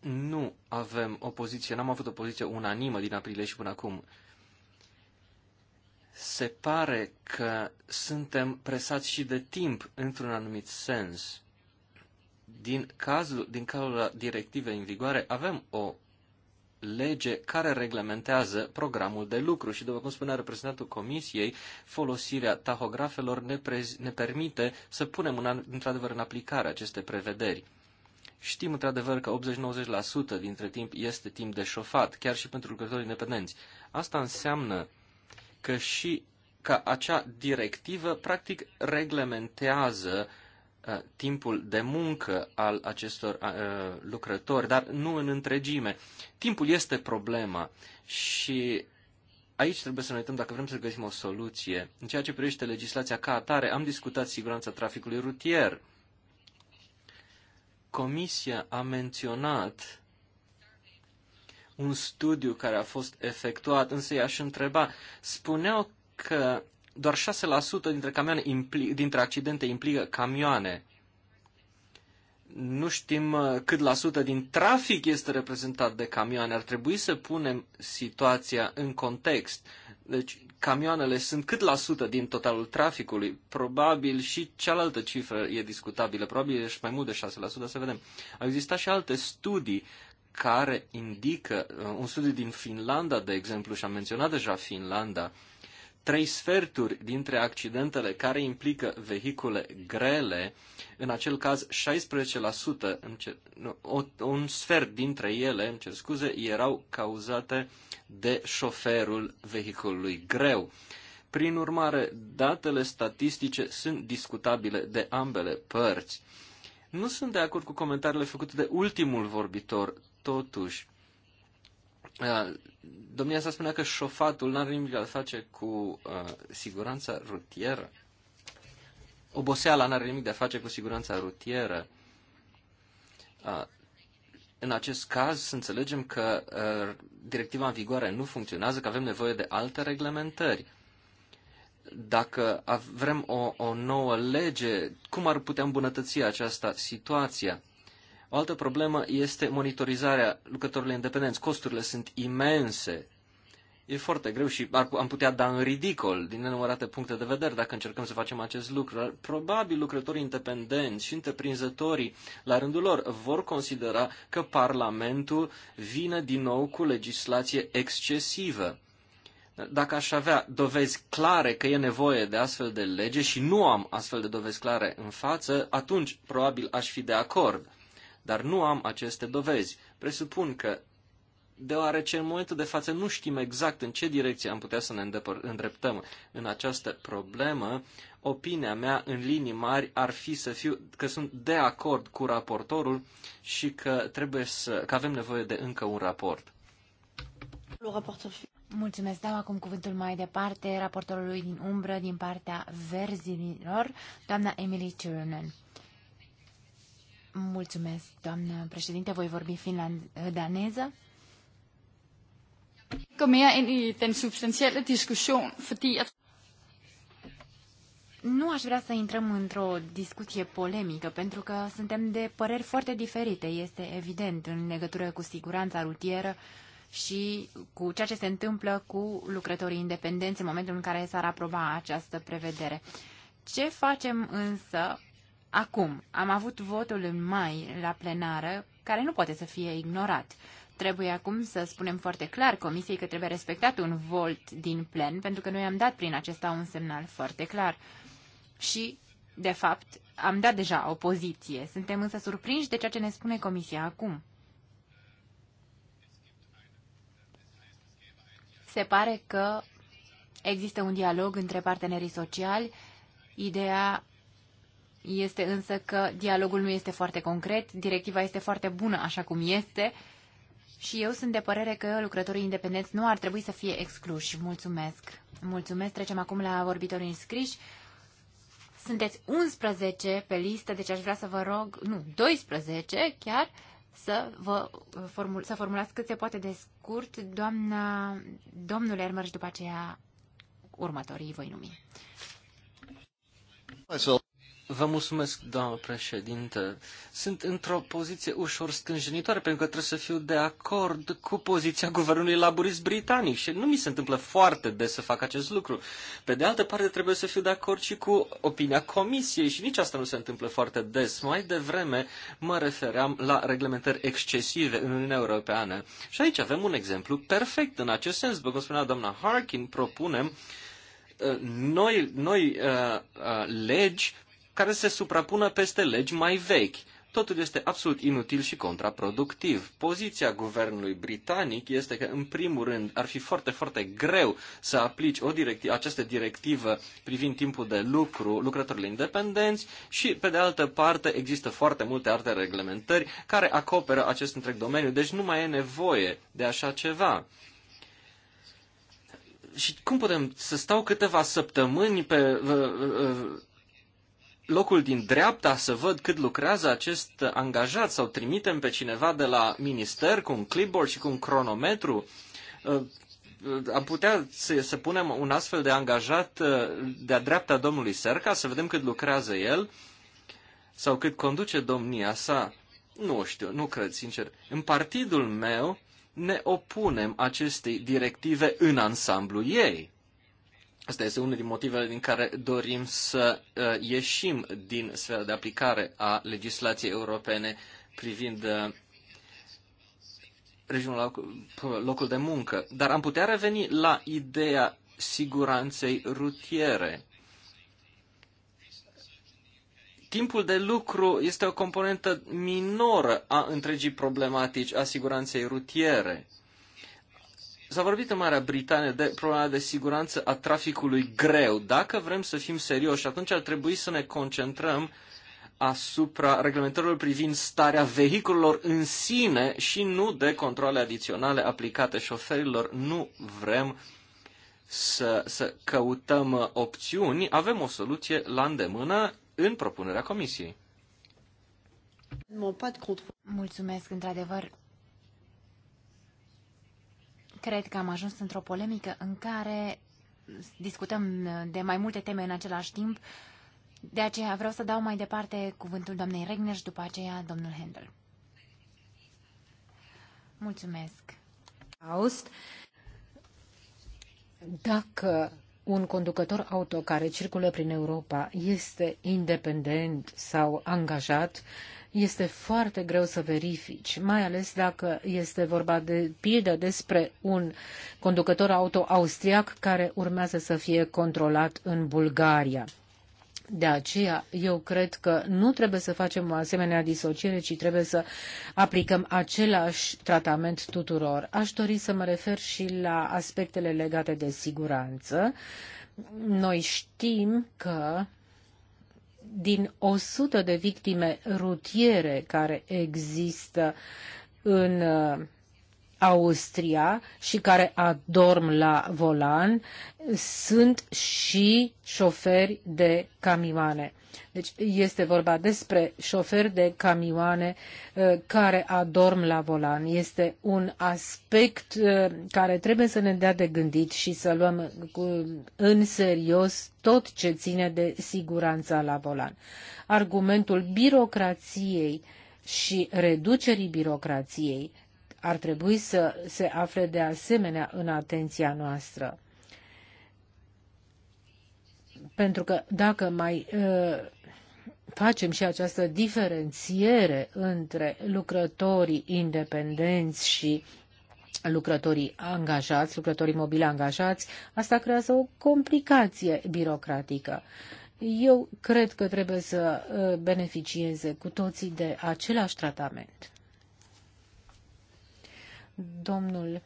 Nu avem o poziție, n-am avut o poziție unanimă din aprilie și până acum se pare că suntem presați și de timp într-un anumit sens. Din cazul, din cazul directivei în vigoare avem o lege care reglementează programul de lucru și, după cum spunea reprezentantul Comisiei, folosirea tahografelor ne, prez- ne permite să punem în, într-adevăr în aplicare aceste prevederi. Știm într-adevăr că 80-90% dintre timp este timp de șofat, chiar și pentru lucrătorii independenți. Asta înseamnă că și ca acea directivă practic reglementează uh, Uh, timpul de muncă al acestor uh, lucrători, dar nu în întregime. Timpul este problema și aici trebuie să ne uităm dacă vrem să găsim o soluție. În ceea ce privește legislația ca atare, am discutat siguranța traficului rutier. Comisia a menționat un studiu care a fost efectuat, însă i-aș întreba, spuneau că doar 6% dintre, camioane impli- dintre accidente implică camioane. Nu știm uh, cât la sută din trafic este reprezentat de camioane. Ar trebui să punem situația în context. Deci, camioanele sunt cât la sută din totalul traficului? Probabil și cealaltă cifră e discutabilă, probabil e și mai mult de 6%, să vedem. Au existat și alte studii care indică, uh, un studiu din Finlanda, de exemplu, și am menționat deja Finlanda, uh, trei sferturi dintre accidentele care implică vehicule grele, în acel caz 16%, un sfert dintre ele, îmi cer scuze, erau cauzate de șoferul vehiculului greu. Prin urmare, datele statistice sunt discutabile de ambele părți. Nu sunt de acord cu comentariile făcute de ultimul vorbitor, totuși Domnia sa spunea că șofatul nu are nimic de a face cu uh, siguranța rutieră. Oboseala nu are nimic de a face cu siguranța rutieră. Uh, în acest caz, să înțelegem că uh, directiva în vigoare nu funcționează, că avem nevoie de alte reglementări. Dacă vrem o, o nouă lege, cum ar putea îmbunătăți această situație? O altă problemă este monitorizarea lucrătorilor independenți. Costurile sunt imense. E foarte greu și ar, am putea da în ridicol din nenumărate puncte de vedere dacă încercăm să facem acest lucru. Probabil lucrătorii independenți și întreprinzătorii, la rândul lor, vor considera că Parlamentul vine din nou cu legislație excesivă. Dacă aș avea dovezi clare că e nevoie de astfel de lege și nu am astfel de dovezi clare în față, atunci probabil aș fi de acord dar nu am aceste dovezi. Presupun că, deoarece în momentul de față nu știm exact în ce direcție am putea să ne îndreptăm în această problemă, opinia mea în linii mari ar fi să fiu că sunt de acord cu raportorul și că trebuie să că avem nevoie de încă un raport. Mulțumesc, dau acum cuvântul mai departe raportorului din umbră din partea verzilor, doamna Emily Turunen. Mulțumesc, doamnă președinte. Voi vorbi finlandaneză. Gå mere ind i den substantielle diskussion, fordi jeg nu aș vrea să intrăm într-o discuție polemică, pentru că suntem de păreri foarte diferite, este evident, în legătură cu siguranța rutieră și cu ceea ce se întâmplă cu lucrătorii independenți în momentul în care s-ar aproba această prevedere. Ce facem însă Acum, am avut votul în mai la plenară, care nu poate să fie ignorat. Trebuie acum să spunem foarte clar Comisiei că trebuie respectat un volt din plen, pentru că noi am dat prin acesta un semnal foarte clar. Și, de fapt, am dat deja o poziție. Suntem însă surprinși de ceea ce ne spune Comisia acum. Se pare că există un dialog între partenerii sociali. Ideea este însă că dialogul nu este foarte concret, directiva este foarte bună așa cum este și eu sunt de părere că lucrătorii independenți nu ar trebui să fie excluși. Mulțumesc! Mulțumesc! Trecem acum la vorbitorii înscriși. Sunteți 11 pe listă, deci aș vrea să vă rog, nu, 12 chiar, să vă uh, formul, să formulați cât se poate de scurt, doamna, domnul Ermăr, și după aceea următorii voi numi. Vă mulțumesc, doamnă președinte. Sunt într-o poziție ușor stânjenitoare, pentru că trebuie să fiu de acord cu poziția guvernului laburist britanic și nu mi se întâmplă foarte des să fac acest lucru. Pe de altă parte, trebuie să fiu de acord și cu opinia comisiei și nici asta nu se întâmplă foarte des. Mai devreme mă refeream la reglementări excesive în Uniunea Europeană. Și aici avem un exemplu perfect în acest sens. După cum spunea doamna Harkin, propunem uh, noi, noi uh, uh, legi care se suprapună peste legi mai vechi. Totul este absolut inutil și contraproductiv. Poziția guvernului britanic este că, în primul rând, ar fi foarte, foarte greu să aplici o directi- această directivă privind timpul de lucru lucrătorilor independenți și, pe de altă parte, există foarte multe alte reglementări care acoperă acest întreg domeniu, deci nu mai e nevoie de așa ceva și cum putem să stau câteva săptămâni pe, locul din dreapta să văd cât lucrează acest angajat sau trimitem pe cineva de la minister cu un clipboard și cu un cronometru. Uh, uh, am putea să, să punem un astfel de angajat uh, de-a dreapta domnului Serca să vedem cât lucrează el sau cât conduce domnia sa. Nu știu, nu cred, sincer. În partidul meu ne opunem acestei directive în ansamblu ei. Asta este unul din motivele din care dorim să uh, ieșim din sfera de aplicare a legislației europene privind uh, regimul locul de muncă. Dar am putea reveni la ideea siguranței rutiere. Timpul de lucru este o componentă minoră a întregii problematici a siguranței rutiere. S-a vorbit în Marea Britanie de problema de siguranță a traficului greu. Dacă vrem să fim serioși, atunci ar trebui să ne concentrăm asupra reglementărilor privind starea vehiculelor în sine și nu de controle adiționale aplicate șoferilor. Nu vrem să, să căutăm opțiuni. Avem o soluție la îndemână în propunerea Comisiei. Mulțumesc, într-adevăr cred că am ajuns într-o polemică în care discutăm uh, de mai multe teme în același timp, de aceea vreau să dau mai departe cuvântul doamnei Regner și după aceea domnul Handel. Mulțumesc. Aust. Dacă un conducător auto care circulă prin Europa este independent sau angajat, este foarte greu să verifici, mai ales dacă este vorba de pildă despre un conducător auto austriac care urmează să fie controlat în Bulgaria. De aceea, eu cred că nu trebuie să facem o asemenea disociere, ci trebuie să aplicăm același tratament tuturor. Aș dori să mă refer și la aspectele legate de siguranță. Noi știm că din 100 de victime rutiere care există în uh, Austria și care adorm la volan sunt și șoferi de camioane. Deci este vorba despre șoferi de camioane uh, care adorm la volan. Este un aspect uh, care trebuie să ne dea de gândit și să luăm în serios tot ce ține de siguranța la volan. Argumentul birocrației și reducerii birocrației ar trebui să se afle de asemenea în atenția noastră. Pentru că dacă mai uh, facem și această diferențiere între lucrătorii independenți și lucrătorii angajați, lucrătorii mobili angajați, asta creează o complicație birocratică. Eu cred că trebuie să uh, beneficieze cu toții de același tratament. Domnul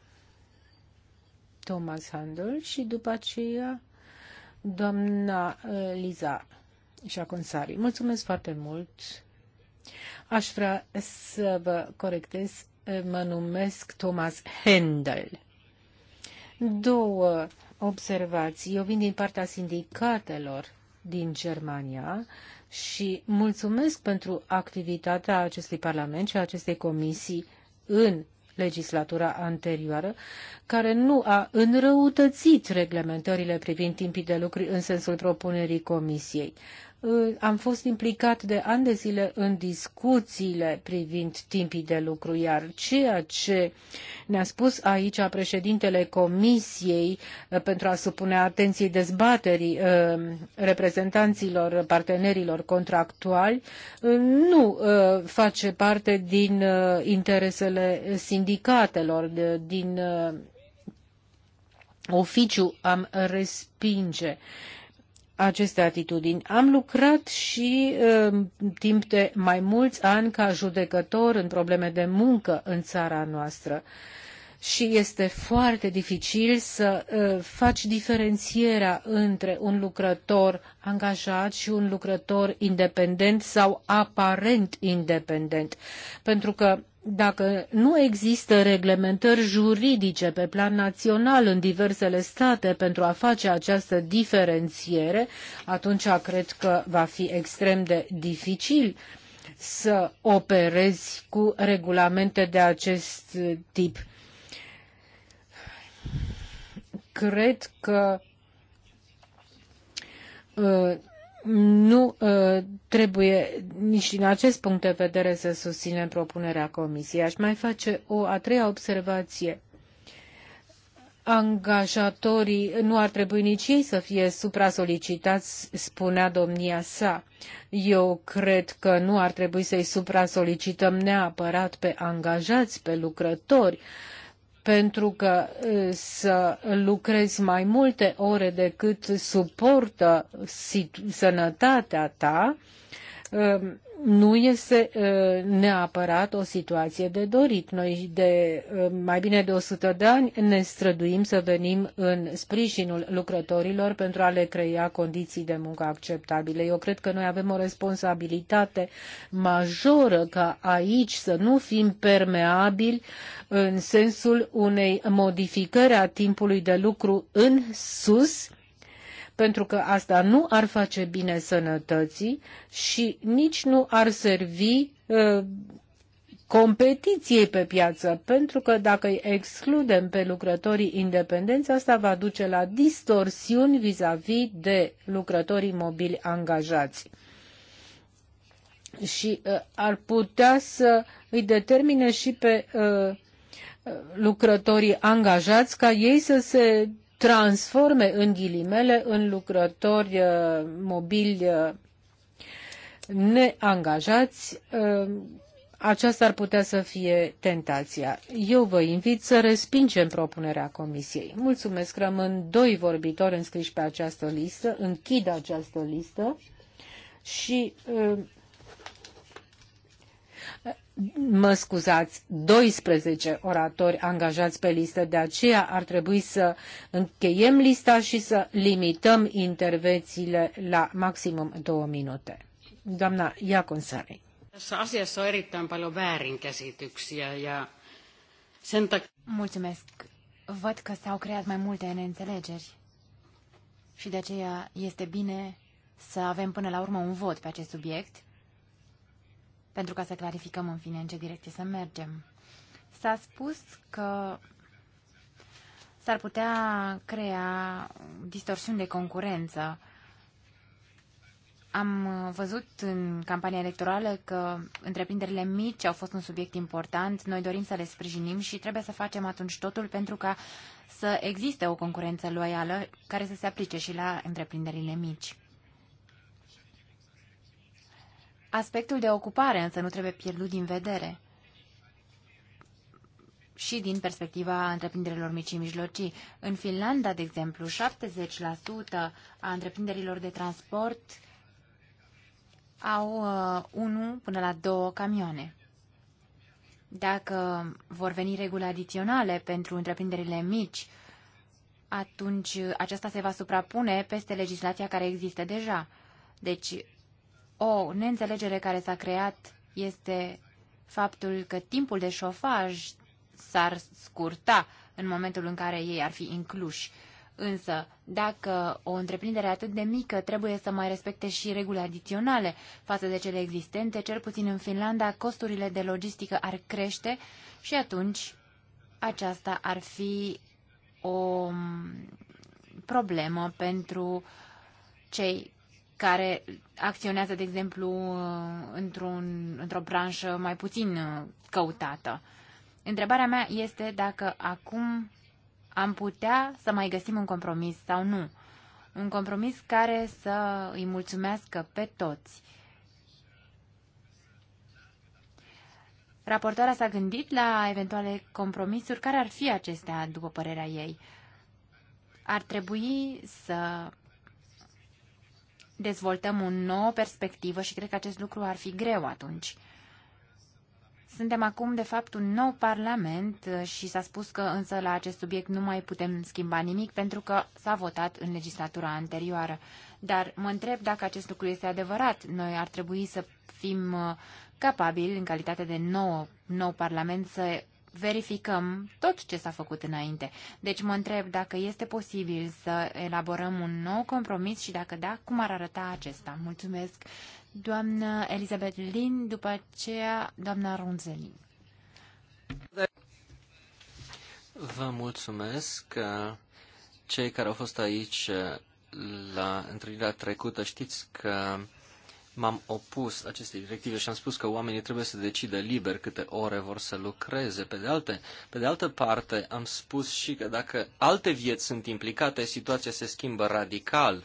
Thomas Handel și după aceea Doamna uh, Liza Șaconsari, mulțumesc foarte mult. Aș vrea să vă corectez, mă numesc Thomas Hendel. Două observații. Eu vin din partea sindicatelor din Germania și mulțumesc pentru activitatea acestui Parlament și acestei comisii în legislatura anterioară, care nu a înrăutățit reglementările privind timpii de lucru în sensul propunerii Comisiei. Ă, am fost implicat de ani de zile în discuțiile privind timpii de lucru, iar ceea ce ne-a spus aici președintele Comisiei ă, pentru a supune atenției dezbaterii ă, reprezentanților partenerilor contractuali nu face parte din interesele sindicatelor, din oficiu am respinge. Uh, aceste atitudini. Am lucrat și uh, timp de mai mulți ani ca judecător în probleme de muncă în țara noastră și este foarte dificil să uh, faci diferențierea între un lucrător angajat și un lucrător independent sau aparent independent, pentru că dacă nu există reglementări juridice pe plan național în diversele state pentru a face această diferențiere, atunci cred că va fi extrem de dificil să operezi cu regulamente de acest tip. Cred că uh, nu uh, trebuie nici din acest punct de vedere să susținem propunerea Comisiei. Aș mai face o a treia observație. Angajatorii nu ar trebui nici ei să fie supra-solicitați, spunea domnia sa. Eu cred că nu ar trebui să-i supra-solicităm neapărat pe angajați, pe lucrători, uh, pentru că să lucrezi mai multe ore decât suportă sănătatea ta, nu este neapărat o situație de dorit. Noi de mai bine de 100 de ani ne străduim să venim în sprijinul lucrătorilor pentru a le crea condiții de muncă acceptabile. Eu cred că noi avem o responsabilitate majoră ca aici să nu fim permeabili în sensul unei modificări a timpului de lucru în sus, pentru că asta nu ar face bine sănătății și nici nu ar servi uh, competiției pe piață, pentru că dacă îi excludem pe lucrătorii independenți, asta va duce la distorsiuni vis-a-vis de lucrătorii mobili angajați și uh, ar putea să îi determine și pe uh, lucrătorii angajați ca ei să se transforme în ghilimele în lucrători uh, mobili uh, neangajați, uh, aceasta ar putea să fie tentația. Eu vă invit să respingem propunerea Comisiei. Mulțumesc, rămân doi vorbitori înscriși pe această listă, închid această listă și mă scuzați, 12 oratori angajați pe listă, de aceea ar trebui să încheiem lista și să limităm intervențiile la maximum două minute. Doamna Iaconsari. Tässä Mulțumesc. Văd că s-au creat mai multe neînțelegeri și de aceea este bine să avem până la urmă un vot pe acest subiect pentru ca să clarificăm în fine în ce direcție să mergem. S-a spus că s-ar putea crea distorsiuni de concurență. Am văzut în campania electorală că întreprinderile mici au fost un subiect important. Noi dorim să le sprijinim și trebuie să facem atunci totul pentru ca să existe o concurență loială care să se aplice și la întreprinderile mici. Aspectul de ocupare însă nu trebuie pierdut din vedere și din perspectiva întreprinderilor mici și mijlocii. În Finlanda, de exemplu, 70% a întreprinderilor de transport au uh, până la 2 camioane. Dacă vor veni reguli adiționale pentru întreprinderile mici, atunci aceasta se va suprapune peste legislația care există deja. Deci, o neînțelegere care s-a creat este faptul că timpul de șofaj s-ar scurta în momentul în care ei ar fi incluși. Însă, dacă o întreprindere atât de mică trebuie să mai respecte și reguli adiționale față de cele existente, cel puțin în Finlanda, costurile de logistică ar crește și atunci aceasta ar fi o mm, problemă pentru cei care acționează, de exemplu, într-un, într-o branșă mai puțin uh, căutată. Întrebarea mea este dacă acum am putea să mai găsim un compromis sau nu. Un compromis care să îi mulțumească pe toți. Raportoarea s-a gândit la eventuale compromisuri. Care ar fi acestea, după părerea ei? Ar trebui să dezvoltăm o nouă perspectivă și cred că acest lucru ar fi greu atunci. Suntem acum, de fapt, un nou parlament și s-a spus că însă la acest subiect nu mai putem schimba nimic pentru că s-a votat în legislatura anterioară. Dar mă întreb dacă acest lucru este adevărat. Noi ar trebui să fim uh, capabili, în calitate de nou, nou parlament, să verificăm tot ce s-a făcut înainte. Deci mă întreb dacă este posibil să elaborăm un nou compromis și dacă da, cum ar arăta acesta. Mulțumesc, doamnă Elizabeth Lin, după aceea doamna Runzelin. Vă mulțumesc. Cei care au fost aici la întâlnirea trecută știți că m-am opus acestei directive și am spus că oamenii trebuie să decidă liber câte ore vor să lucreze. Pe de, alte, pe de altă parte, am spus și că dacă alte vieți sunt implicate, situația se schimbă radical.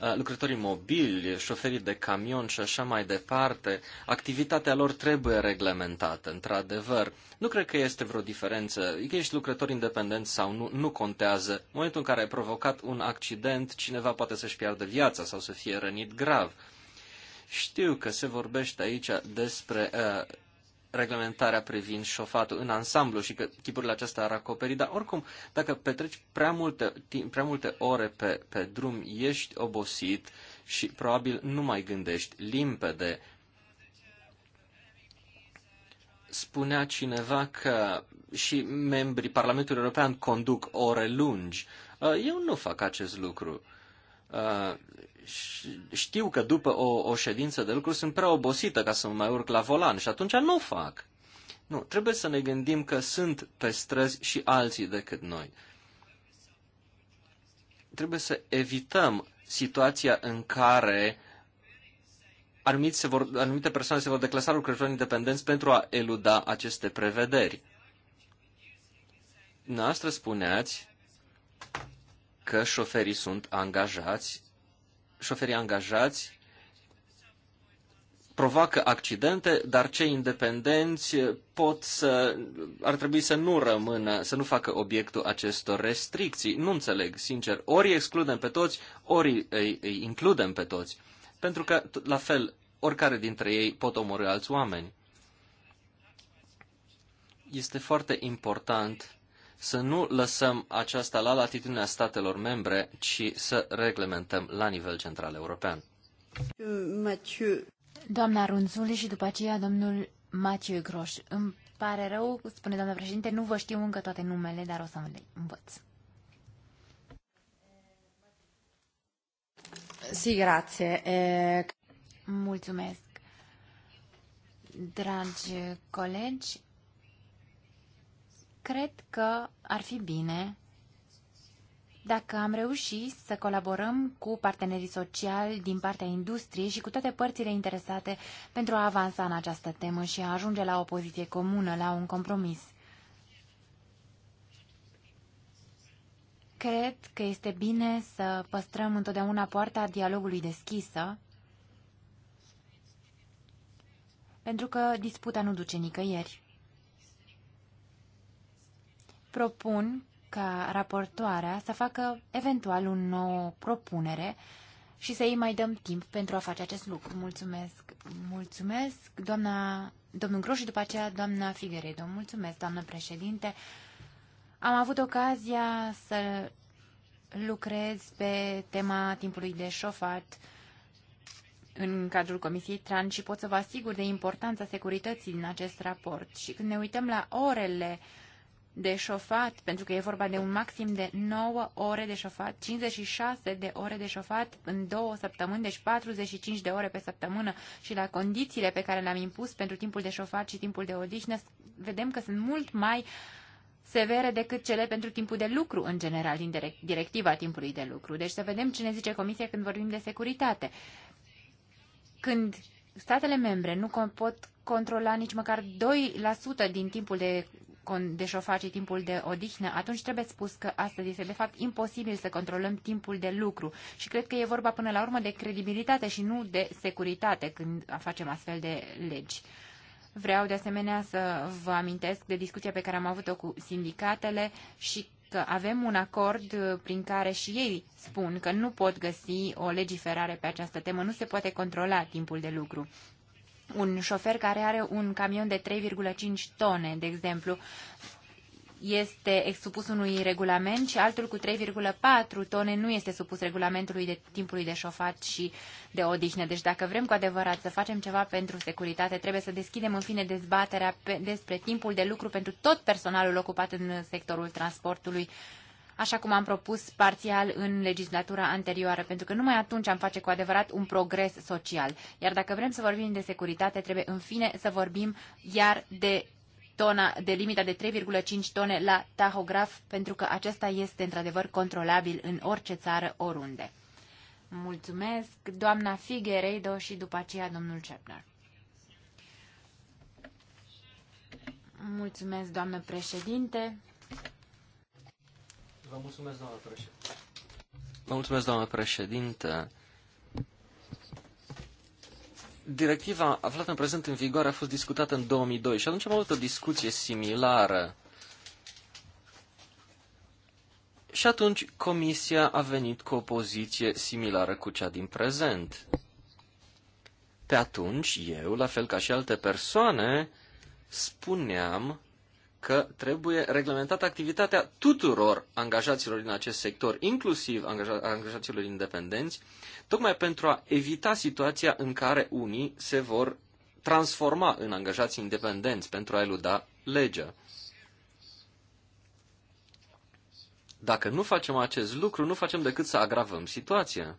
Uh, lucrătorii mobili, șoferii de camion și așa mai departe, activitatea lor trebuie reglementată, într-adevăr. Nu cred că este vreo diferență. Că ești lucrător independent sau nu, nu contează. În momentul în care ai provocat un accident, cineva poate să-și piardă viața sau să fie rănit grav. Știu că se vorbește aici despre uh, reglementarea privind șofatul în ansamblu și că chipurile acestea ar acoperi, dar oricum, dacă petreci prea multe, timp, prea multe ore pe, pe drum, ești obosit și probabil nu mai gândești limpede. Spunea cineva că și membrii Parlamentului European conduc ore lungi. Uh, eu nu fac acest lucru. Uh, știu că după o, o ședință de lucru sunt prea obosită ca să mă mai urc la volan și atunci nu o fac. Nu, trebuie să ne gândim că sunt pe străzi și alții decât noi. Trebuie să evităm situația în care anumite se vor, anumite persoane se vor declasa lucrători independenți pentru a eluda aceste prevederi. Noastră spuneați că șoferii sunt angajați șoferii angajați provoacă accidente, dar cei independenți pot să, ar trebui să nu rămână, să nu facă obiectul acestor restricții. Nu înțeleg, sincer. Ori îi excludem pe toți, ori îi, îi includem pe toți. Pentru că, la fel, oricare dintre ei pot omorâ alți oameni. Este foarte important să nu lăsăm aceasta la latitudinea statelor membre, ci să reglementăm la nivel central european. Mathieu. Doamna Runzuli și după aceea domnul Mathieu Groș. Îmi pare rău, spune doamna președinte, nu vă știu încă toate numele, dar o să le învăț. Si, grație. Mulțumesc. Dragi colegi, Cred că ar fi bine dacă am reușit să colaborăm cu partenerii sociali din partea industriei și cu toate părțile interesate pentru a avansa în această temă și a ajunge la o poziție comună, la un compromis. Cred că este bine să păstrăm întotdeauna poarta dialogului deschisă, pentru că disputa nu duce nicăieri propun ca raportoarea să facă eventual o nouă propunere și să îi mai dăm timp pentru a face acest lucru. Mulțumesc, mulțumesc, doamna, domnul Groș și după aceea doamna Figueredo. Mulțumesc, doamnă președinte. Am avut ocazia să lucrez pe tema timpului de șofat în cadrul Comisiei Tran și pot să vă asigur de importanța securității din acest raport. Și când ne uităm la orele uh, de șofat, pentru că e vorba de un maxim de 9 ore de șofat, 56 de ore de șofat în două săptămâni, deci 45 de ore pe săptămână și la condițiile pe care le-am impus pentru timpul de șofat și timpul de odihnă, vedem că sunt mult mai severe decât cele pentru timpul de lucru în general din directiva timpului de lucru. Deci să vedem ce ne zice Comisia când vorbim de securitate. Când statele membre nu pot controla nici măcar 2% din timpul de deci o face timpul de odihnă, atunci trebuie spus că astăzi este de fapt imposibil să controlăm timpul de lucru și cred că e vorba până la urmă de credibilitate și nu de securitate când facem astfel de legi. Vreau de asemenea să vă amintesc de discuția pe care am avut-o cu sindicatele și că avem un acord uh, prin care și ei spun că nu pot găsi o legiferare pe această temă, nu se poate controla timpul de lucru un șofer care are un camion de 3,5 tone, de exemplu, este supus unui regulament și altul cu 3,4 tone nu este supus regulamentului de timpului de șofat și de odihnă. Deci dacă vrem cu adevărat să facem ceva pentru securitate, trebuie să deschidem în fine dezbaterea pe, despre timpul de lucru pentru tot personalul ocupat în sectorul transportului așa cum am propus parțial în legislatura anterioară, pentru că numai atunci am face cu adevărat un progres social. Iar dacă vrem să vorbim de securitate, trebuie în fine să vorbim iar de tona, de limita de 3,5 tone la tahograf, pentru că acesta este într-adevăr controlabil în orice țară, oriunde. Mulțumesc, doamna Figueiredo și după aceea domnul Cepner. Mulțumesc, doamnă președinte. Vă mulțumesc, doamnă președinte. Vă mulțumesc, doamnă președinte. Directiva aflată în prezent în vigoare a fost discutată în 2002 și atunci am avut o discuție similară. Și atunci Comisia a venit cu o poziție similară cu cea din prezent. Pe atunci, eu, la fel ca și alte persoane, spuneam că trebuie reglementată activitatea tuturor angajaților din acest sector, inclusiv angaja- angajaților independenți, tocmai pentru a evita situația în care unii se vor transforma în angajați independenți pentru a eluda legea. Dacă nu facem acest lucru, nu facem decât să agravăm situația.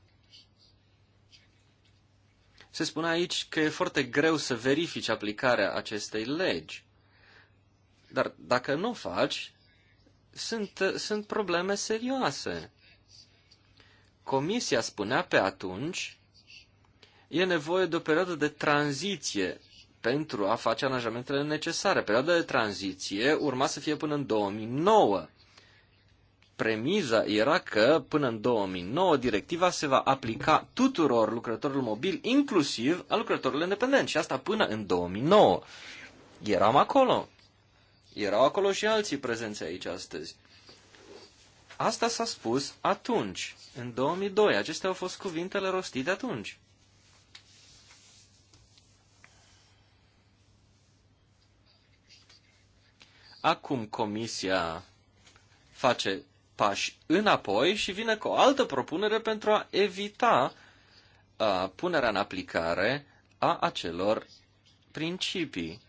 Se spune aici că e foarte greu să verifici aplicarea acestei legi. Dar dacă nu o faci, sunt, sunt probleme serioase. Comisia spunea pe atunci, e nevoie de o perioadă de tranziție pentru a face aranjamentele necesare. Perioada de tranziție urma să fie până în 2009. Premiza era că până în 2009 directiva se va aplica tuturor lucrătorilor mobili, inclusiv a lucrătorilor independenți. Și asta până în 2009. Eram acolo. Erau acolo și alții prezenți aici astăzi. Asta s-a spus atunci, în 2002. Acestea au fost cuvintele rostite atunci. Acum Comisia face pași înapoi și vine cu o altă propunere pentru a evita a, uh, punerea în aplicare a acelor principii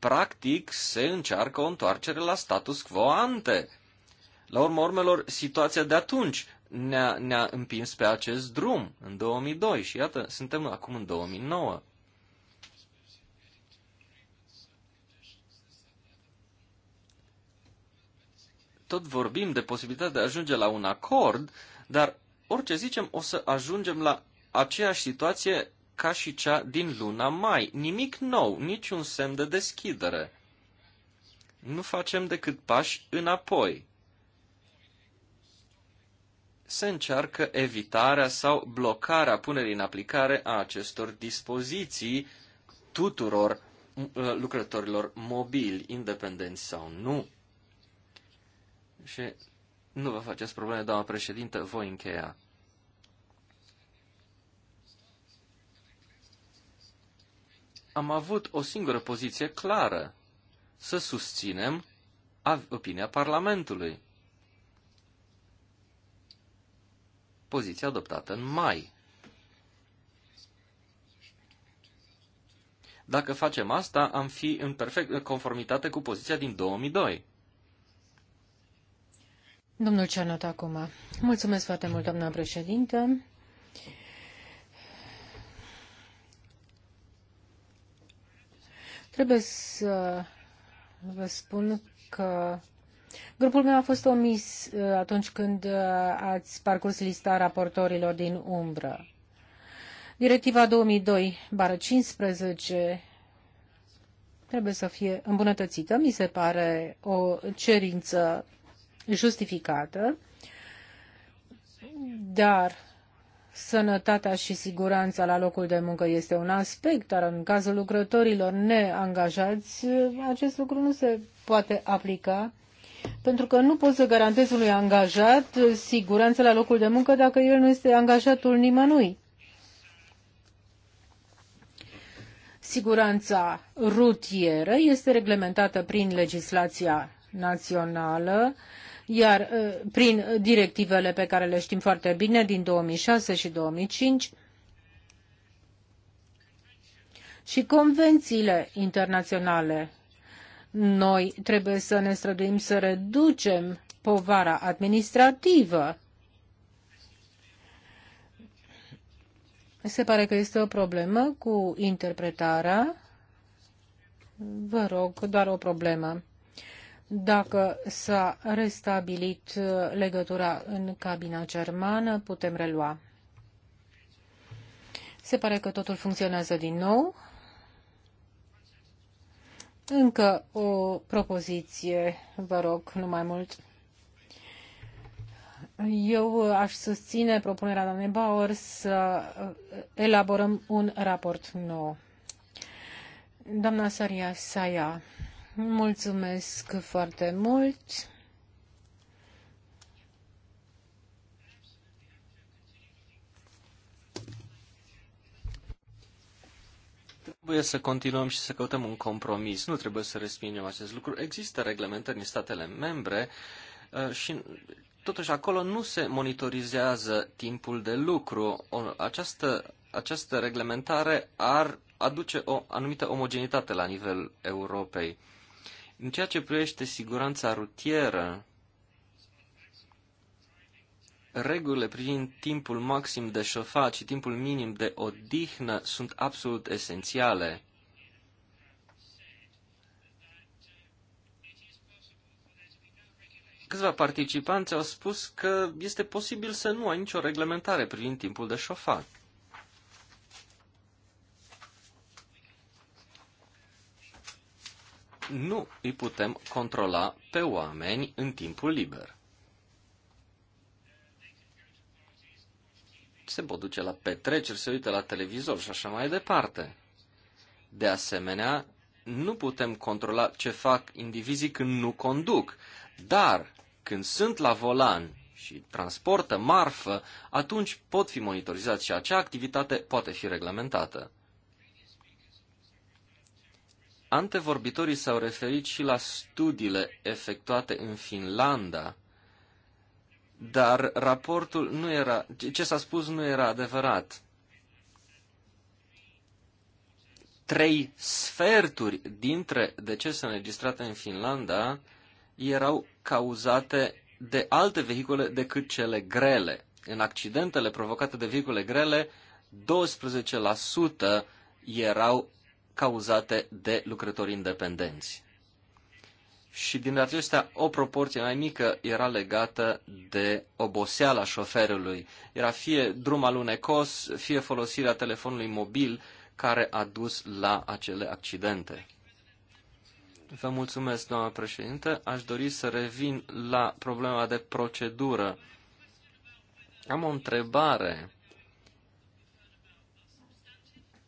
practic se încearcă o întoarcere la status quo ante. La urma urmelor, situația de atunci ne-a, ne-a împins pe acest drum în 2002 și iată, suntem acum în 2009. Tot vorbim de posibilitatea de a ajunge la un acord, dar orice zicem o să ajungem la aceeași situație ca și cea din luna mai. Nimic nou, niciun semn de deschidere. Nu facem decât pași înapoi. Se încearcă evitarea sau blocarea punerii în aplicare a acestor dispoziții tuturor uh, lucrătorilor mobili, independenți sau nu. Și nu vă faceți probleme, doamna președintă, voi încheia. am avut o singură poziție clară, să susținem opinia Parlamentului. Poziția adoptată în mai. Dacă facem asta, am fi în perfect conformitate cu poziția din 2002. Domnul Cernot, acum. Mulțumesc foarte mult, doamna președintă. Trebuie să vă spun că grupul meu a fost omis uh, atunci când uh, ați parcurs lista raportorilor din umbră. Directiva 2002-15 trebuie să fie îmbunătățită, mi se pare o cerință justificată, dar sănătatea și siguranța la locul de muncă este un aspect, dar în cazul lucrătorilor neangajați, acest lucru nu se poate aplica, pentru că nu poți să garantezi unui angajat siguranța la locul de muncă dacă el nu este angajatul nimănui. Siguranța rutieră este reglementată prin legislația națională, iar uh, prin directivele pe care le știm foarte bine din 2006 și 2005 și convențiile internaționale. Noi trebuie să ne străduim să reducem povara administrativă. Se pare că este o problemă cu interpretarea. Vă rog, doar o problemă. Dacă s-a restabilit uh, legătura în cabina germană, putem relua. Se pare că totul funcționează din nou. Încă o propoziție, vă rog, nu mai mult. Eu uh, aș susține propunerea doamnei Bauer să uh, elaborăm un raport nou. Doamna Saria Saia Mulțumesc foarte mult. Trebuie să continuăm și să căutăm un compromis. Nu trebuie să respingem acest lucru. Există reglementări în statele membre uh, și totuși acolo nu se monitorizează timpul de lucru. Această, această reglementare ar aduce o anumită omogenitate la nivel Europei. În ceea ce privește siguranța rutieră, regulile privind timpul maxim de șofat și timpul minim de odihnă sunt absolut esențiale. Câțiva participanți au spus că este posibil să nu ai nicio reglementare privind timpul de șofat. nu îi putem controla pe oameni în timpul liber. Se pot duce la petreceri, se uită la televizor și așa mai departe. De asemenea, nu putem controla ce fac indivizii când nu conduc, dar când sunt la volan și transportă marfă, atunci pot fi monitorizați și acea activitate poate fi reglementată. Antevorbitorii s-au referit și la studiile efectuate în Finlanda, dar raportul nu era, ce s-a spus nu era adevărat. Trei sferturi dintre decese înregistrate în Finlanda erau cauzate de alte vehicule decât cele grele. În accidentele provocate de vehicule grele, 12% erau cauzate de lucrători independenți. Și din acestea, o proporție mai mică era legată de oboseala șoferului. Era fie drum alunecos, fie folosirea telefonului mobil care a dus la acele accidente. Vă mulțumesc, doamna președinte. Aș dori să revin la problema de procedură. Am o întrebare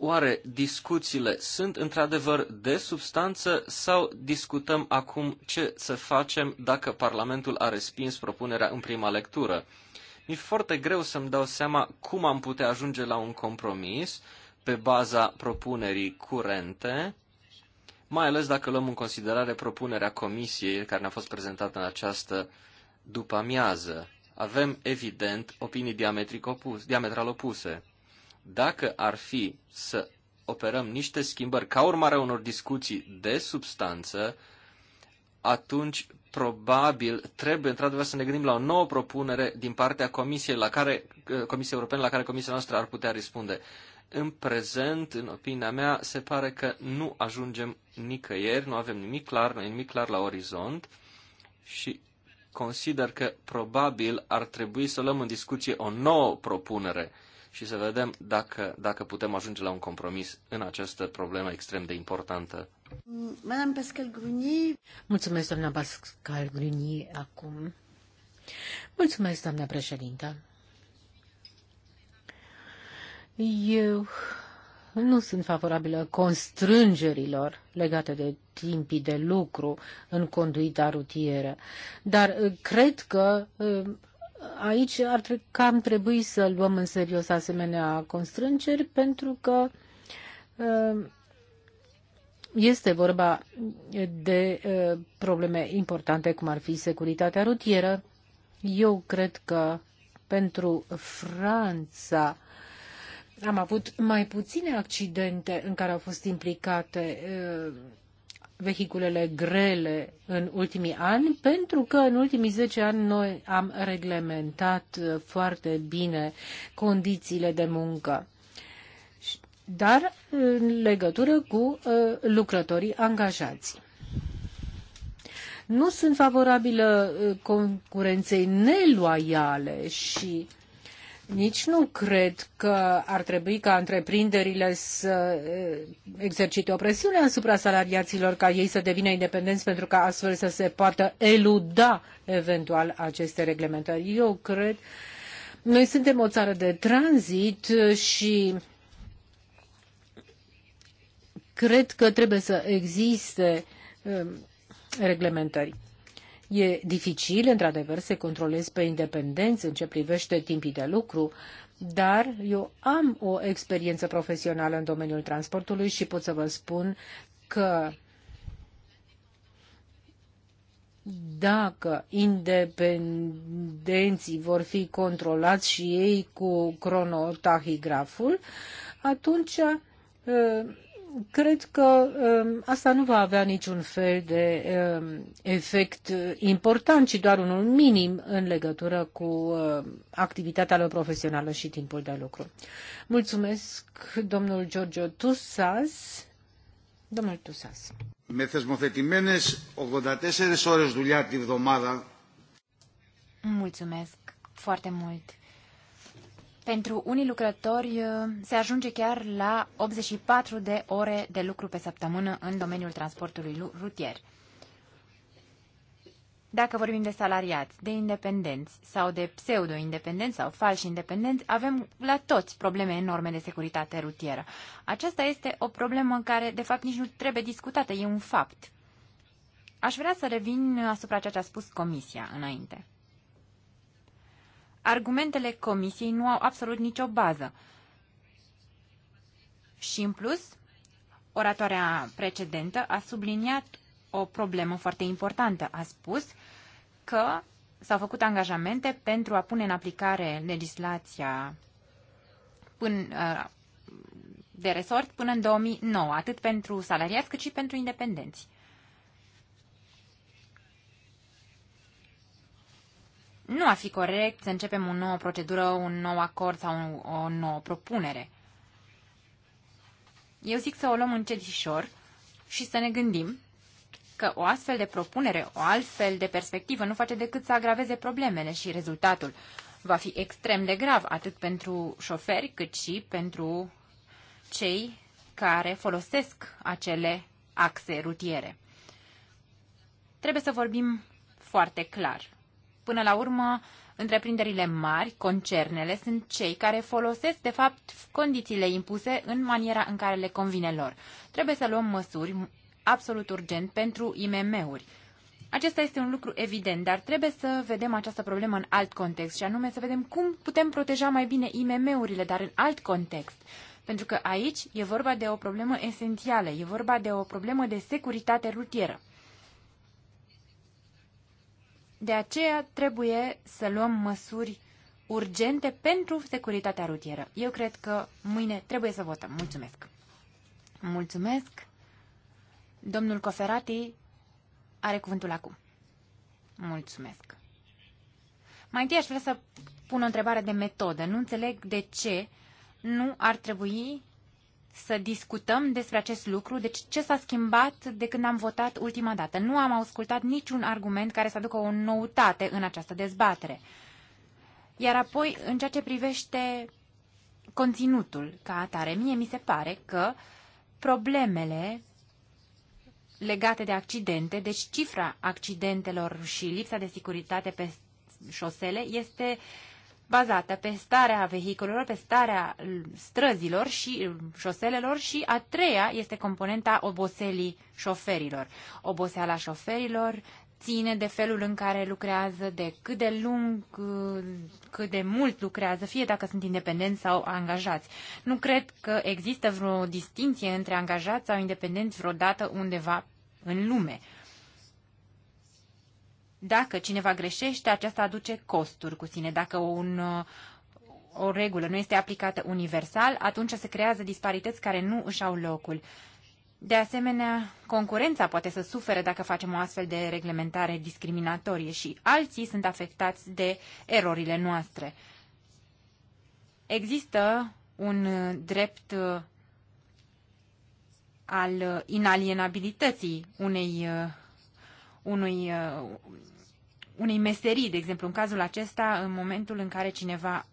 Oare discuțiile sunt într-adevăr de substanță sau discutăm acum ce să facem dacă Parlamentul a respins propunerea în prima lectură? Mi-e foarte greu să-mi dau seama cum am putea ajunge la un compromis pe baza propunerii curente, mai ales dacă luăm în considerare propunerea comisiei care ne-a fost prezentată în această după amiază. Avem, evident, opinii diametric opus, diametral opuse. Dacă ar fi să operăm niște schimbări ca urmare a unor discuții de substanță, atunci probabil trebuie într-adevăr să ne gândim la o nouă propunere din partea Comisiei, la care, eh, Comisiei Europene la care Comisia noastră ar putea răspunde. În prezent, în opinia mea, se pare că nu ajungem nicăieri, nu avem nimic clar, nu e nimic clar la orizont și consider că probabil ar trebui să luăm în discuție o nouă propunere și să vedem dacă, dacă putem ajunge la un compromis în această problemă extrem de importantă. Madame Pascal Gruny. Mulțumesc, doamna Pascal Gruny, acum. Mulțumesc, doamna președintă. Eu nu sunt favorabilă constrângerilor legate de timpii de lucru în conduita rutieră, dar uh, cred că uh, aici ar tre- cam trebui să luăm în serios asemenea constrângeri pentru că uh, este vorba de uh, probleme importante cum ar fi securitatea rutieră. Eu cred că pentru Franța am avut mai puține accidente în care au fost implicate uh, vehiculele grele în ultimii ani, pentru că în ultimii 10 ani noi am reglementat uh, foarte bine condițiile de muncă dar în legătură cu uh, lucrătorii angajați. Nu sunt favorabilă uh, concurenței neloiale și nici nu cred că ar trebui ca întreprinderile să exercite o presiune asupra salariaților ca ei să devină independenți pentru ca astfel să se poată eluda eventual aceste reglementări. Eu cred, noi suntem o țară de tranzit și cred că trebuie să existe reglementări. E dificil, într-adevăr, să controlezi pe independenți în ce privește timpii de lucru, dar eu am o experiență profesională în domeniul transportului și pot să vă spun că dacă independenții vor fi controlați și ei cu cronotahigraful, atunci uh, cred că um, asta nu va avea niciun fel de um, efect important, ci doar unul minim în legătură cu um, activitatea lor profesională și timpul de lucru. Mulțumesc, domnul Giorgio Tusas. Domnul Tusas. Με θεσμοθετημένες 84 ώρες δουλειά τη βδομάδα. Mulțumesc foarte mult. Pentru unii lucrători uh, se ajunge chiar la 84 de ore de lucru pe săptămână în domeniul transportului rutier. Dacă vorbim de salariați, de independenți sau de pseudo-independenți sau falși independenți, avem la toți probleme enorme de securitate rutieră. Aceasta este o problemă în care, de fapt, nici nu trebuie discutată, e un fapt. Aș vrea să revin asupra ceea ce a spus Comisia înainte argumentele comisiei nu au absolut nicio bază. Și în plus, oratoarea precedentă a subliniat o problemă foarte importantă. A spus că s-au făcut angajamente pentru a pune în aplicare legislația uh, de resort până în 2009, atât pentru salariați cât și pentru independenți. nu ar fi corect să începem o nouă procedură, un nou acord sau o nouă propunere. Eu zic să o luăm șor și să ne gândim că o astfel de propunere, o altfel de perspectivă nu face decât să agraveze problemele și rezultatul va fi extrem de grav, atât pentru șoferi, cât și pentru cei care folosesc acele axe rutiere. Trebuie să vorbim foarte clar. Până la urmă, întreprinderile mari, concernele, sunt cei care folosesc, de fapt, condițiile impuse în maniera în care le convine lor. Trebuie să luăm măsuri absolut urgent pentru IMM-uri. Acesta este un lucru evident, dar trebuie să vedem această problemă în alt context și anume să vedem cum putem proteja mai bine IMM-urile, dar în alt context. Pentru că aici e vorba de o problemă esențială, e vorba de o problemă de securitate rutieră. De aceea trebuie să luăm măsuri urgente pentru securitatea rutieră. Eu cred că mâine trebuie să votăm. Mulțumesc! Mulțumesc! Domnul Coferati are cuvântul acum. Mulțumesc! Mai întâi aș vrea să pun o întrebare de metodă. Nu înțeleg de ce nu ar trebui să discutăm despre acest lucru, deci ce s-a schimbat de când am votat ultima dată. Nu am ascultat niciun argument care să aducă o noutate în această dezbatere. Iar apoi, în ceea ce privește conținutul ca atare, mie mi se pare că problemele legate de accidente, deci cifra accidentelor și lipsa de securitate pe șosele este uh, bazată pe starea vehiculelor, pe starea străzilor și șoselelor și a treia este componenta oboselii șoferilor. Oboseala șoferilor ține de felul în care lucrează, de cât de lung, cât de mult lucrează, fie dacă sunt independenți sau angajați. Nu cred că există vreo distinție între angajați sau independenți vreodată undeva în lume. Dacă cineva greșește, aceasta aduce costuri cu sine. Dacă un, uh, o regulă nu este aplicată universal, atunci se creează disparități care nu își au locul. De asemenea, concurența poate să sufere dacă facem o astfel de reglementare discriminatorie și alții sunt afectați de erorile noastre. Există un uh, drept uh, al inalienabilității unei, unui, unei meserii, de exemplu, în cazul acesta, în momentul în care cineva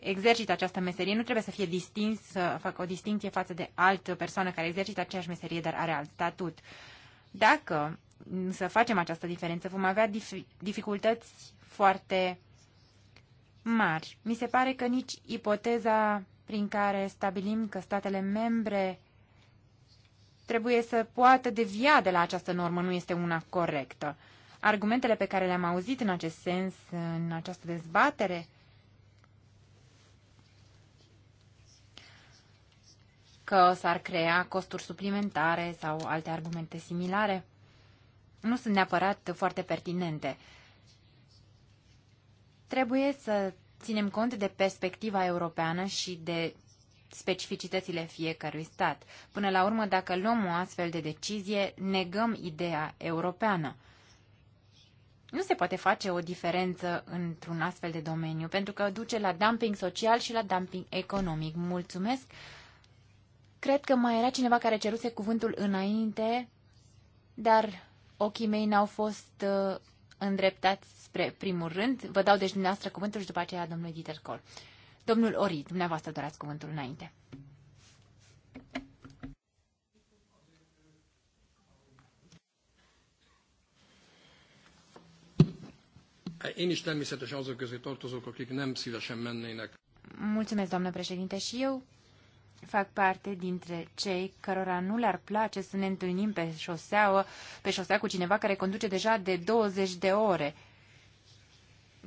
exercită această meserie, nu trebuie să fie distins, să facă o distinție față de altă persoană care exercită aceeași meserie, dar are alt statut. Dacă să facem această diferență, vom avea dif- dificultăți foarte mari. Mi se pare că nici ipoteza prin care stabilim că statele membre trebuie să poată devia de la această normă nu este una corectă. Argumentele pe care le-am auzit în acest sens, în această dezbatere, că s-ar crea costuri suplimentare sau alte argumente similare, nu sunt neapărat foarte pertinente. Trebuie să ținem cont de perspectiva europeană și de specificitățile fiecărui stat. Până la urmă, dacă luăm o astfel de decizie, negăm ideea europeană. Nu se poate face o diferență într-un astfel de domeniu, pentru că duce la dumping social și la dumping economic. Mulțumesc! Cred că mai era cineva care ceruse cuvântul înainte, dar ochii mei n-au fost uh, îndreptați spre primul rând. Vă dau deci dumneavoastră cuvântul și după aceea domnului Dieter Kohl. Domnul Ori, dumneavoastră dorați cuvântul înainte. Én is természetesen azok közé tartozok, akik nem szívesen mennének. Mulțumesc, doamnă președinte, și eu fac parte dintre cei cărora nu le-ar place să ne întâlnim pe șoseaua, pe șosea cu cineva care conduce deja de 20 de ore,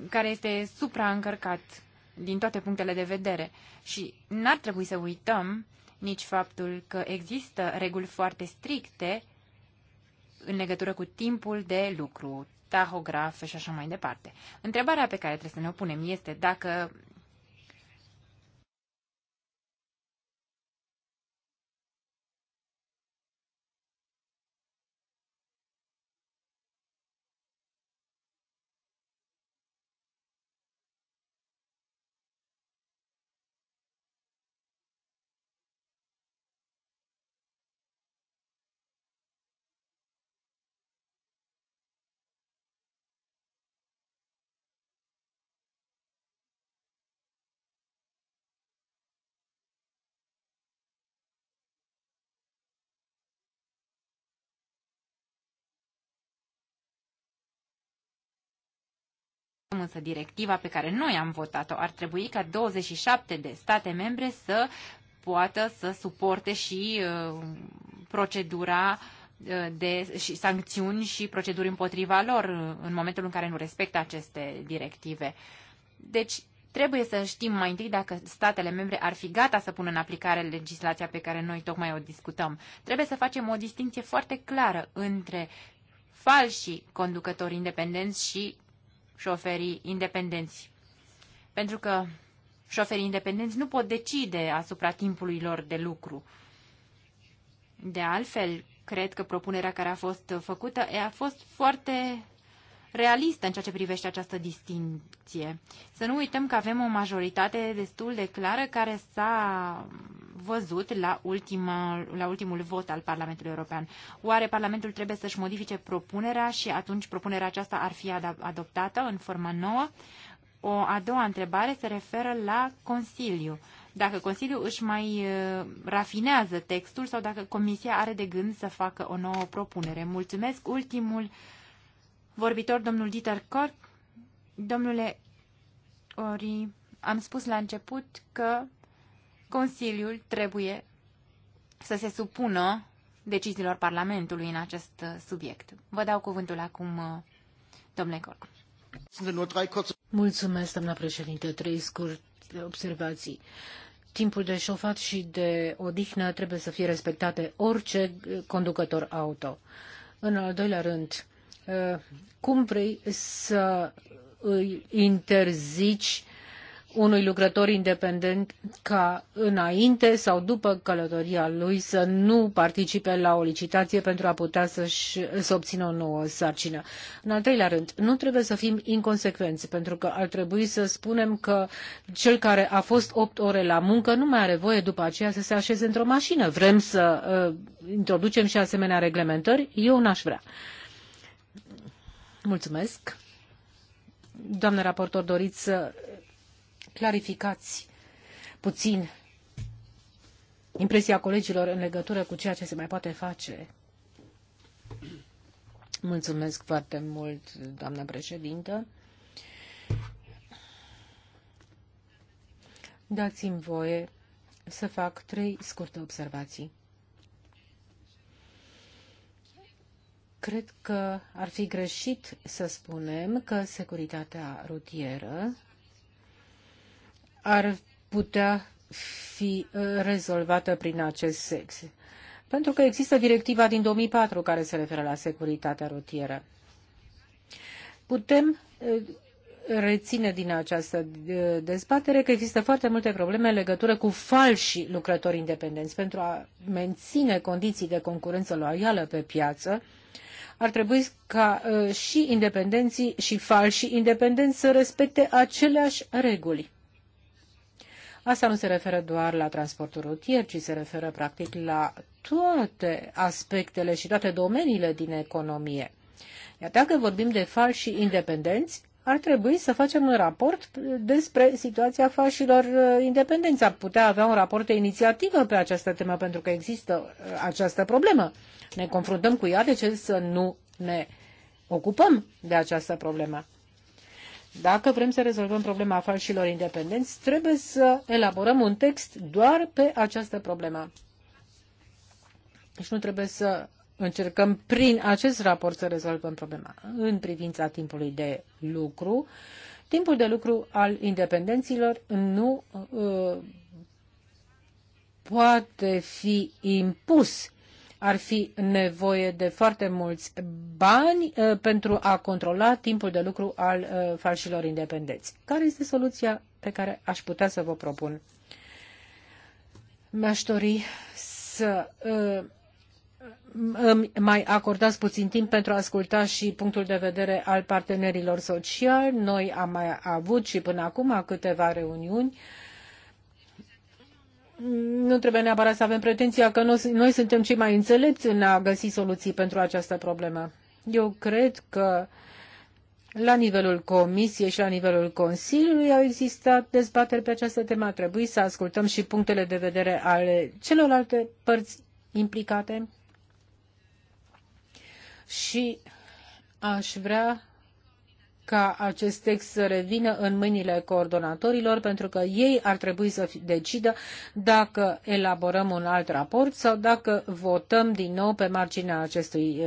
care este supraîncărcat din toate punctele de vedere. Și n-ar trebui să uităm nici faptul că există reguli foarte stricte în legătură cu timpul de lucru, tahografe și așa mai departe. Întrebarea pe care trebuie să ne o punem este dacă Însă directiva pe care noi am votat-o ar trebui ca 27 de state membre să poată să suporte și uh, procedura uh, de și sancțiuni și proceduri împotriva lor uh, în momentul în care nu respectă aceste directive. Deci trebuie să știm mai întâi dacă statele membre ar fi gata să pună în aplicare legislația pe care noi tocmai o discutăm. Trebuie să facem o distinție foarte clară între falsii conducători independenți și șoferii independenți. Pentru că șoferii independenți nu pot decide asupra timpului lor de lucru. De altfel, cred că propunerea care a fost făcută a fost foarte realistă în ceea ce privește această distinție. Să nu uităm că avem o majoritate destul de clară care s-a văzut la, ultima, la ultimul vot al Parlamentului European. Oare Parlamentul trebuie să-și modifice propunerea și atunci propunerea aceasta ar fi adoptată în forma nouă? O a doua întrebare se referă la Consiliu. Dacă Consiliul își mai uh, rafinează textul sau dacă Comisia are de gând să facă o nouă propunere. Mulțumesc. Ultimul vorbitor, domnul Dieter Kork. Domnule Ori, am spus la început că Consiliul trebuie să se supună deciziilor Parlamentului în acest subiect. Vă dau cuvântul acum, domnule Corc. Mulțumesc, doamna președinte. Trei scurte observații. Timpul de șofat și de odihnă trebuie să fie respectate orice conducător auto. În al doilea rând, Uh, cum vrei să îi interzici unui lucrător independent ca înainte sau după călătoria lui să nu participe la o licitație pentru a putea să-și, să obțină o nouă sarcină. În al treilea rând, nu trebuie să fim inconsecvenți, pentru că ar trebui să spunem că cel care a fost opt ore la muncă nu mai are voie după aceea să se așeze într-o mașină. Vrem să uh, introducem și asemenea reglementări? Eu n-aș vrea. Uh, Mulțumesc. Doamnă raportor, doriți să clarificați puțin impresia colegilor în legătură cu ceea ce se mai poate face. Mulțumesc foarte mult, doamna președintă. Dați-mi voie să fac trei scurte observații. Cred că ar fi greșit să spunem că securitatea rutieră ar putea fi uh, rezolvată prin acest sex. Pentru că există directiva din 2004 care se referă la securitatea rutieră. Putem uh, reține din această uh, dezbatere că există foarte multe probleme în legătură cu falși lucrători independenți. Pentru a menține condiții de concurență loială pe piață, ar trebui ca ă, și independenții și falși independenți să respecte aceleași reguli. Asta nu se referă doar la transportul rutier, ci se referă practic la toate aspectele și toate domeniile din economie. Iar dacă vorbim de falși independenți, ar trebui să facem un raport despre situația fașilor uh, independenți. Ar putea avea un raport de inițiativă pe această temă, pentru că există uh, această problemă. Ne confruntăm cu ea, de ce să nu ne ocupăm de această problemă? Dacă vrem să rezolvăm problema fașilor independenți, trebuie să elaborăm un text doar pe această problemă. Deci nu trebuie să încercăm prin acest raport să rezolvăm problema. În privința timpului de lucru, timpul de lucru al independenților nu uh, poate fi impus. Ar fi nevoie de foarte mulți bani uh, pentru a controla timpul de lucru al uh, falșilor independenți. Care este soluția pe care aș putea să vă propun? Mi-aș dori să uh, îmi mai acordați puțin timp pentru a asculta și punctul de vedere al partenerilor sociali. Noi am mai avut și până acum câteva reuniuni. Nu trebuie neapărat să avem pretenția că noi suntem cei mai înțelepți în a găsi soluții pentru această problemă. Eu cred că la nivelul Comisiei și la nivelul Consiliului au existat dezbateri pe această temă. A trebuit să ascultăm și punctele de vedere ale celorlalte părți implicate și aș vrea ca acest text să revină în mâinile coordonatorilor, pentru că ei ar trebui să decidă dacă elaborăm un alt raport sau dacă votăm din nou pe marginea acestui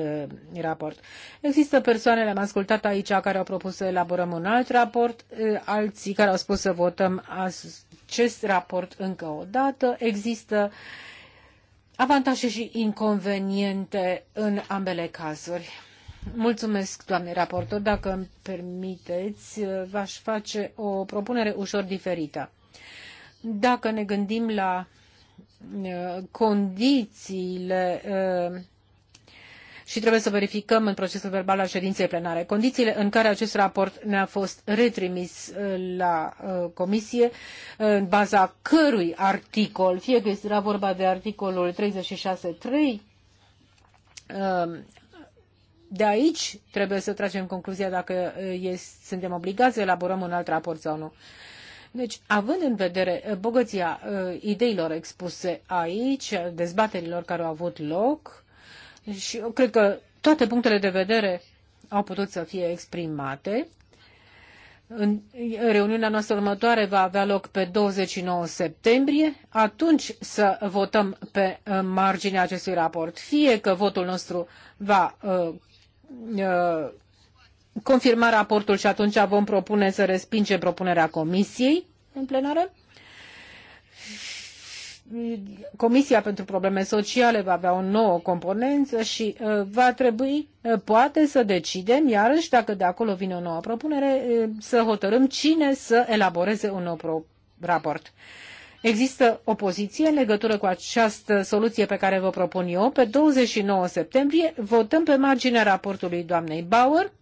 raport. Există persoane, le-am ascultat aici, care au propus să elaborăm un alt raport, e, alții care au spus să votăm acest raport încă o dată. Există uh, avantaje și inconveniente în ambele cazuri. Mulțumesc, doamne raportor. Dacă îmi permiteți, v-aș face o propunere ușor diferită. Dacă ne gândim la uh, condițiile uh, și trebuie să verificăm în procesul verbal al ședinței plenare. Condițiile în care acest raport ne-a fost retrimis uh, la uh, comisie, uh, în baza cărui articol, fie că era vorba de articolul 36.3, de aici trebuie să tragem concluzia dacă suntem obligați să elaborăm un alt raport sau nu. Deci, având în vedere bogăția ideilor expuse aici, dezbaterilor care au avut loc, și eu cred că toate punctele de vedere au putut să fie exprimate. În reuniunea noastră următoare va avea loc pe 29 septembrie. Atunci să votăm pe uh, marginea acestui raport. Fie că votul nostru va uh, uh, confirma raportul și atunci vom propune să respingem propunerea Comisiei în plenară, Comisia pentru Probleme Sociale va avea o nouă componență și uh, va trebui, uh, poate, să decidem, iarăși, dacă de acolo vine o nouă propunere, uh, să hotărâm cine să elaboreze un nou raport. Există opoziție în legătură cu această soluție pe care vă propun eu. Pe 29 septembrie votăm pe marginea raportului doamnei Bauer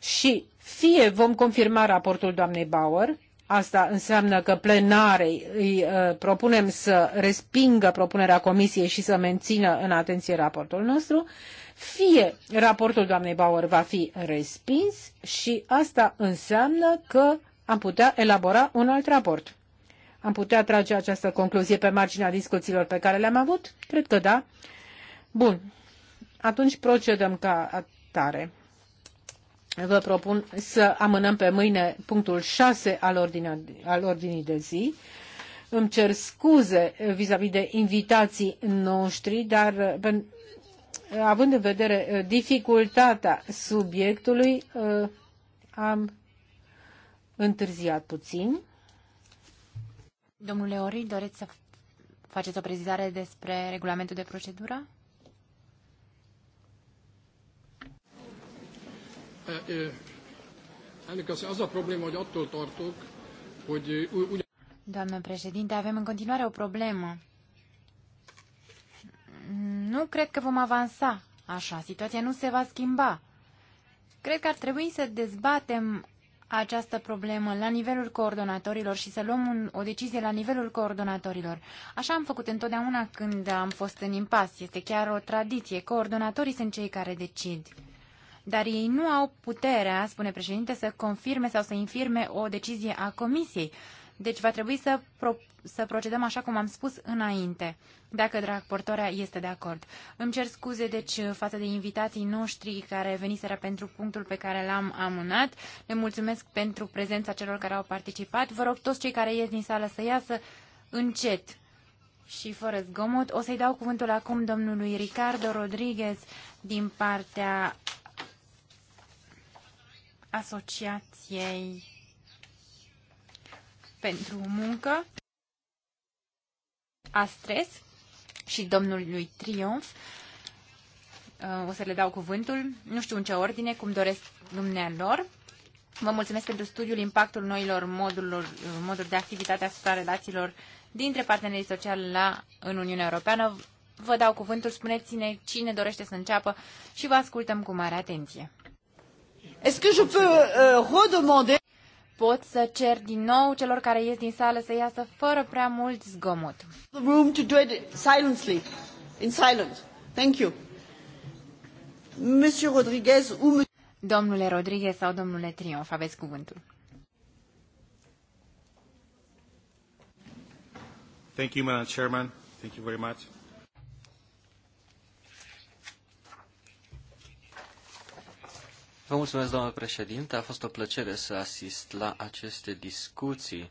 și fie vom confirma raportul doamnei Bauer, Asta înseamnă că plenarei îi uh, propunem să respingă propunerea comisiei și să mențină în atenție raportul nostru, fie raportul doamnei Bauer va fi respins și asta înseamnă că am putea elabora un alt raport. Am putea trage această concluzie pe marginea discuțiilor pe care le-am avut? Cred că da. Bun. Atunci procedăm ca atare vă propun să amânăm pe mâine punctul 6 al, ordine, al ordinii de zi. Îmi cer scuze vis-a-vis de invitații noștri, dar având în vedere uh, dificultatea subiectului, uh, am întârziat puțin. Domnule Ori, doriți să faceți o prezentare despre regulamentul de procedură? az a hogy attól tartok, hogy Doamnă președinte, avem în continuare o problemă. Nu cred că vom avansa așa. Situația nu se va schimba. Cred că ar trebui să dezbatem această problemă la nivelul coordonatorilor și să luăm un, o decizie la nivelul coordonatorilor. Așa am făcut întotdeauna când am fost în impas. Este chiar o tradiție. Coordonatorii sunt cei care decid dar ei nu au puterea, spune președinte, să confirme sau să infirme o decizie a Comisiei. Deci va trebui să, pro- să procedăm așa cum am spus înainte, dacă raportoarea este de acord. Îmi cer scuze, deci, față de invitații noștri care veniseră pentru punctul pe care l-am amânat. Le mulțumesc pentru prezența celor care au participat. Vă rog toți cei care ies din sală să iasă încet și fără zgomot. O să-i dau cuvântul acum domnului Ricardo Rodriguez din partea Asociației pentru Muncă, Astres și domnului Triumf. Uh, o să le dau cuvântul, nu știu în ce ordine, cum doresc dumnealor. Vă mulțumesc pentru studiul impactul noilor modurilor, uh, moduri de activitate asupra relațiilor dintre partenerii sociali la, în Uniunea Europeană. Vă dau cuvântul, spuneți-ne cine dorește să înceapă și vă ascultăm cu mare atenție. Est-ce que je peux euh, redemander Pot să cer din nou celor care ies din sală să iasă fără prea mult zgomot. The room to do it silently, in silence. Thank you. Monsieur Rodriguez ou Domnule Rodriguez sau domnule Triumf, aveți cuvântul. Thank you, Madam Chairman. Thank you very much. Vă mulțumesc, doamnă președinte. A fost o plăcere să asist la aceste discuții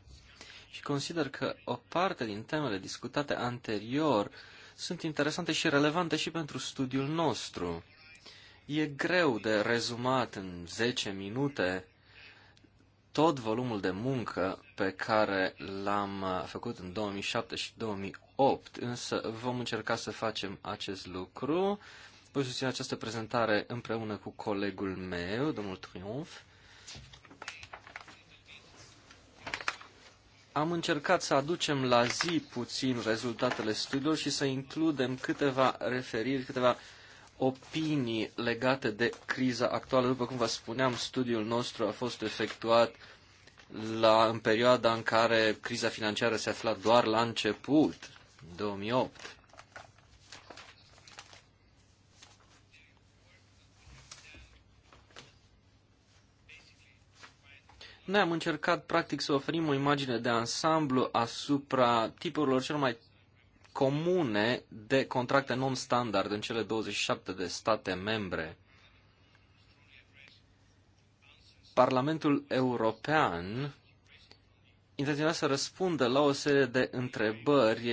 și consider că o parte din temele discutate anterior sunt interesante și relevante și pentru studiul nostru. E greu de rezumat în 10 minute tot volumul de muncă pe care l-am făcut în 2007 și 2008, însă vom încerca să facem acest lucru voi susține această prezentare împreună cu colegul meu, domnul Triumf. Am încercat să aducem la zi puțin rezultatele studiilor și să includem câteva referiri, câteva opinii legate de criza actuală. După cum vă spuneam, studiul nostru a fost efectuat la, în perioada în care criza financiară se afla doar la început, 2008. Noi am încercat, practic, să oferim o imagine de ansamblu asupra tipurilor cel mai comune de contracte non-standard în cele 27 de state membre. Parlamentul European intenționa să răspundă la o serie de întrebări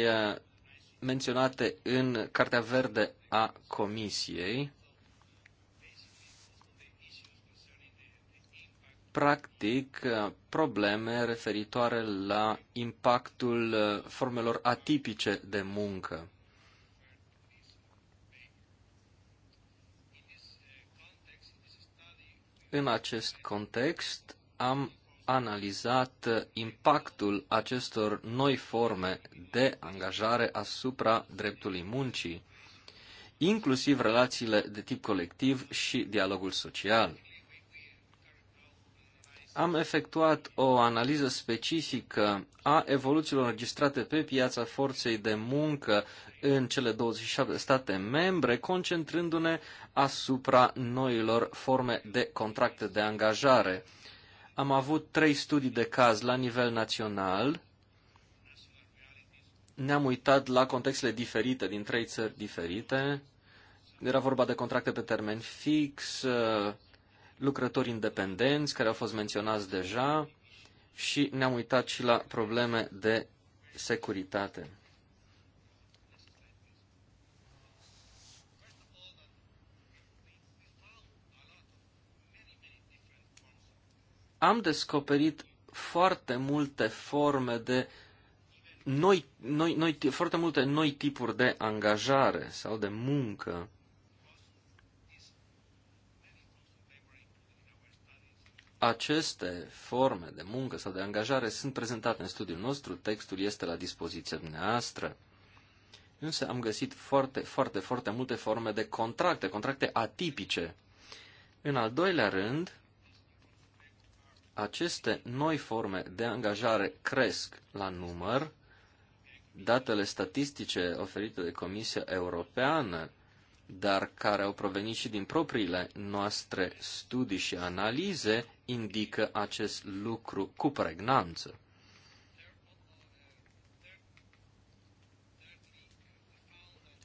menționate în Cartea Verde a Comisiei practic probleme referitoare la impactul uh, formelor atipice de muncă. În acest context am analizat uh, impactul acestor noi forme de angajare asupra dreptului muncii, inclusiv relațiile de tip colectiv și dialogul social. Am efectuat o analiză specifică a evoluțiilor înregistrate pe piața forței de muncă în cele 27 state membre, concentrându-ne asupra noilor forme de contracte de angajare. Am avut trei studii de caz la nivel național. Ne-am uitat la contextele diferite din trei țări diferite. Era vorba de contracte pe termen fix, lucrători independenți care au fost menționați deja și ne-am uitat și la probleme de securitate. Am descoperit foarte multe forme de noi, noi, noi, foarte multe noi tipuri de angajare sau de muncă. Aceste forme de muncă sau de angajare sunt prezentate în studiul nostru, textul este la dispoziția dumneavoastră. Însă am găsit foarte, foarte, foarte multe forme de contracte, contracte atipice. În al doilea rând, aceste noi forme de angajare cresc la număr. Datele statistice oferite de Comisia Europeană dar care au provenit și din propriile noastre studii și analize, indică acest lucru cu pregnanță.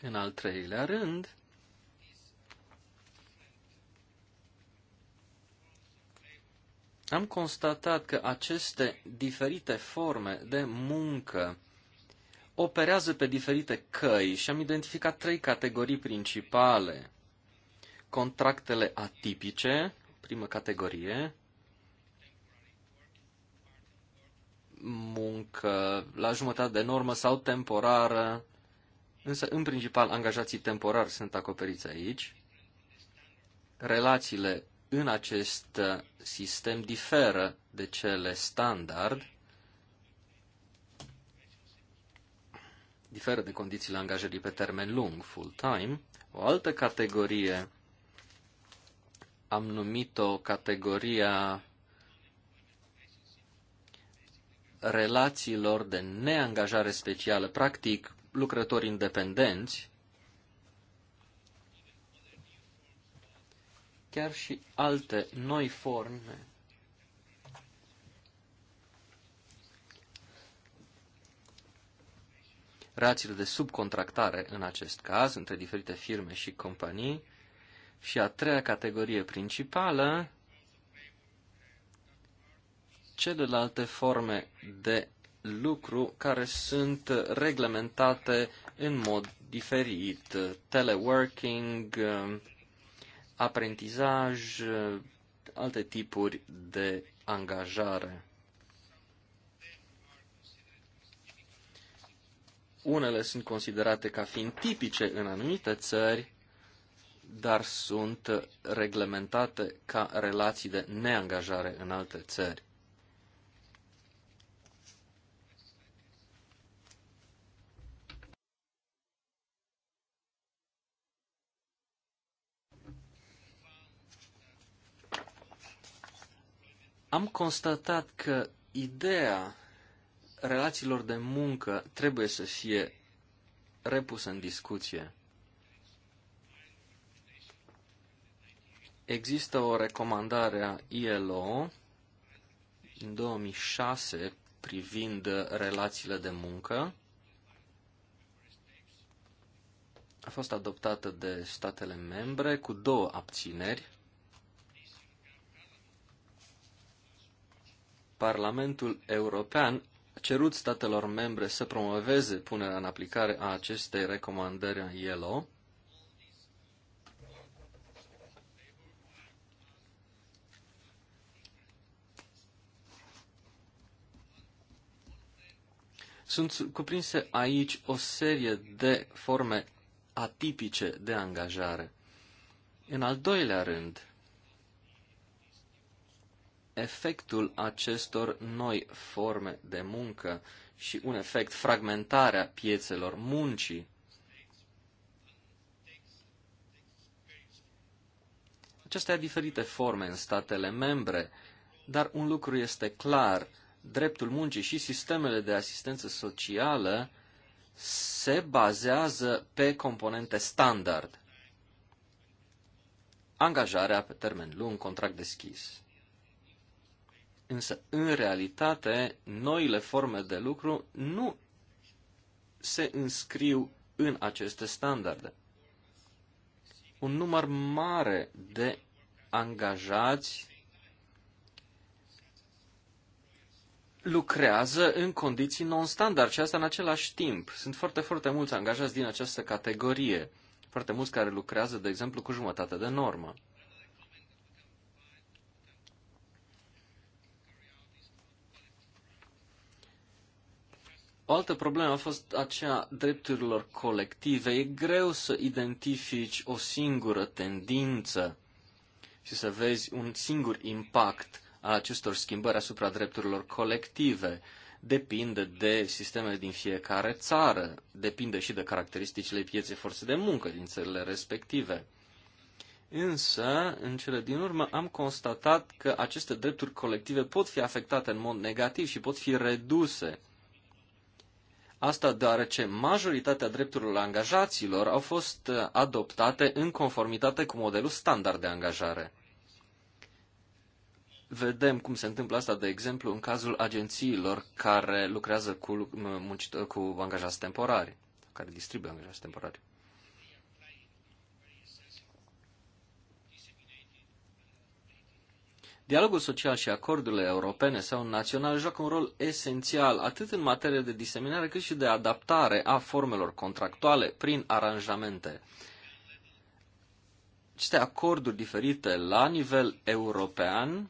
În al treilea rând, am constatat că aceste diferite forme de muncă operează pe diferite căi și am identificat trei categorii principale. Contractele atipice, primă categorie, muncă la jumătate de normă sau temporară, însă în principal angajații temporari sunt acoperiți aici. Relațiile în acest sistem diferă de cele standard diferă de condițiile angajării pe termen lung, full-time. O altă categorie am numit-o categoria relațiilor de neangajare specială, practic lucrători independenți, chiar și alte noi forme rațiile de subcontractare în acest caz între diferite firme și companii. Și a treia categorie principală, celelalte forme de lucru care sunt reglementate în mod diferit. Teleworking, aprentizaj, alte tipuri de angajare. Unele sunt considerate ca fiind tipice în anumite țări, dar sunt reglementate ca relații de neangajare în alte țări. Am constatat că ideea relațiilor de muncă trebuie să fie repusă în discuție. Există o recomandare a ILO din 2006 privind relațiile de muncă. A fost adoptată de statele membre cu două abțineri. Parlamentul European cerut statelor membre să promoveze punerea în aplicare a acestei recomandări în ILO. Sunt cuprinse aici o serie de forme atipice de angajare. În al doilea rând, efectul acestor noi forme de muncă și un efect fragmentarea piețelor muncii. Acestea au diferite forme în statele membre, dar un lucru este clar, dreptul muncii și sistemele de asistență socială se bazează pe componente standard. Angajarea pe termen lung, contract deschis. Însă, în realitate, noile forme de lucru nu se înscriu în aceste standarde. Un număr mare de angajați lucrează în condiții non-standard și asta în același timp. Sunt foarte, foarte mulți angajați din această categorie. Foarte mulți care lucrează, de exemplu, cu jumătate de normă. O altă problemă a fost aceea drepturilor colective. E greu să identifici o singură tendință și să vezi un singur impact al acestor schimbări asupra drepturilor colective. Depinde de sistemele din fiecare țară, depinde și de caracteristicile pieței forței de muncă din țările respective. Însă, în cele din urmă, am constatat că aceste drepturi colective pot fi afectate în mod negativ și pot fi reduse Asta deoarece majoritatea drepturilor angajaților au fost uh, adoptate în conformitate cu modelul standard de angajare. Vedem cum se întâmplă asta, de exemplu, în cazul agențiilor care lucrează cu, uh, cu angajați temporari, care distribuie angajați temporari. Dialogul social și acordurile europene sau naționale joacă un rol esențial atât în materie de diseminare cât și de adaptare a formelor contractuale prin aranjamente. Aceste acorduri diferite la nivel european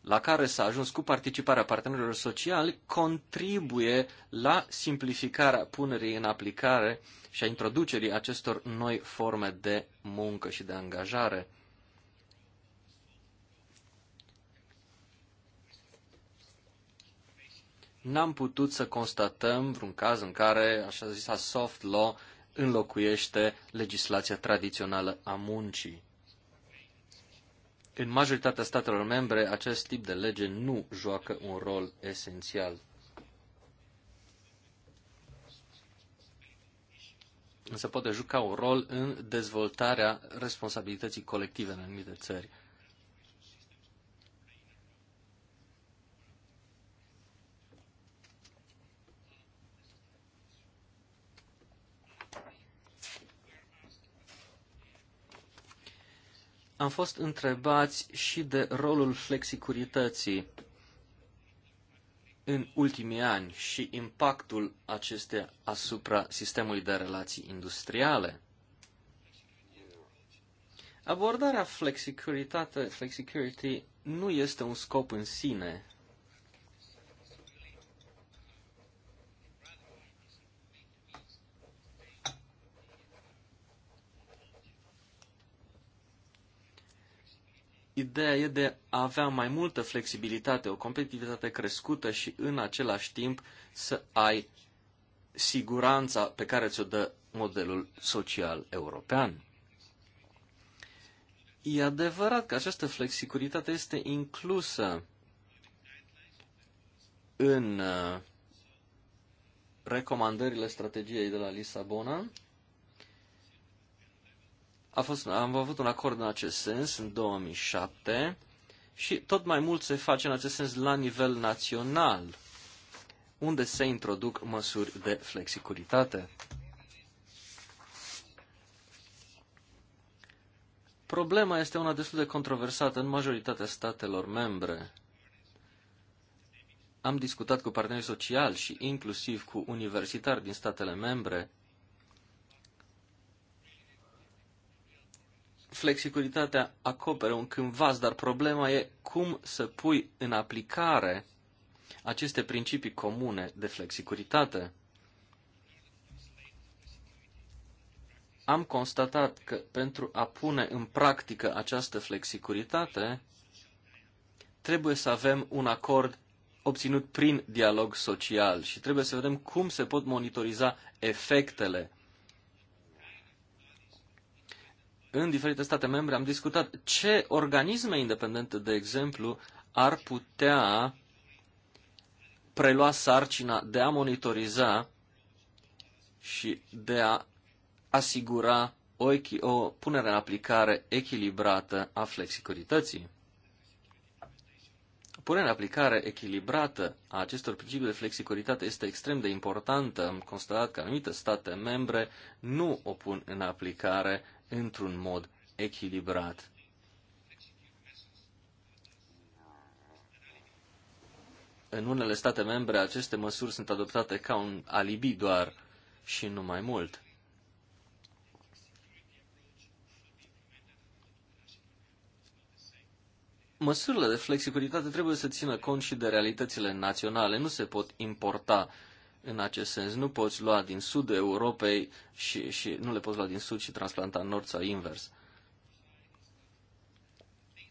la care s-a ajuns cu participarea partenerilor sociali contribuie la simplificarea punerii în aplicare și a introducerii acestor noi forme de muncă și de angajare. n-am putut să constatăm vreun caz în care, așa zisa, soft law înlocuiește legislația tradițională a muncii. În majoritatea statelor membre, acest tip de lege nu joacă un rol esențial. Însă poate juca un rol în dezvoltarea responsabilității colective în anumite țări. Am fost întrebați și de rolul flexicurității în ultimii ani și impactul acesteia asupra sistemului de relații industriale. Abordarea flexicurității, flexicurity nu este un scop în sine, Ideea e de a avea mai multă flexibilitate, o competitivitate crescută și în același timp să ai siguranța pe care ți-o dă modelul social european. E adevărat că această flexicuritate este inclusă în uh, recomandările strategiei de la Lisabona, a fost, am avut un acord în acest sens în 2007 și tot mai mult se face în acest sens la nivel național, unde se introduc măsuri de flexicuritate. Problema este una destul de controversată în majoritatea statelor membre. Am discutat cu parteneri sociali și inclusiv cu universitari din statele membre flexicuritatea acoperă un câmp vast, dar problema e cum să pui în aplicare aceste principii comune de flexicuritate. Am constatat că pentru a pune în practică această flexicuritate, trebuie să avem un acord obținut prin dialog social și trebuie să vedem cum se pot monitoriza efectele în diferite state membre am discutat ce organisme independente, de exemplu, ar putea prelua sarcina de a monitoriza și de a asigura o, o punere în aplicare echilibrată a flexicurității. Punerea în aplicare echilibrată a acestor principii de flexicuritate este extrem de importantă. Am constatat că anumite state membre nu o pun în aplicare într-un mod echilibrat. În unele state membre, aceste măsuri sunt adoptate ca un alibi doar și nu mai mult. Măsurile de flexibilitate trebuie să țină cont și de realitățile naționale, nu se pot importa uh, în acest sens. Nu poți lua din sudul Europei și, și nu le poți lua din sud și transplanta în nord sau invers.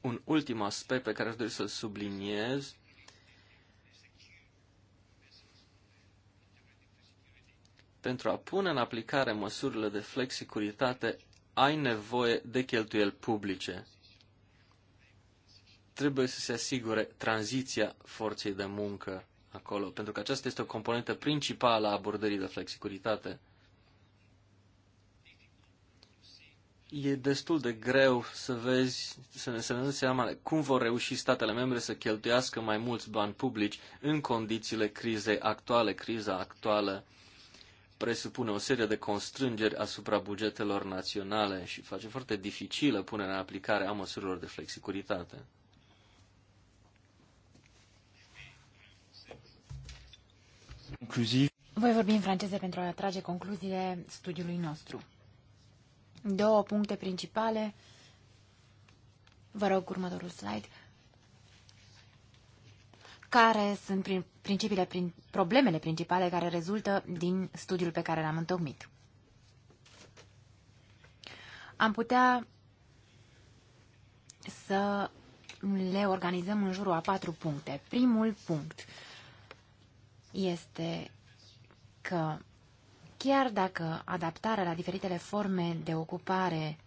Un ultim aspect pe care aș dori să-l subliniez pentru a pune în aplicare măsurile de flexicuritate, ai nevoie de cheltuieli publice. Trebuie să se asigure tranziția forței de muncă acolo, pentru că aceasta este o componentă principală a abordării de flexicuritate. E destul de greu să vezi, să ne, să ne dăm seama cum vor reuși statele membre să cheltuiască mai mulți bani publici în condițiile crizei actuale. Criza actuală presupune o serie de constrângeri asupra bugetelor naționale și face foarte dificilă punerea în aplicare a măsurilor de flexicuritate. concluzii. Voi vorbi în franceză pentru a atrage concluziile studiului nostru. Două puncte principale. Vă rog următorul slide. Care sunt principiile, problemele principale care rezultă din studiul pe care l-am întocmit? Am putea să le organizăm în jurul a patru puncte. Primul punct. Uh, este că chiar dacă adaptarea la diferitele forme de ocupare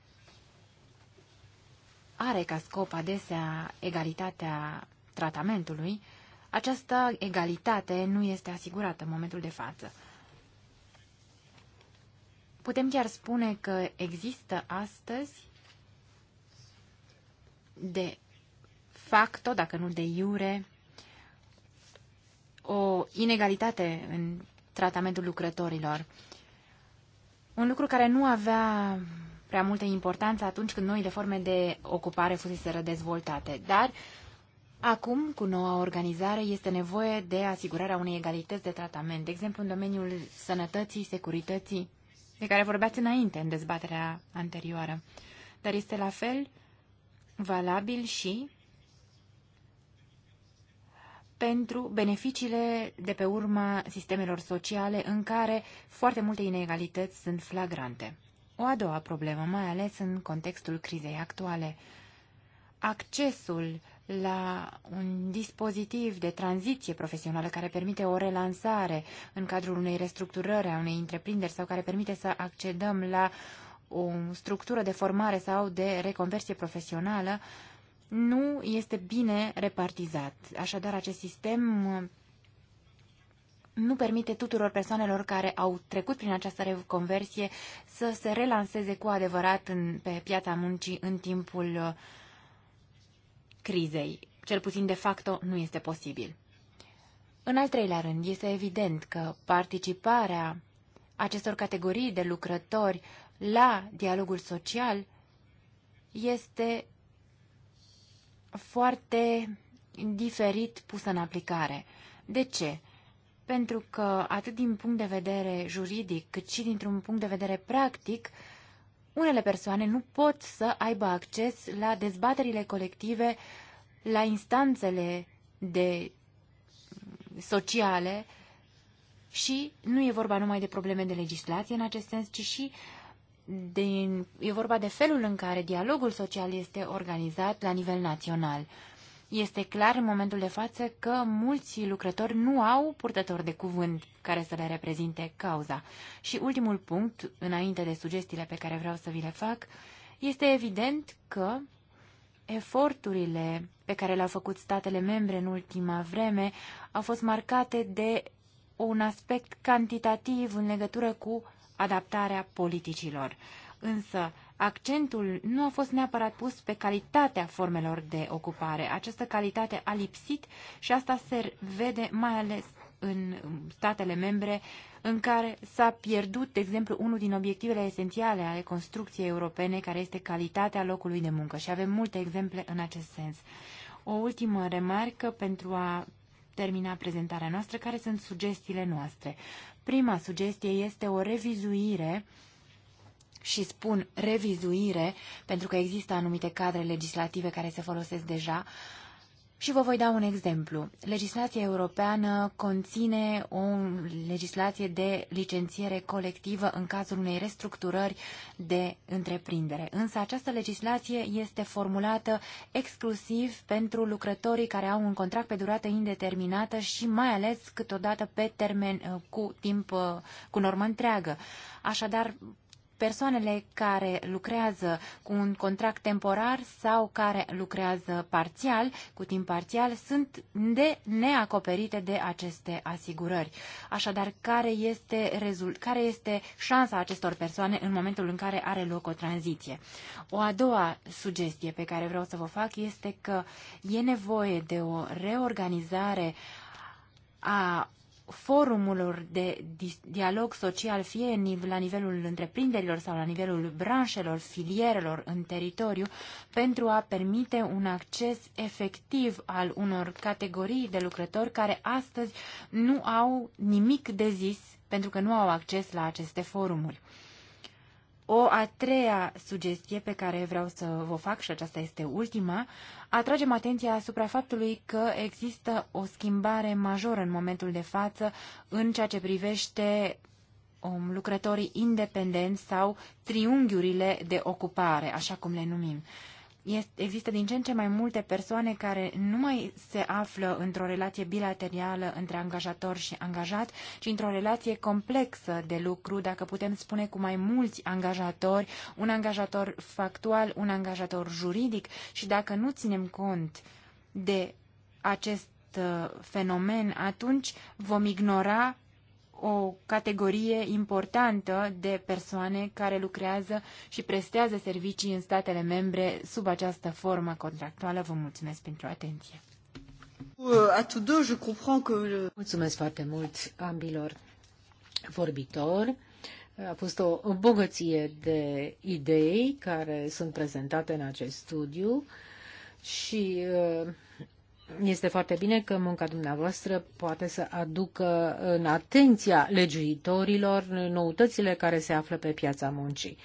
are ca scop adesea egalitatea tratamentului, această egalitate nu este asigurată în momentul de față. Putem chiar spune că există astăzi de facto, dacă nu de iure, o inegalitate în tratamentul lucrătorilor. Un lucru care nu avea prea multă importanță atunci când noile forme de ocupare fuseseră dezvoltate, dar acum, cu noua organizare, este nevoie de asigurarea unei egalități de tratament, de exemplu în domeniul sănătății, securității, de care vorbeați înainte în dezbaterea anterioară. Dar este la fel valabil și pentru beneficiile de pe urma sistemelor sociale în care foarte multe inegalități sunt flagrante. O a doua problemă, mai ales în contextul crizei actuale, accesul la un dispozitiv de tranziție profesională care permite o relansare în cadrul unei restructurări a unei întreprinderi sau care permite să accedăm la o structură de formare sau de reconversie profesională uh, nu este bine repartizat. Așadar, acest sistem uh, nu permite tuturor persoanelor care au trecut prin această reconversie să se relanseze cu adevărat în, pe piața muncii în timpul uh, crizei. Cel puțin de facto nu este posibil. În al treilea rând, este evident că participarea acestor categorii de lucrători la dialogul social este foarte diferit pusă în aplicare. De ce? Pentru că, atât din punct de vedere juridic, cât și dintr-un punct de vedere practic, unele persoane nu pot să aibă acces la dezbaterile colective, la instanțele de sociale și nu e vorba numai de probleme de legislație în acest sens, ci și din, e vorba de felul în care dialogul social este organizat la nivel național. Este clar în momentul de față că mulți lucrători nu au purtători de cuvânt care să le reprezinte cauza. Și ultimul punct, înainte de sugestiile pe care vreau să vi le fac, este evident că eforturile pe care le-au făcut statele membre în ultima vreme au fost marcate de un aspect cantitativ în legătură cu adaptarea politicilor. Însă, accentul nu a fost neapărat pus pe calitatea formelor de ocupare. Această calitate a lipsit și asta se vede mai ales în statele membre în care s-a pierdut, de exemplu, unul din obiectivele esențiale ale construcției europene, care este calitatea locului de muncă. Și avem multe exemple în acest sens. O ultimă remarcă pentru a termina prezentarea noastră, care sunt sugestiile noastre. Prima sugestie este o revizuire și spun revizuire pentru că există anumite cadre legislative care se folosesc deja și vă voi da un exemplu. Legislația europeană conține o legislație de licențiere colectivă în cazul unei restructurări de întreprindere. Însă această legislație este formulată exclusiv pentru lucrătorii care au un contract pe durată indeterminată și mai ales câteodată pe termen uh, cu timp uh, cu normă întreagă. Așadar, persoanele care lucrează cu un contract temporar sau care lucrează parțial, cu timp parțial, sunt de neacoperite de aceste asigurări. Așadar, care este, rezult, care este șansa acestor persoane în momentul în care are loc o tranziție? O a doua sugestie pe care vreau să vă fac este că e nevoie de o reorganizare a forumurilor de dialog social, fie la nivelul întreprinderilor sau la nivelul branșelor, filierelor în teritoriu, pentru a permite un acces efectiv al unor categorii de lucrători care astăzi nu au nimic de zis pentru că nu au acces la aceste forumuri. O a treia sugestie pe care vreau să vă fac și aceasta este ultima, atragem atenția asupra faptului că există o schimbare majoră în momentul de față în ceea ce privește um, lucrătorii independenți sau triunghiurile de ocupare, așa cum le numim. Uh, este, există din ce în ce mai multe persoane care nu mai se află într-o relație bilaterală între angajator și angajat, ci într-o relație complexă de lucru, dacă putem spune cu mai mulți angajatori, un angajator factual, un angajator juridic și dacă nu ținem cont de acest uh, fenomen, atunci vom ignora o categorie importantă de persoane care lucrează și prestează servicii în statele membre sub această formă contractuală. Vă mulțumesc pentru atenție. Uh, mulțumesc foarte mult ambilor vorbitori. A fost o bogăție de idei care sunt prezentate în acest studiu și uh, este foarte bine că munca dumneavoastră poate să aducă în atenția legiuitorilor noutățile care se află pe piața muncii.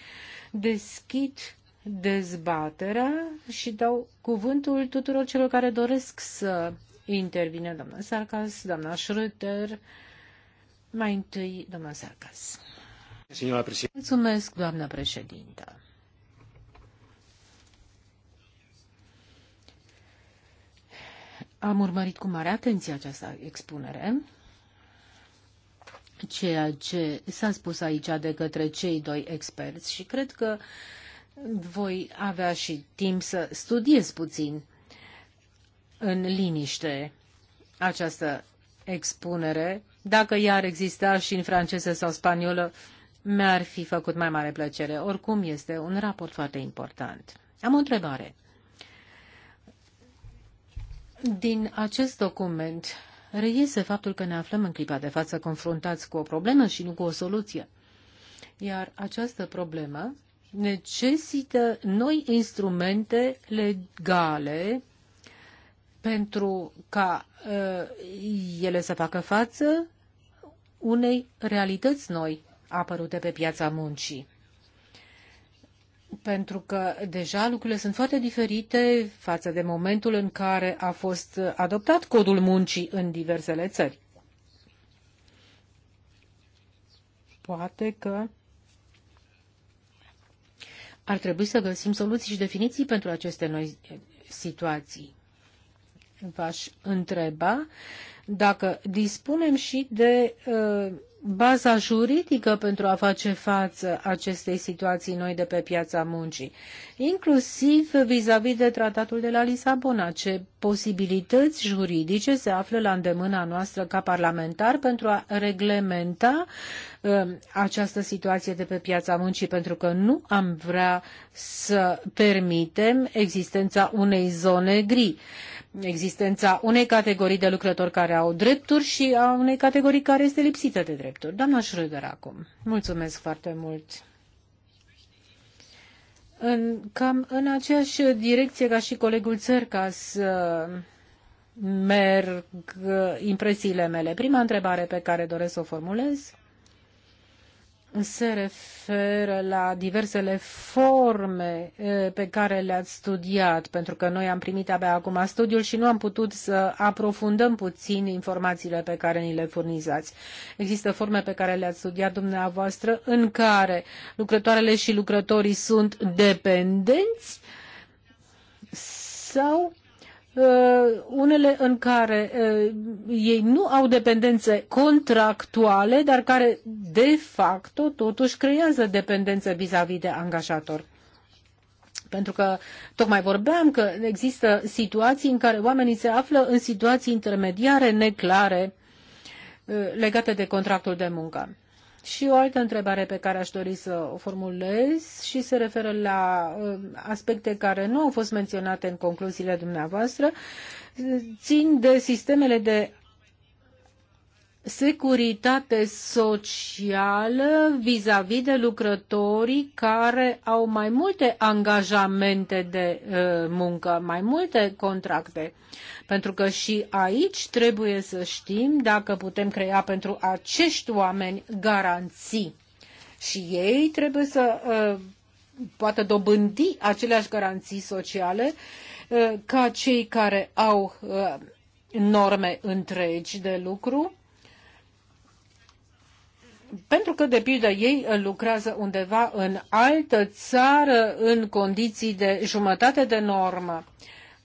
Deschid dezbaterea și dau cuvântul tuturor celor care doresc să intervine doamna Sarcas, doamna Schröter, mai întâi doamna Sarcas. Mulțumesc, doamnă președintă. Am urmărit cu mare atenție această expunere. Ceea ce s-a spus aici de către cei doi experți și cred că voi avea și timp să studiez puțin în liniște această expunere. Dacă ea ar exista și în franceză sau spaniolă, mi-ar fi făcut mai mare plăcere. Oricum, este un raport foarte important. Am o întrebare. Din acest document reiese faptul că ne aflăm în clipa de față confruntați cu o problemă și nu cu o soluție. Iar această problemă necesită noi instrumente legale pentru ca uh, ele să facă față unei realități noi apărute pe piața muncii pentru că deja lucrurile sunt foarte diferite față de momentul în care a fost adoptat codul muncii în diversele țări. Poate că ar trebui să găsim soluții și definiții pentru aceste noi situații. V-aș întreba dacă dispunem și de uh, baza juridică pentru a face față acestei situații noi de pe piața muncii, inclusiv vis-a-vis -vis de tratatul de la Lisabona, ce posibilități juridice se află la îndemâna noastră ca parlamentar pentru a reglementa um, această situație de pe piața muncii, pentru că nu am vrea să permitem existența unei zone gri existența unei categorii de lucrători care au drepturi și a unei categorii care este lipsită de drepturi. Doamna Schröder acum. Mulțumesc foarte mult. În, cam în aceeași direcție ca și colegul Țărcas uh, merg uh, impresiile mele. Prima întrebare pe care doresc să o formulez se referă la diversele forme pe care le-ați studiat, pentru că noi am primit abia acum studiul și nu am putut să aprofundăm puțin informațiile pe care ni le furnizați. Există forme pe care le-ați studiat dumneavoastră în care lucrătoarele și lucrătorii sunt dependenți sau Uh, unele în care uh, ei nu au dependențe contractuale, dar care de fapt, totuși creează dependență vis-a-vis -vis de angajator. Pentru că tocmai vorbeam că există situații în care oamenii se află în situații intermediare neclare uh, legate de contractul de muncă. Și o altă întrebare pe care aș dori să o formulez și se referă la um, aspecte care nu au fost menționate în concluziile dumneavoastră, țin de sistemele de securitate socială vis-a-vis de lucrătorii care au mai multe angajamente de uh, muncă, mai multe contracte. Pentru că și aici trebuie să știm dacă putem crea pentru acești oameni garanții. Și ei trebuie să uh, poată dobândi aceleași garanții sociale uh, ca cei care au norme întregi de lucru pentru că, de pildă, ei lucrează undeva în altă țară în condiții de jumătate de normă.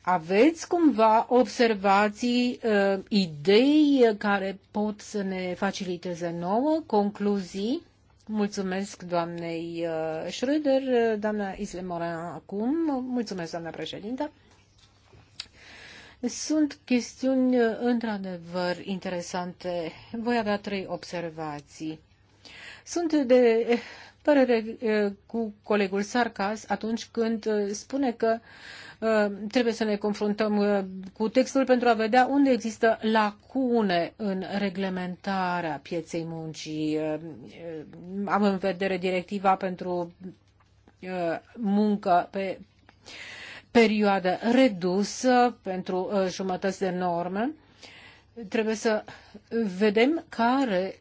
Aveți cumva observații, uh, idei care pot să ne faciliteze nouă, concluzii? Mulțumesc doamnei uh, Schröder, uh, doamna Isle Morin acum. Mulțumesc, doamna președintă. Sunt chestiuni într-adevăr interesante. Voi avea trei observații. Sunt de eh, părere eh, cu colegul Sarcas atunci când eh, spune că trebuie să ne confruntăm cu textul pentru a vedea unde există lacune în reglementarea pieței muncii. Am în vedere directiva pentru muncă pe perioadă redusă pentru jumătăți de normă trebuie să vedem care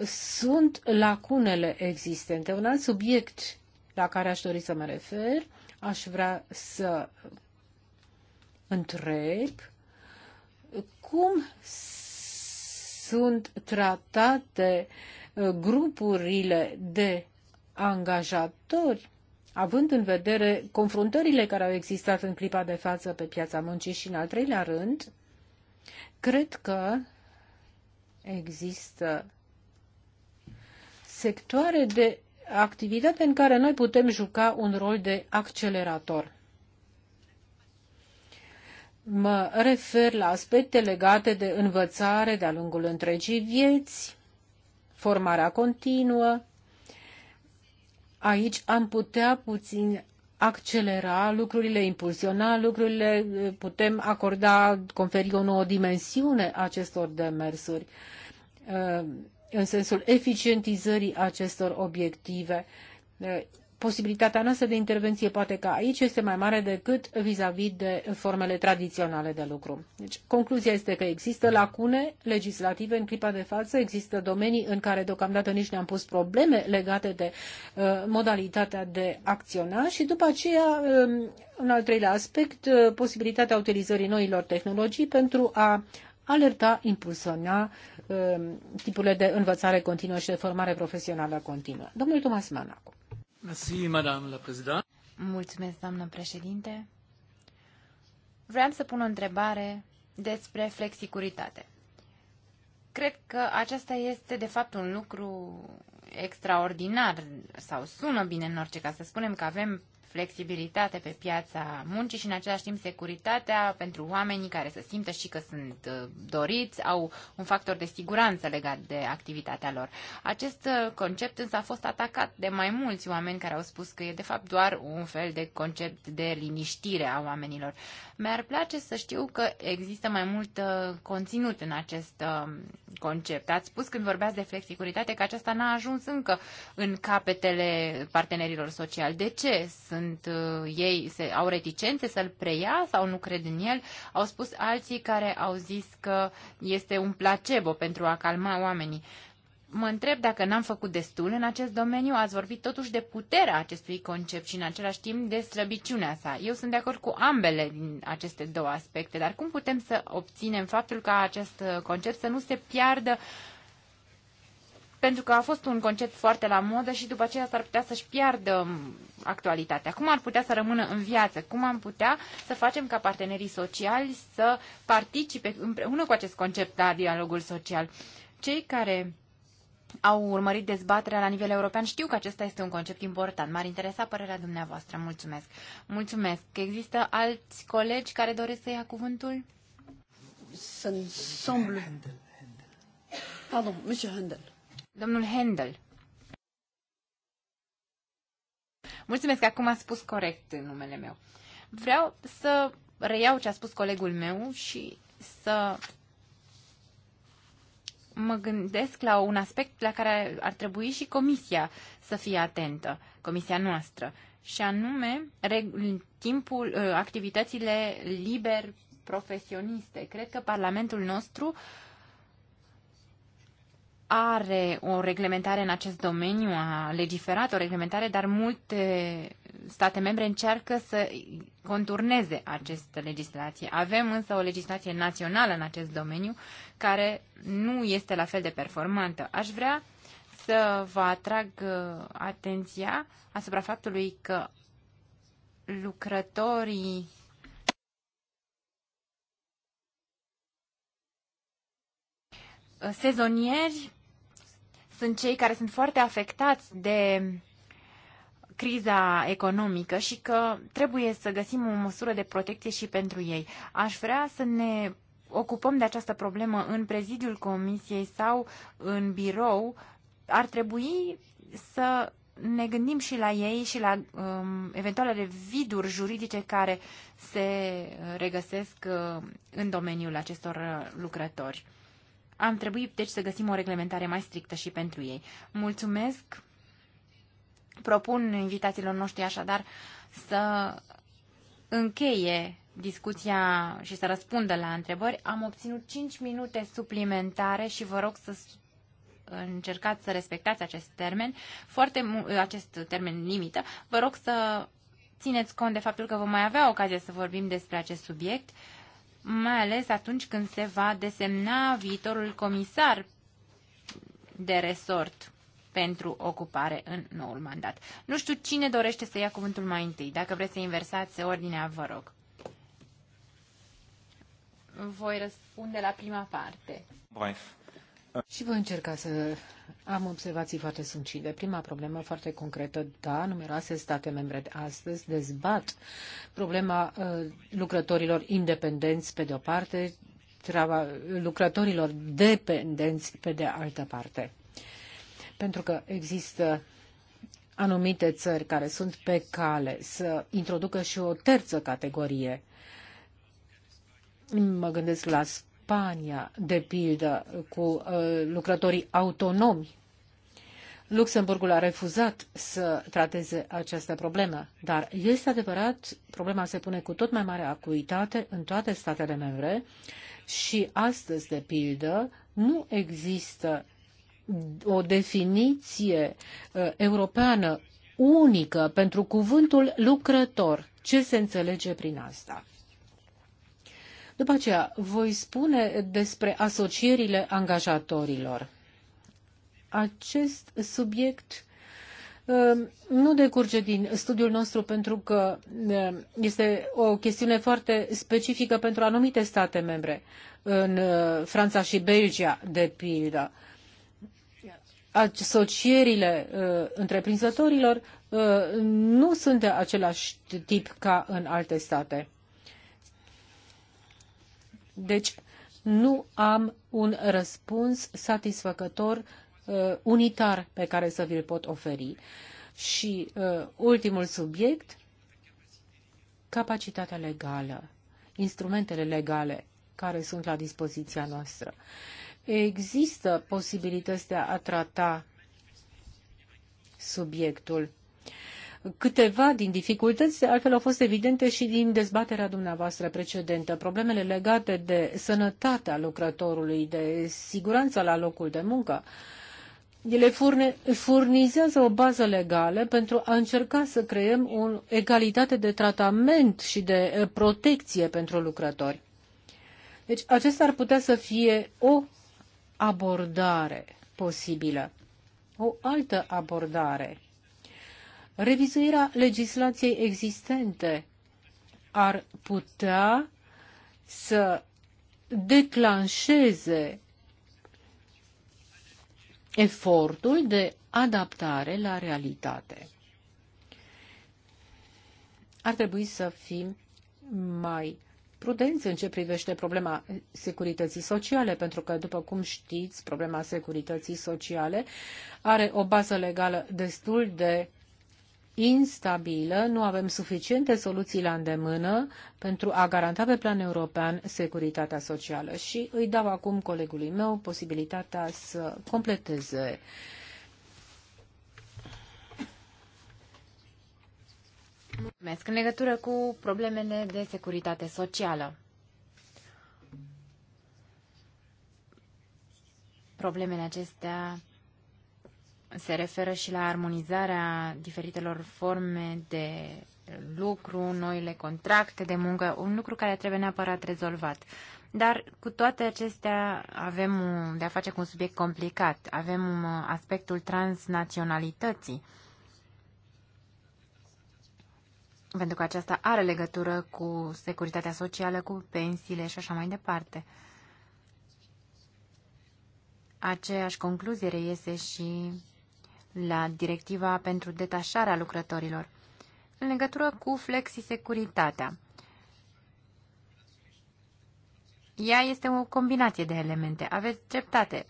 uh, sunt lacunele existente. Un alt subiect la care aș dori să mă refer, aș vrea să întreb cum sunt tratate uh, grupurile de angajatori, având în vedere confruntările care au existat în clipa de față pe piața muncii și, în al treilea rând, Cred că există sectoare de activitate în care noi putem juca un rol de accelerator. Mă refer la aspecte legate de învățare de-a lungul întregii vieți, formarea continuă. Aici am putea puțin accelera lucrurile, impulsiona lucrurile, putem acorda, conferi o nouă dimensiune acestor demersuri uh, în sensul eficientizării acestor obiective posibilitatea noastră de intervenție poate că aici este mai mare decât vis-a-vis de formele tradiționale de lucru. Deci, concluzia este că există lacune legislative în clipa de față, există domenii în care deocamdată nici ne-am pus probleme legate de uh, modalitatea de acționa și după aceea, um, un al treilea aspect, uh, posibilitatea utilizării noilor tehnologii pentru a alerta, impulsiona uh, tipurile de învățare continuă și de formare profesională continuă. Domnul Tomas Manacu. Merci, Mulțumesc, doamnă președinte. Vreau să pun o întrebare despre flexicuritate. Cred că acesta este, de fapt, un lucru extraordinar sau sună bine în orice caz. Să spunem că avem flexibilitate pe piața muncii și în același timp securitatea pentru oamenii care se simtă și că sunt uh, doriți, au un factor de siguranță legat de activitatea lor. Acest uh, concept însă a fost atacat de mai mulți oameni care au spus că e de fapt doar un fel de concept de liniștire a oamenilor. Mi-ar place să știu că există mai mult uh, conținut în acest concept. Ați spus când vorbeați de flexibilitate că aceasta n-a ajuns încă în capetele partenerilor sociali. De ce sunt sunt uh, ei, se, au reticențe să-l preia sau nu cred în el. Au spus alții care au zis că este un placebo pentru a calma oamenii. Mă întreb dacă n-am făcut destul în acest domeniu, ați vorbit totuși de puterea acestui concept și în același timp de slăbiciunea sa. Eu sunt de acord cu ambele din aceste două aspecte, dar cum putem să obținem faptul ca acest concept să nu se piardă pentru că a fost un concept foarte la modă și după aceea s-ar putea să-și piardă um, actualitatea. Cum ar putea să rămână în viață? Cum am putea să facem ca partenerii sociali să participe împreună cu acest concept la dialogul social? Cei care au urmărit dezbaterea la nivel european știu că acesta este un concept important. M-ar interesa părerea dumneavoastră. Mulțumesc. Mulțumesc. Există alți colegi care doresc să ia cuvântul? Să semble. Pardon, Monsieur Handel. Domnul Handel. Mulțumesc, acum a spus corect numele meu. Vreau să reiau ce a spus colegul meu și să mă gândesc la un aspect la care ar trebui și comisia să fie atentă, comisia noastră, și anume timpul, ă, activitățile liber profesioniste. Cred că Parlamentul nostru uh, are o reglementare în acest domeniu, a legiferat o reglementare, dar multe state membre încearcă să conturneze această legislație. Avem însă o legislație națională în acest domeniu care nu este la fel de performantă. Aș vrea să vă atrag uh, atenția asupra faptului că lucrătorii sezonieri sunt cei care sunt foarte afectați de criza economică și că trebuie să găsim o măsură de protecție și pentru ei. Aș vrea să ne ocupăm de această problemă în prezidiul comisiei sau în birou. Ar trebui să ne gândim și la ei și la um, eventualele viduri juridice care se regăsesc uh, în domeniul acestor uh, lucrători. Am trebuit, deci, să găsim o reglementare mai strictă și pentru ei. Mulțumesc! Propun invitațiilor noștri așadar să încheie discuția și să răspundă la întrebări. Am obținut 5 minute suplimentare și vă rog să încercați să respectați acest termen, foarte acest termen limită. Vă rog să țineți cont de faptul că vom mai avea ocazie să vorbim despre acest subiect mai ales atunci când se va desemna viitorul comisar de resort pentru ocupare în noul mandat. Nu știu cine dorește să ia cuvântul mai întâi. Dacă vreți să inversați ordinea, vă rog. Voi răspunde la prima parte. Bref. Și voi încerca să am observații foarte succide. Prima problemă foarte concretă, da, numeroase state membre de astăzi dezbat problema uh, lucrătorilor independenți pe de o parte, lucrătorilor dependenți pe de altă parte. Pentru că există anumite țări care sunt pe cale să introducă și o terță categorie. Mă gândesc la Spania, de pildă, cu uh, lucrătorii autonomi. Luxemburgul a refuzat să trateze această problemă, dar este adevărat, problema se pune cu tot mai mare acuitate în toate statele membre și astăzi, de pildă, nu există o definiție uh, europeană unică pentru cuvântul lucrător. Ce se înțelege prin asta? După aceea, voi spune despre asocierile angajatorilor. Acest subiect um, nu decurge din studiul nostru pentru că um, este o chestiune foarte specifică pentru anumite state membre, în uh, Franța și Belgia, de pildă. Asocierile uh, întreprinzătorilor uh, nu sunt de același tip ca în alte state. Deci nu am un răspuns satisfăcător, uh, unitar pe care să vi-l pot oferi. Și uh, ultimul subiect, capacitatea legală, instrumentele legale care sunt la dispoziția noastră. Există posibilități de a trata subiectul Câteva din dificultăți, altfel, au fost evidente și din dezbaterea dumneavoastră precedentă. Problemele legate de sănătatea lucrătorului, de siguranța la locul de muncă, ele furne, furnizează o bază legală pentru a încerca să creăm o egalitate de tratament și de eh, protecție pentru lucrători. Deci acesta ar putea să fie o abordare posibilă, o altă abordare revizuirea legislației existente ar putea să declanșeze efortul de adaptare la realitate. Ar trebui să fim mai prudenți în ce privește problema securității sociale, pentru că, după cum știți, problema securității sociale are o bază legală destul de instabilă, nu avem suficiente soluții la îndemână pentru a garanta pe plan european securitatea socială. Și îi dau acum colegului meu posibilitatea să completeze Mulțumesc. În legătură cu problemele de securitate socială, problemele acestea se referă și la armonizarea diferitelor forme de lucru, noile contracte de muncă, un lucru care trebuie neapărat rezolvat. Dar cu toate acestea avem de a face cu un subiect complicat. Avem uh, aspectul transnaționalității. Pentru că aceasta are legătură cu securitatea socială, cu pensiile și așa mai departe. Aceeași concluzie reiese și la directiva pentru detașarea lucrătorilor în legătură cu flexisecuritatea. Ea este o combinație de elemente. Aveți dreptate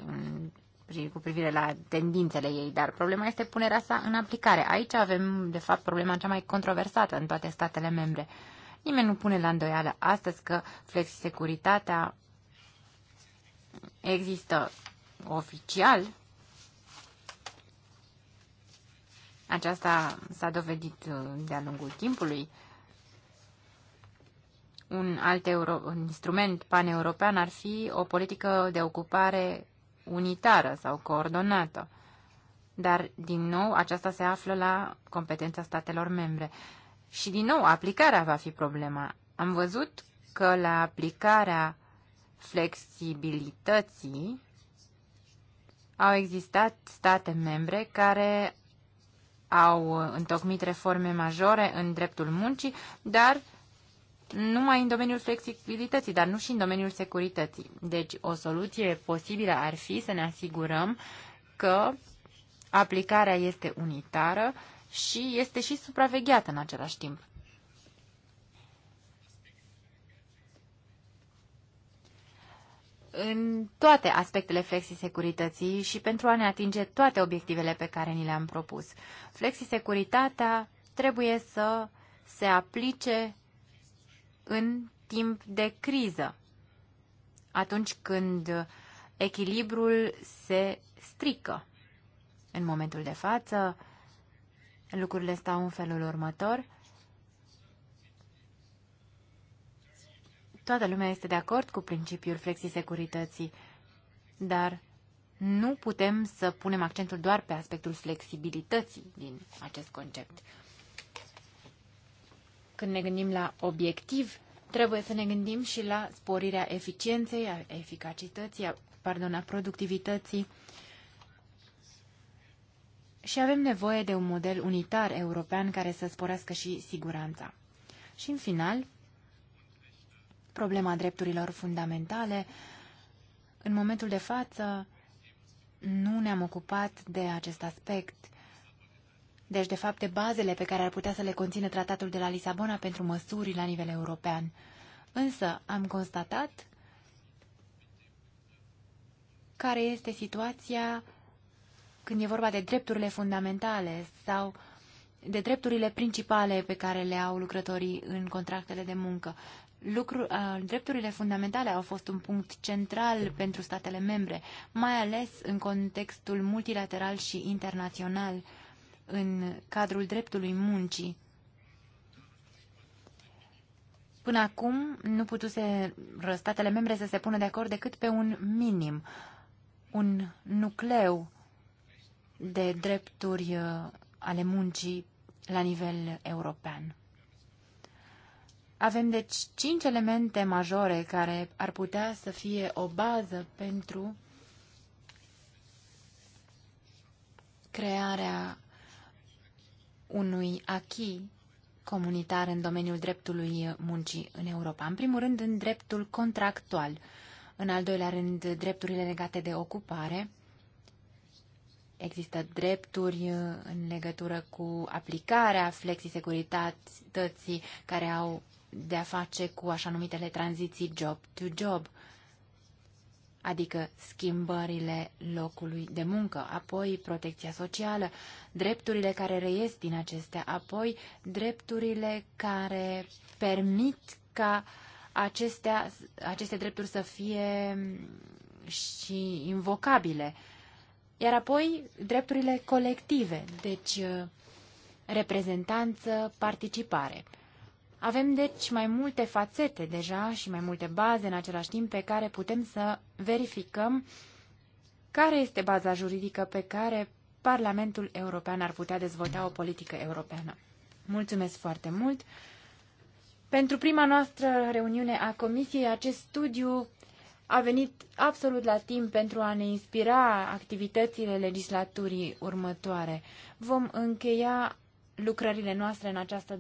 cu privire la tendințele ei, dar problema este punerea sa în aplicare. Aici avem, de fapt, problema cea mai controversată în toate statele membre. Nimeni nu pune la îndoială astăzi că flexisecuritatea există oficial Aceasta s-a dovedit uh, de-a lungul timpului. Un alt euro, un instrument paneuropean ar fi o politică de ocupare unitară sau coordonată. Dar, din nou, aceasta se află la competența statelor membre. Și, din nou, aplicarea va fi problema. Am văzut că la aplicarea flexibilității au existat state membre care au întocmit reforme majore în dreptul muncii, dar numai în domeniul flexibilității, dar nu și în domeniul securității. Deci o soluție posibilă ar fi să ne asigurăm că aplicarea este unitară și este și supravegheată în același timp. în toate aspectele flexisecurității și pentru a ne atinge toate obiectivele pe care ni le-am propus. Flexisecuritatea trebuie să se aplice în timp de criză, atunci când echilibrul se strică. În momentul de față, lucrurile stau în felul următor – Toată lumea este de acord cu principiul flexisecurității, dar nu putem să punem accentul doar pe aspectul flexibilității din acest concept. Când ne gândim la obiectiv, trebuie să ne gândim și la sporirea eficienței, a eficacității, a, pardon, a productivității. Și avem nevoie de un model unitar european care să sporească și siguranța. Și în final, problema drepturilor fundamentale. În momentul de față nu ne-am ocupat de acest aspect. Deci, de fapt, de bazele pe care ar putea să le conțină tratatul de la Lisabona pentru măsuri la nivel european. Însă am constatat care este situația când e vorba de drepturile fundamentale sau de drepturile principale pe care le au lucrătorii în contractele de muncă lucru, drepturile fundamentale au fost un punct central pentru statele membre, mai ales în contextul multilateral și internațional, în cadrul dreptului muncii. Până acum nu putuse statele membre să se pună de acord decât pe un minim, un nucleu de drepturi ale muncii la nivel european. Avem deci cinci elemente majore care ar putea să fie o bază pentru crearea unui achi comunitar în domeniul dreptului muncii în Europa. În primul rând, în dreptul contractual. În al doilea rând, drepturile legate de ocupare. Există drepturi în legătură cu aplicarea flexi securității care au de a face cu așa numitele tranziții job to job, adică schimbările locului de muncă, apoi protecția socială, drepturile care reies din acestea, apoi drepturile care permit ca acestea, aceste drepturi să fie și invocabile. Iar apoi drepturile colective, deci reprezentanță, participare. Avem deci mai multe fațete deja și mai multe baze în același timp pe care putem să verificăm care este baza juridică pe care Parlamentul European ar putea dezvolta o politică europeană. Mulțumesc foarte mult! Pentru prima noastră reuniune a Comisiei, acest studiu a venit absolut la timp pentru a ne inspira activitățile legislaturii următoare. Vom încheia lucrările noastre în această